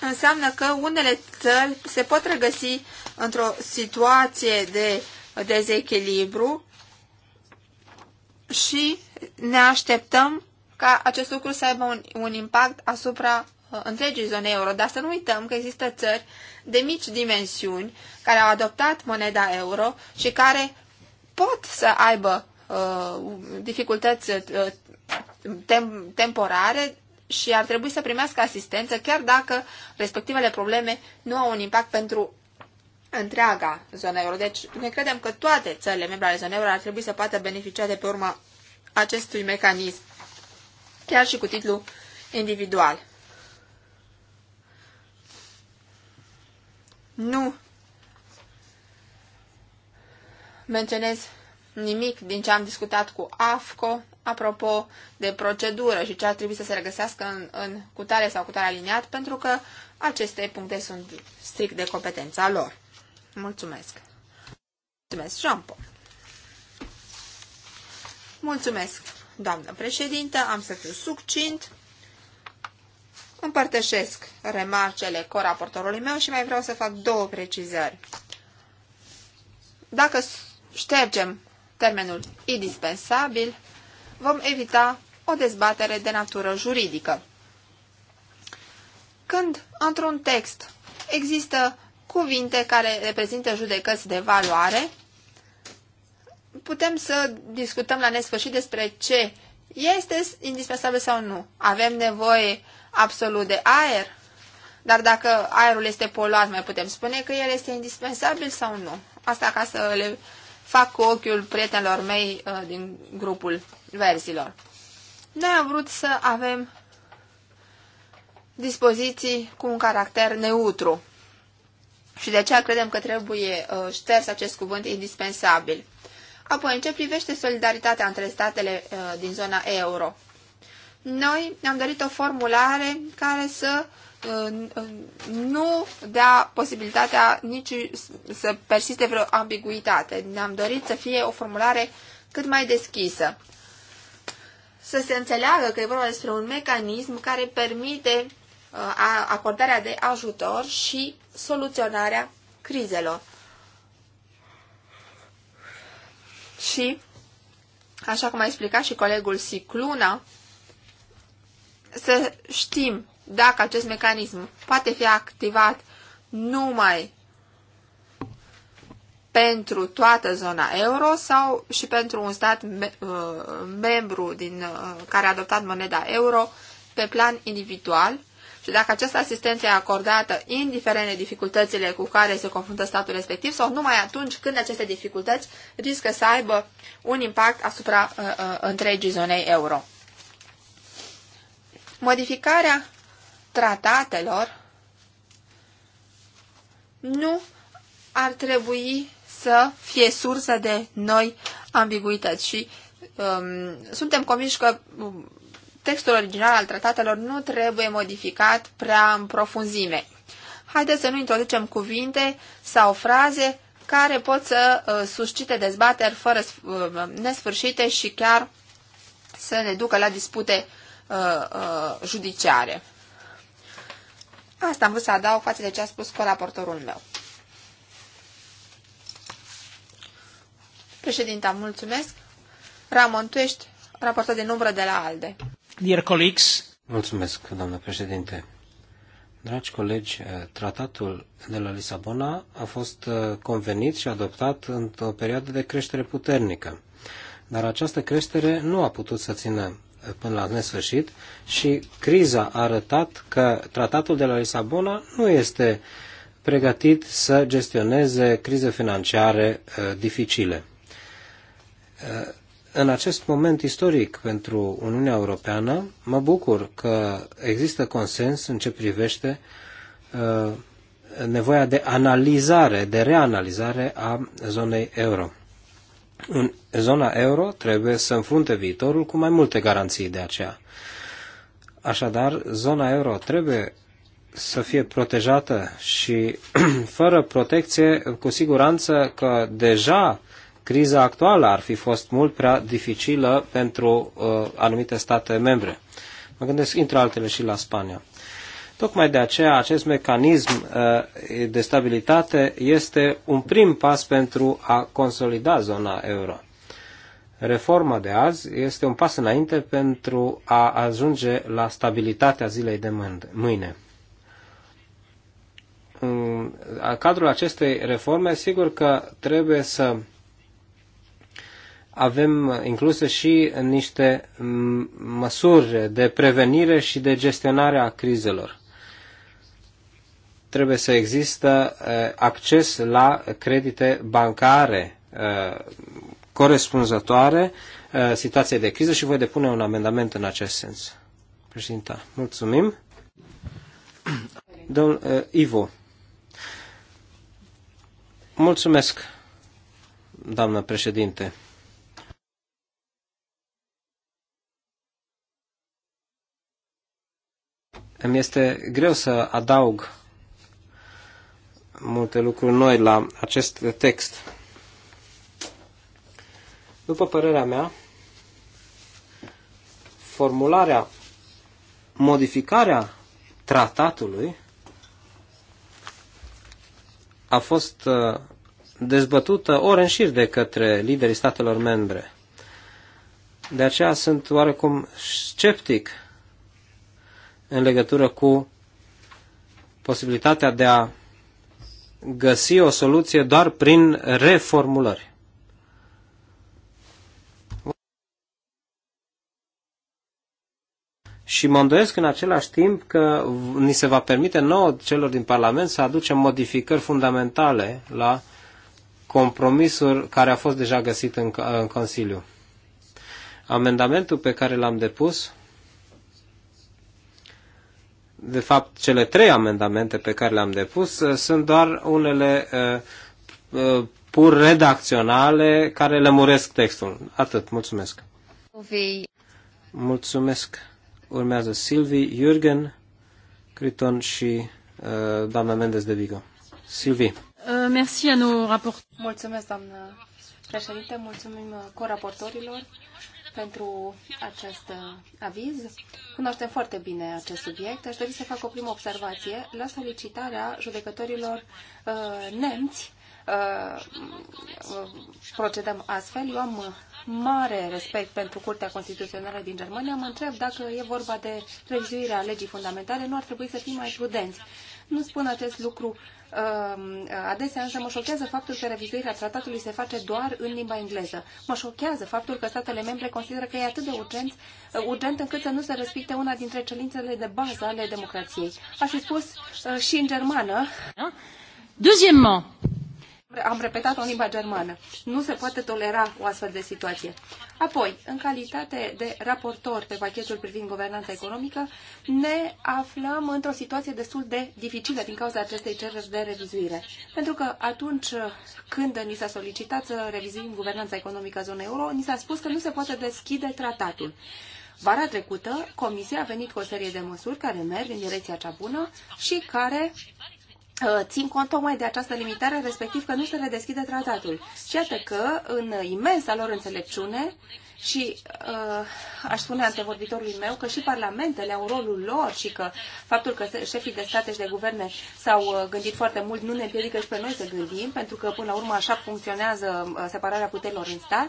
înseamnă că unele țări se pot regăsi într-o situație de dezechilibru și ne așteptăm ca acest lucru să aibă un, un impact asupra uh, întregii zone euro. Dar să nu uităm că există țări de mici dimensiuni care au adoptat moneda euro și care pot să aibă uh, dificultăți uh, tem temporare și ar trebui să primească asistență chiar dacă respectivele probleme nu au un impact pentru întreaga zonă euro. Deci ne credem că toate țările membre ale zonei euro ar trebui să poată beneficia de pe urma acestui mecanism chiar și cu titlu individual. Nu menționez nimic din ce am discutat cu AFCO apropo de procedură și ce ar trebui să se regăsească în, în cutare sau cutare aliniat, pentru că aceste puncte sunt strict de competența lor. Mulțumesc! Mulțumesc, Jean-Paul! Mulțumesc! doamnă președintă, am să fiu succint. Împărtășesc remarcele coraportorului meu și mai vreau să fac două precizări. Dacă ștergem termenul indispensabil, vom evita o dezbatere de natură juridică. Când, într-un text, există cuvinte care reprezintă judecăți de valoare, putem să discutăm la nesfârșit despre ce este indispensabil sau nu. Avem nevoie absolut de aer, dar dacă aerul este poluat, mai putem spune că el este indispensabil sau nu. Asta ca să le fac cu ochiul prietenilor mei uh, din grupul verzilor. Noi am vrut să avem dispoziții cu un caracter neutru. Și de aceea credem că trebuie uh, șters acest cuvânt indispensabil. Apoi, în ce privește solidaritatea între statele uh, din zona euro, noi am dorit o formulare care să uh, uh, nu dea posibilitatea nici să persiste vreo ambiguitate. Ne-am dorit să fie o formulare cât mai deschisă. Să se înțeleagă că e vorba despre un mecanism care permite uh, acordarea de ajutor și soluționarea crizelor. și, așa cum a explicat și colegul Sicluna, să știm dacă acest mecanism poate fi activat numai pentru toată zona euro sau și pentru un stat me uh, membru din, uh, care a adoptat moneda euro pe plan individual și dacă această asistență e acordată, indiferent de dificultățile cu care se confruntă statul respectiv, sau numai atunci când aceste dificultăți riscă să aibă un impact asupra uh, uh, întregii zonei euro. Modificarea tratatelor nu ar trebui să fie sursă de noi ambiguități și um, suntem convinși că um, textul original al tratatelor nu trebuie modificat prea în profunzime. Haideți să nu introducem cuvinte sau fraze care pot să uh, suscite dezbateri fără uh, nesfârșite și chiar să ne ducă la dispute uh, judiciare. Asta am vrut să adaug față de ce a spus colaportorul meu. Președinta, mulțumesc. Ramon, tu ești raportat de număr de la ALDE.
Dear colleagues. Mulțumesc, doamnă președinte. Dragi colegi, eh, tratatul de la Lisabona a fost eh, convenit și adoptat într-o perioadă de creștere puternică. Dar această creștere nu a putut să țină eh, până la nesfârșit și criza a arătat că tratatul de la Lisabona nu este pregătit să gestioneze crize financiare dificile în acest moment istoric pentru Uniunea Europeană, mă bucur că există consens în ce privește uh, nevoia de analizare, de reanalizare a zonei euro. În zona euro trebuie să înfrunte viitorul cu mai multe garanții de aceea. Așadar, zona euro trebuie să fie protejată și fără protecție, cu siguranță că deja criza actuală ar fi fost mult prea dificilă pentru uh, anumite state membre. Mă gândesc, între altele, și la Spania. Tocmai de aceea acest mecanism uh, de stabilitate este un prim pas pentru a consolida zona euro. Reforma de azi este un pas înainte pentru a ajunge la stabilitatea zilei de mâine. În mm, cadrul acestei reforme, sigur că trebuie să avem incluse și niște măsuri de prevenire și de gestionare a crizelor. Trebuie să există acces la credite bancare corespunzătoare situației de criză și voi depune un amendament în acest sens. Președinta, mulțumim. Domnul Ivo. Mulțumesc, doamnă președinte. Îmi este greu să adaug multe lucruri noi la acest text. După părerea mea, formularea, modificarea tratatului a fost uh, dezbătută ori în șir de către liderii statelor membre. De aceea sunt oarecum sceptic în legătură cu posibilitatea de a găsi o soluție doar prin reformulări. Și mă îndoiesc în același timp că ni se va permite nouă celor din Parlament să aducem modificări fundamentale la compromisul care a fost deja găsit în, în Consiliu. Amendamentul pe care l-am depus de fapt, cele trei amendamente pe care le-am depus uh, sunt doar unele uh, uh, pur redacționale care lămuresc textul. Atât. Mulțumesc. Mulțumesc. Urmează Silvi, Jürgen, Criton și uh, doamna Mendes de Vigo. Silvi. Uh,
Mulțumesc, doamnă președinte. Mulțumim coraportorilor pentru acest aviz. Cunoaștem foarte bine acest subiect. Aș dori să fac o primă observație la solicitarea judecătorilor uh, nemți. Uh, uh, procedăm astfel. Eu am mare respect pentru Curtea Constituțională din Germania. Mă întreb dacă e vorba de revizuirea legii fundamentale, nu ar trebui să fim mai prudenți. Nu spun acest lucru Um, adesea însă mă șochează faptul că revizuirea tratatului se face doar în limba engleză. Mă șochează faptul că statele membre consideră că e atât de urgent, uh, urgent încât să nu se respecte una dintre cerințele de bază ale democrației. Aș fi spus uh, și în germană. Deuxièmement, am repetat-o în limba germană. Nu se poate tolera o astfel de situație. Apoi, în calitate de raportor pe pachetul privind guvernanța economică, ne aflăm într-o situație destul de dificilă din cauza acestei cereri de revizuire. Pentru că atunci când ni s-a solicitat să revizuim guvernanța economică a zonei euro, ni s-a spus că nu se poate deschide tratatul. Vara trecută, Comisia a venit cu o serie de măsuri care merg în direcția cea bună și care Uh, țin cont tocmai de această limitare, respectiv că nu se redeschide tratatul. Și iată că, în imensa lor înțelepciune, și uh, aș spune antevorbitorului meu că și parlamentele au rolul lor și că faptul că șefii de state și de guverne s-au uh, gândit foarte mult nu ne împiedică și pe noi să gândim, pentru că până la urmă așa funcționează uh, separarea puterilor în stat.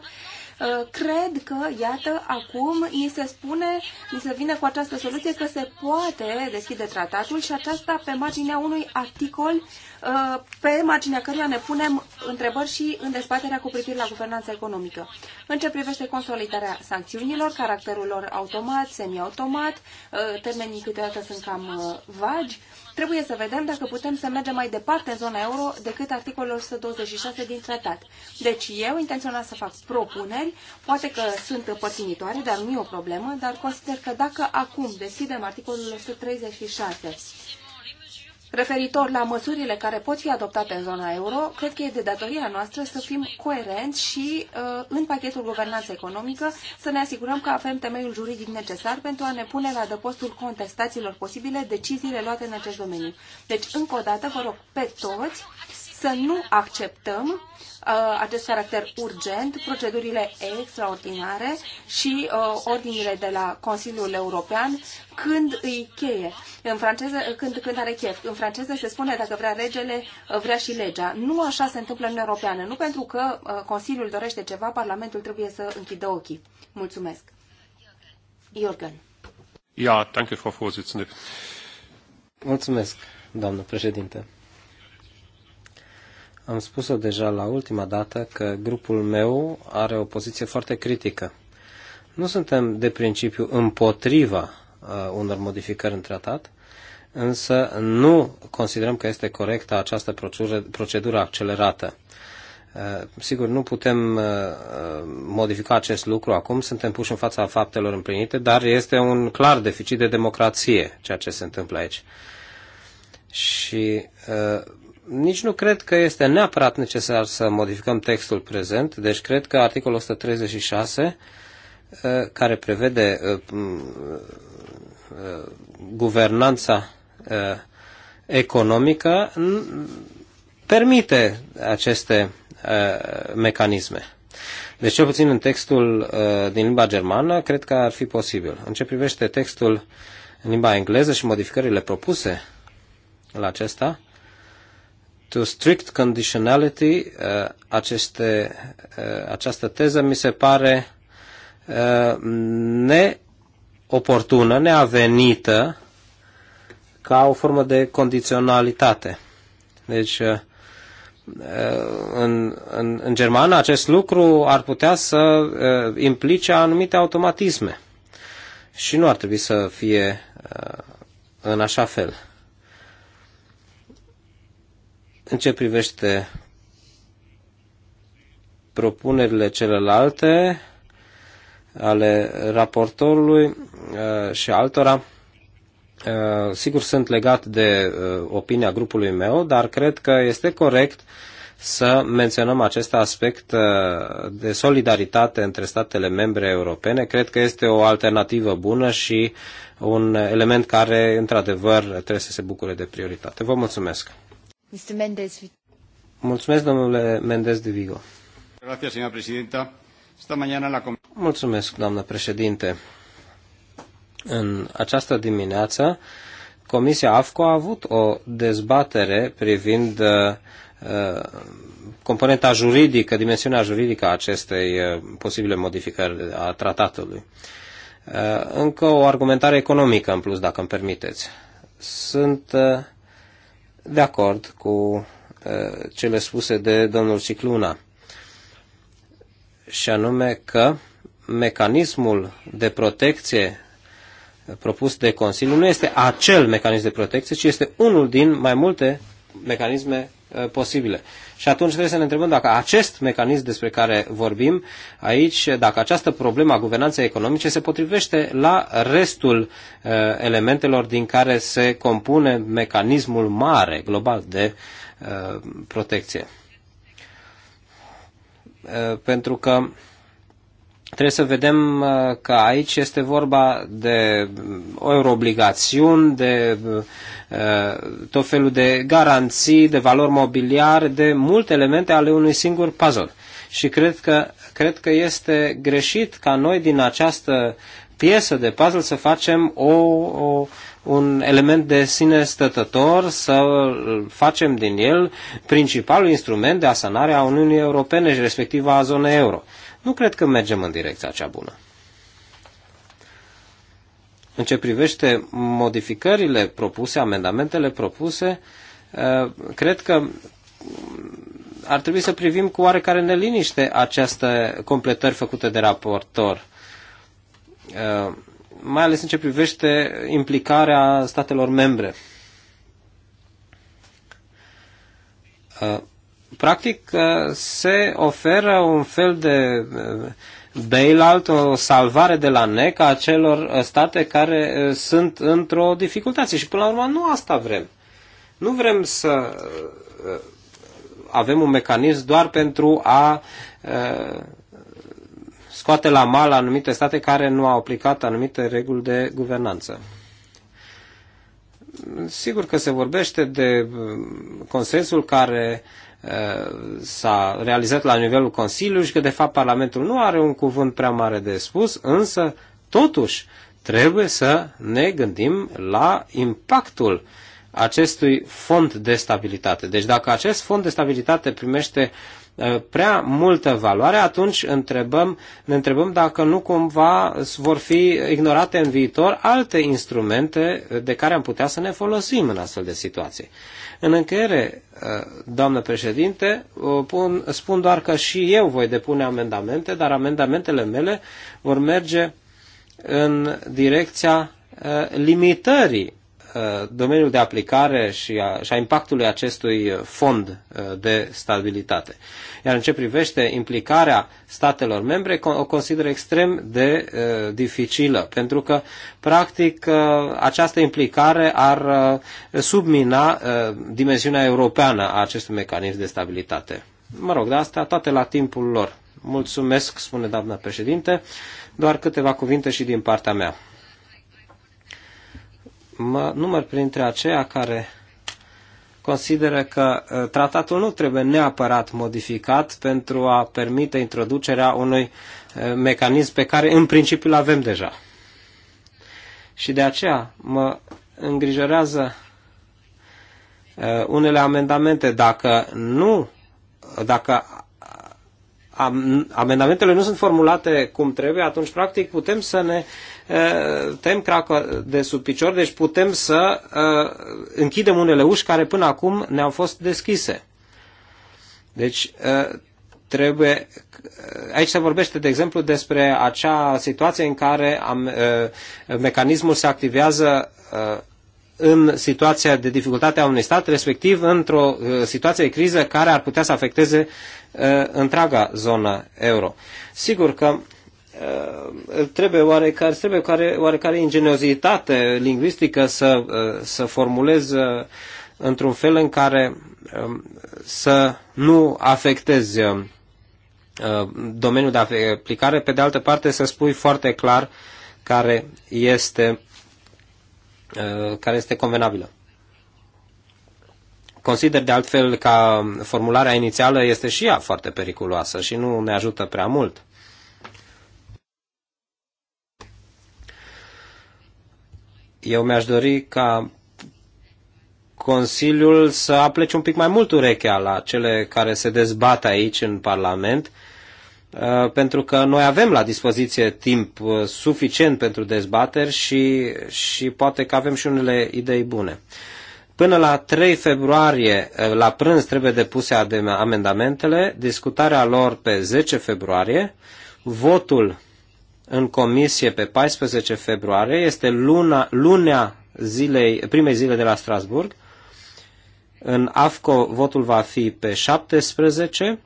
Uh, cred că, iată, acum ni se spune, ni se vine cu această soluție că se poate deschide tratatul și aceasta pe marginea unui articol uh, pe marginea căruia ne punem întrebări și în dezbaterea cu privire la guvernanța economică. În ce privește consolidarea sancțiunilor, caracterul lor automat, semi-automat, uh, termenii câteodată sunt cam vagi, trebuie să vedem dacă putem să mergem mai departe în zona euro decât articolul 126 din tratat. Deci eu intenționat să fac propuneri, poate că sunt împărținitoare, dar nu e o problemă, dar consider că dacă acum deschidem articolul 136 referitor la măsurile care pot fi adoptate în zona euro, cred că e de datoria noastră să fim coerenți și uh, în pachetul guvernanță economică să ne asigurăm că avem temeiul juridic necesar pentru a ne pune la adăpostul contestațiilor posibile deciziile luate în acest domeniu. Deci, încă o dată, vă rog pe toți să nu acceptăm uh, acest caracter urgent, procedurile extraordinare și uh, ordinile de la Consiliul European când îi cheie. În franceză, când, când are chef. În franceză se spune dacă vrea regele, uh, vrea și legea. Nu așa se întâmplă în Europeană. Nu pentru că uh, Consiliul dorește ceva, Parlamentul trebuie să închidă ochii. Mulțumesc. Jorgen.
Ja, danke, Frau Vorsitzende. Mulțumesc, doamnă președinte. Am spus-o deja la ultima dată că grupul meu are o poziție foarte critică. Nu suntem de principiu împotriva uh, unor modificări în tratat, însă nu considerăm că este corectă această procedură, procedură accelerată. Uh, sigur, nu putem uh, uh, modifica acest lucru acum, suntem puși în fața faptelor împlinite, dar este un clar deficit de democrație ceea ce se întâmplă aici. Și nici nu cred că este neapărat necesar să modificăm textul prezent, deci cred că articolul 136, uh, care prevede uh, uh, guvernanța economică, permite aceste mecanisme. Deci, cel puțin în textul din limba germană, cred că ar fi posibil. În ce privește textul în limba engleză și modificările propuse la acesta, to strict conditionality, uh, aceste, uh, această teză mi se pare uh, neoportună, neavenită ca o formă de condiționalitate. Deci, în, în, în germană acest lucru ar putea să implice anumite automatisme și nu ar trebui să fie în așa fel. În ce privește propunerile celelalte ale raportorului uh, și altora, uh, sigur sunt legat de uh, opinia grupului meu, dar cred că este corect să menționăm acest aspect de solidaritate între statele membre europene. Cred că este o alternativă bună și un element care, într-adevăr, trebuie să se bucure de prioritate. Vă mulțumesc!
Mr. Mendes.
Mulțumesc, domnule Mendes de Vigo. Gracias, señora presidenta. Esta mañana la... Mulțumesc, doamnă președinte. În această dimineață, Comisia AFCO a avut o dezbatere privind uh, uh, componenta juridică, dimensiunea juridică a acestei uh, posibile modificări a tratatului. Uh, încă o argumentare economică în plus, dacă îmi permiteți. Sunt uh, de acord cu uh, cele spuse de domnul Cicluna, și anume că mecanismul de protecție propus de Consiliu nu este acel mecanism de protecție, ci este unul din mai multe mecanisme uh, posibile. Și atunci trebuie să ne întrebăm dacă acest mecanism despre care vorbim aici, dacă această problemă a guvernanței economice se potrivește la restul uh, elementelor din care se compune mecanismul mare global de uh, protecție. Uh, pentru că uh, Trebuie să vedem uh, că aici este vorba de mm, euroobligațiuni, de uh, tot felul de garanții, de valori mobiliare, de multe elemente ale unui singur puzzle. Și cred că, cred că este greșit ca noi din această piesă de puzzle să facem o, o, un element de sine stătător, să facem din el principalul instrument de asanare a Uniunii Europene și respectiv a zonei euro. Nu cred că mergem în direcția cea bună. În ce privește modificările propuse, amendamentele propuse, eh, cred că ar trebui să privim cu oarecare neliniște această completări făcute de raportor, eh, mai ales în ce privește implicarea statelor membre. Eh, practic uh, se oferă un fel de uh, bailout, o salvare de la NEC a celor uh, state care sunt într-o dificultate. Și până la urmă nu asta vrem. Nu vrem să avem un mecanism doar pentru a scoate la mal anumite state care nu au aplicat anumite reguli de guvernanță sigur că se vorbește de consensul care Uh, s-a realizat la nivelul Consiliului și că de fapt Parlamentul nu are un cuvânt prea mare de spus, însă totuși trebuie să ne gândim la impactul acestui fond de stabilitate. Deci dacă acest fond de stabilitate primește uh, prea multă valoare, atunci întrebăm, ne întrebăm dacă nu cumva vor fi ignorate în viitor alte instrumente de care am putea să ne folosim în astfel de situații. În încheiere, uh, doamnă președinte, pun, spun doar că și eu voi depune amendamente, dar amendamentele mele vor merge în direcția uh, limitării uh, domeniul de aplicare și a, și a impactului acestui fond de stabilitate. Iar în ce privește implicarea statelor membre, o consider extrem de uh, dificilă, pentru că, practic, uh, această implicare ar uh, submina uh, dimensiunea europeană a acestui mecanism de stabilitate. Mă rog, de asta toate la timpul lor. Mulțumesc, spune doamna președinte, doar câteva cuvinte și din partea mea mă număr printre aceia care consideră că uh, tratatul nu trebuie neapărat modificat pentru a permite introducerea unui uh, mecanism pe care în principiu îl avem deja. Și de aceea mă îngrijorează uh, unele amendamente. Dacă nu, dacă amendamentele nu sunt formulate cum trebuie, atunci practic putem să ne tem craca de sub picior, deci putem să închidem unele uși care până acum ne-au fost deschise. Deci trebuie, aici se vorbește, de exemplu, despre acea situație în care am, mecanismul se activează în situația de dificultate a unui stat, respectiv într-o situație de criză care ar putea să afecteze întreaga zonă euro. Sigur că Uh, trebuie oarecare, trebuie care, oarecare ingeniozitate lingvistică să, uh, să formulez uh, într-un fel în care um, să nu afectezi domeniul de aplicare, pe de altă parte să spui foarte clar care este, care este convenabilă. Consider de altfel că formularea inițială este și ea foarte periculoasă și nu ne ajută prea mult Eu mi-aș dori ca Consiliul să aplece un pic mai mult urechea la cele care se dezbat aici în Parlament, uh, pentru că noi avem la dispoziție timp uh, suficient pentru dezbateri și, și poate că avem și unele idei bune. Până la 3 februarie, uh, la prânz, trebuie depuse amendamentele, discutarea lor pe 10 februarie, votul în comisie pe 14 februarie, este luna, lunea zilei, primei zile de la Strasburg. În AFCO votul va fi pe 17,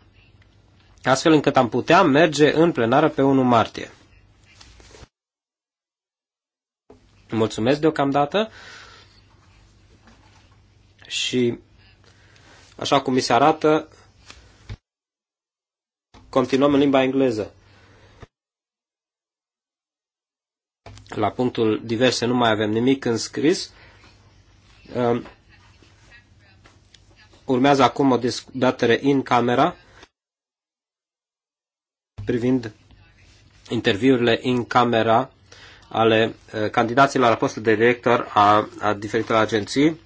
astfel încât am putea merge în plenară pe 1 martie. Mulțumesc deocamdată și așa cum mi se arată, continuăm în limba engleză. La punctul diverse nu mai avem nimic înscris. Um, urmează acum o dezbatere în camera privind interviurile în camera ale uh, candidaților la postul de director a, a diferitelor agenții.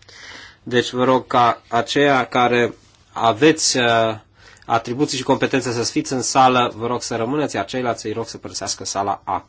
Deci vă rog ca aceia care aveți uh, atribuții și competențe să fiți în sală, vă rog să rămâneți, iar ceilalți îi rog să părăsească sala acum.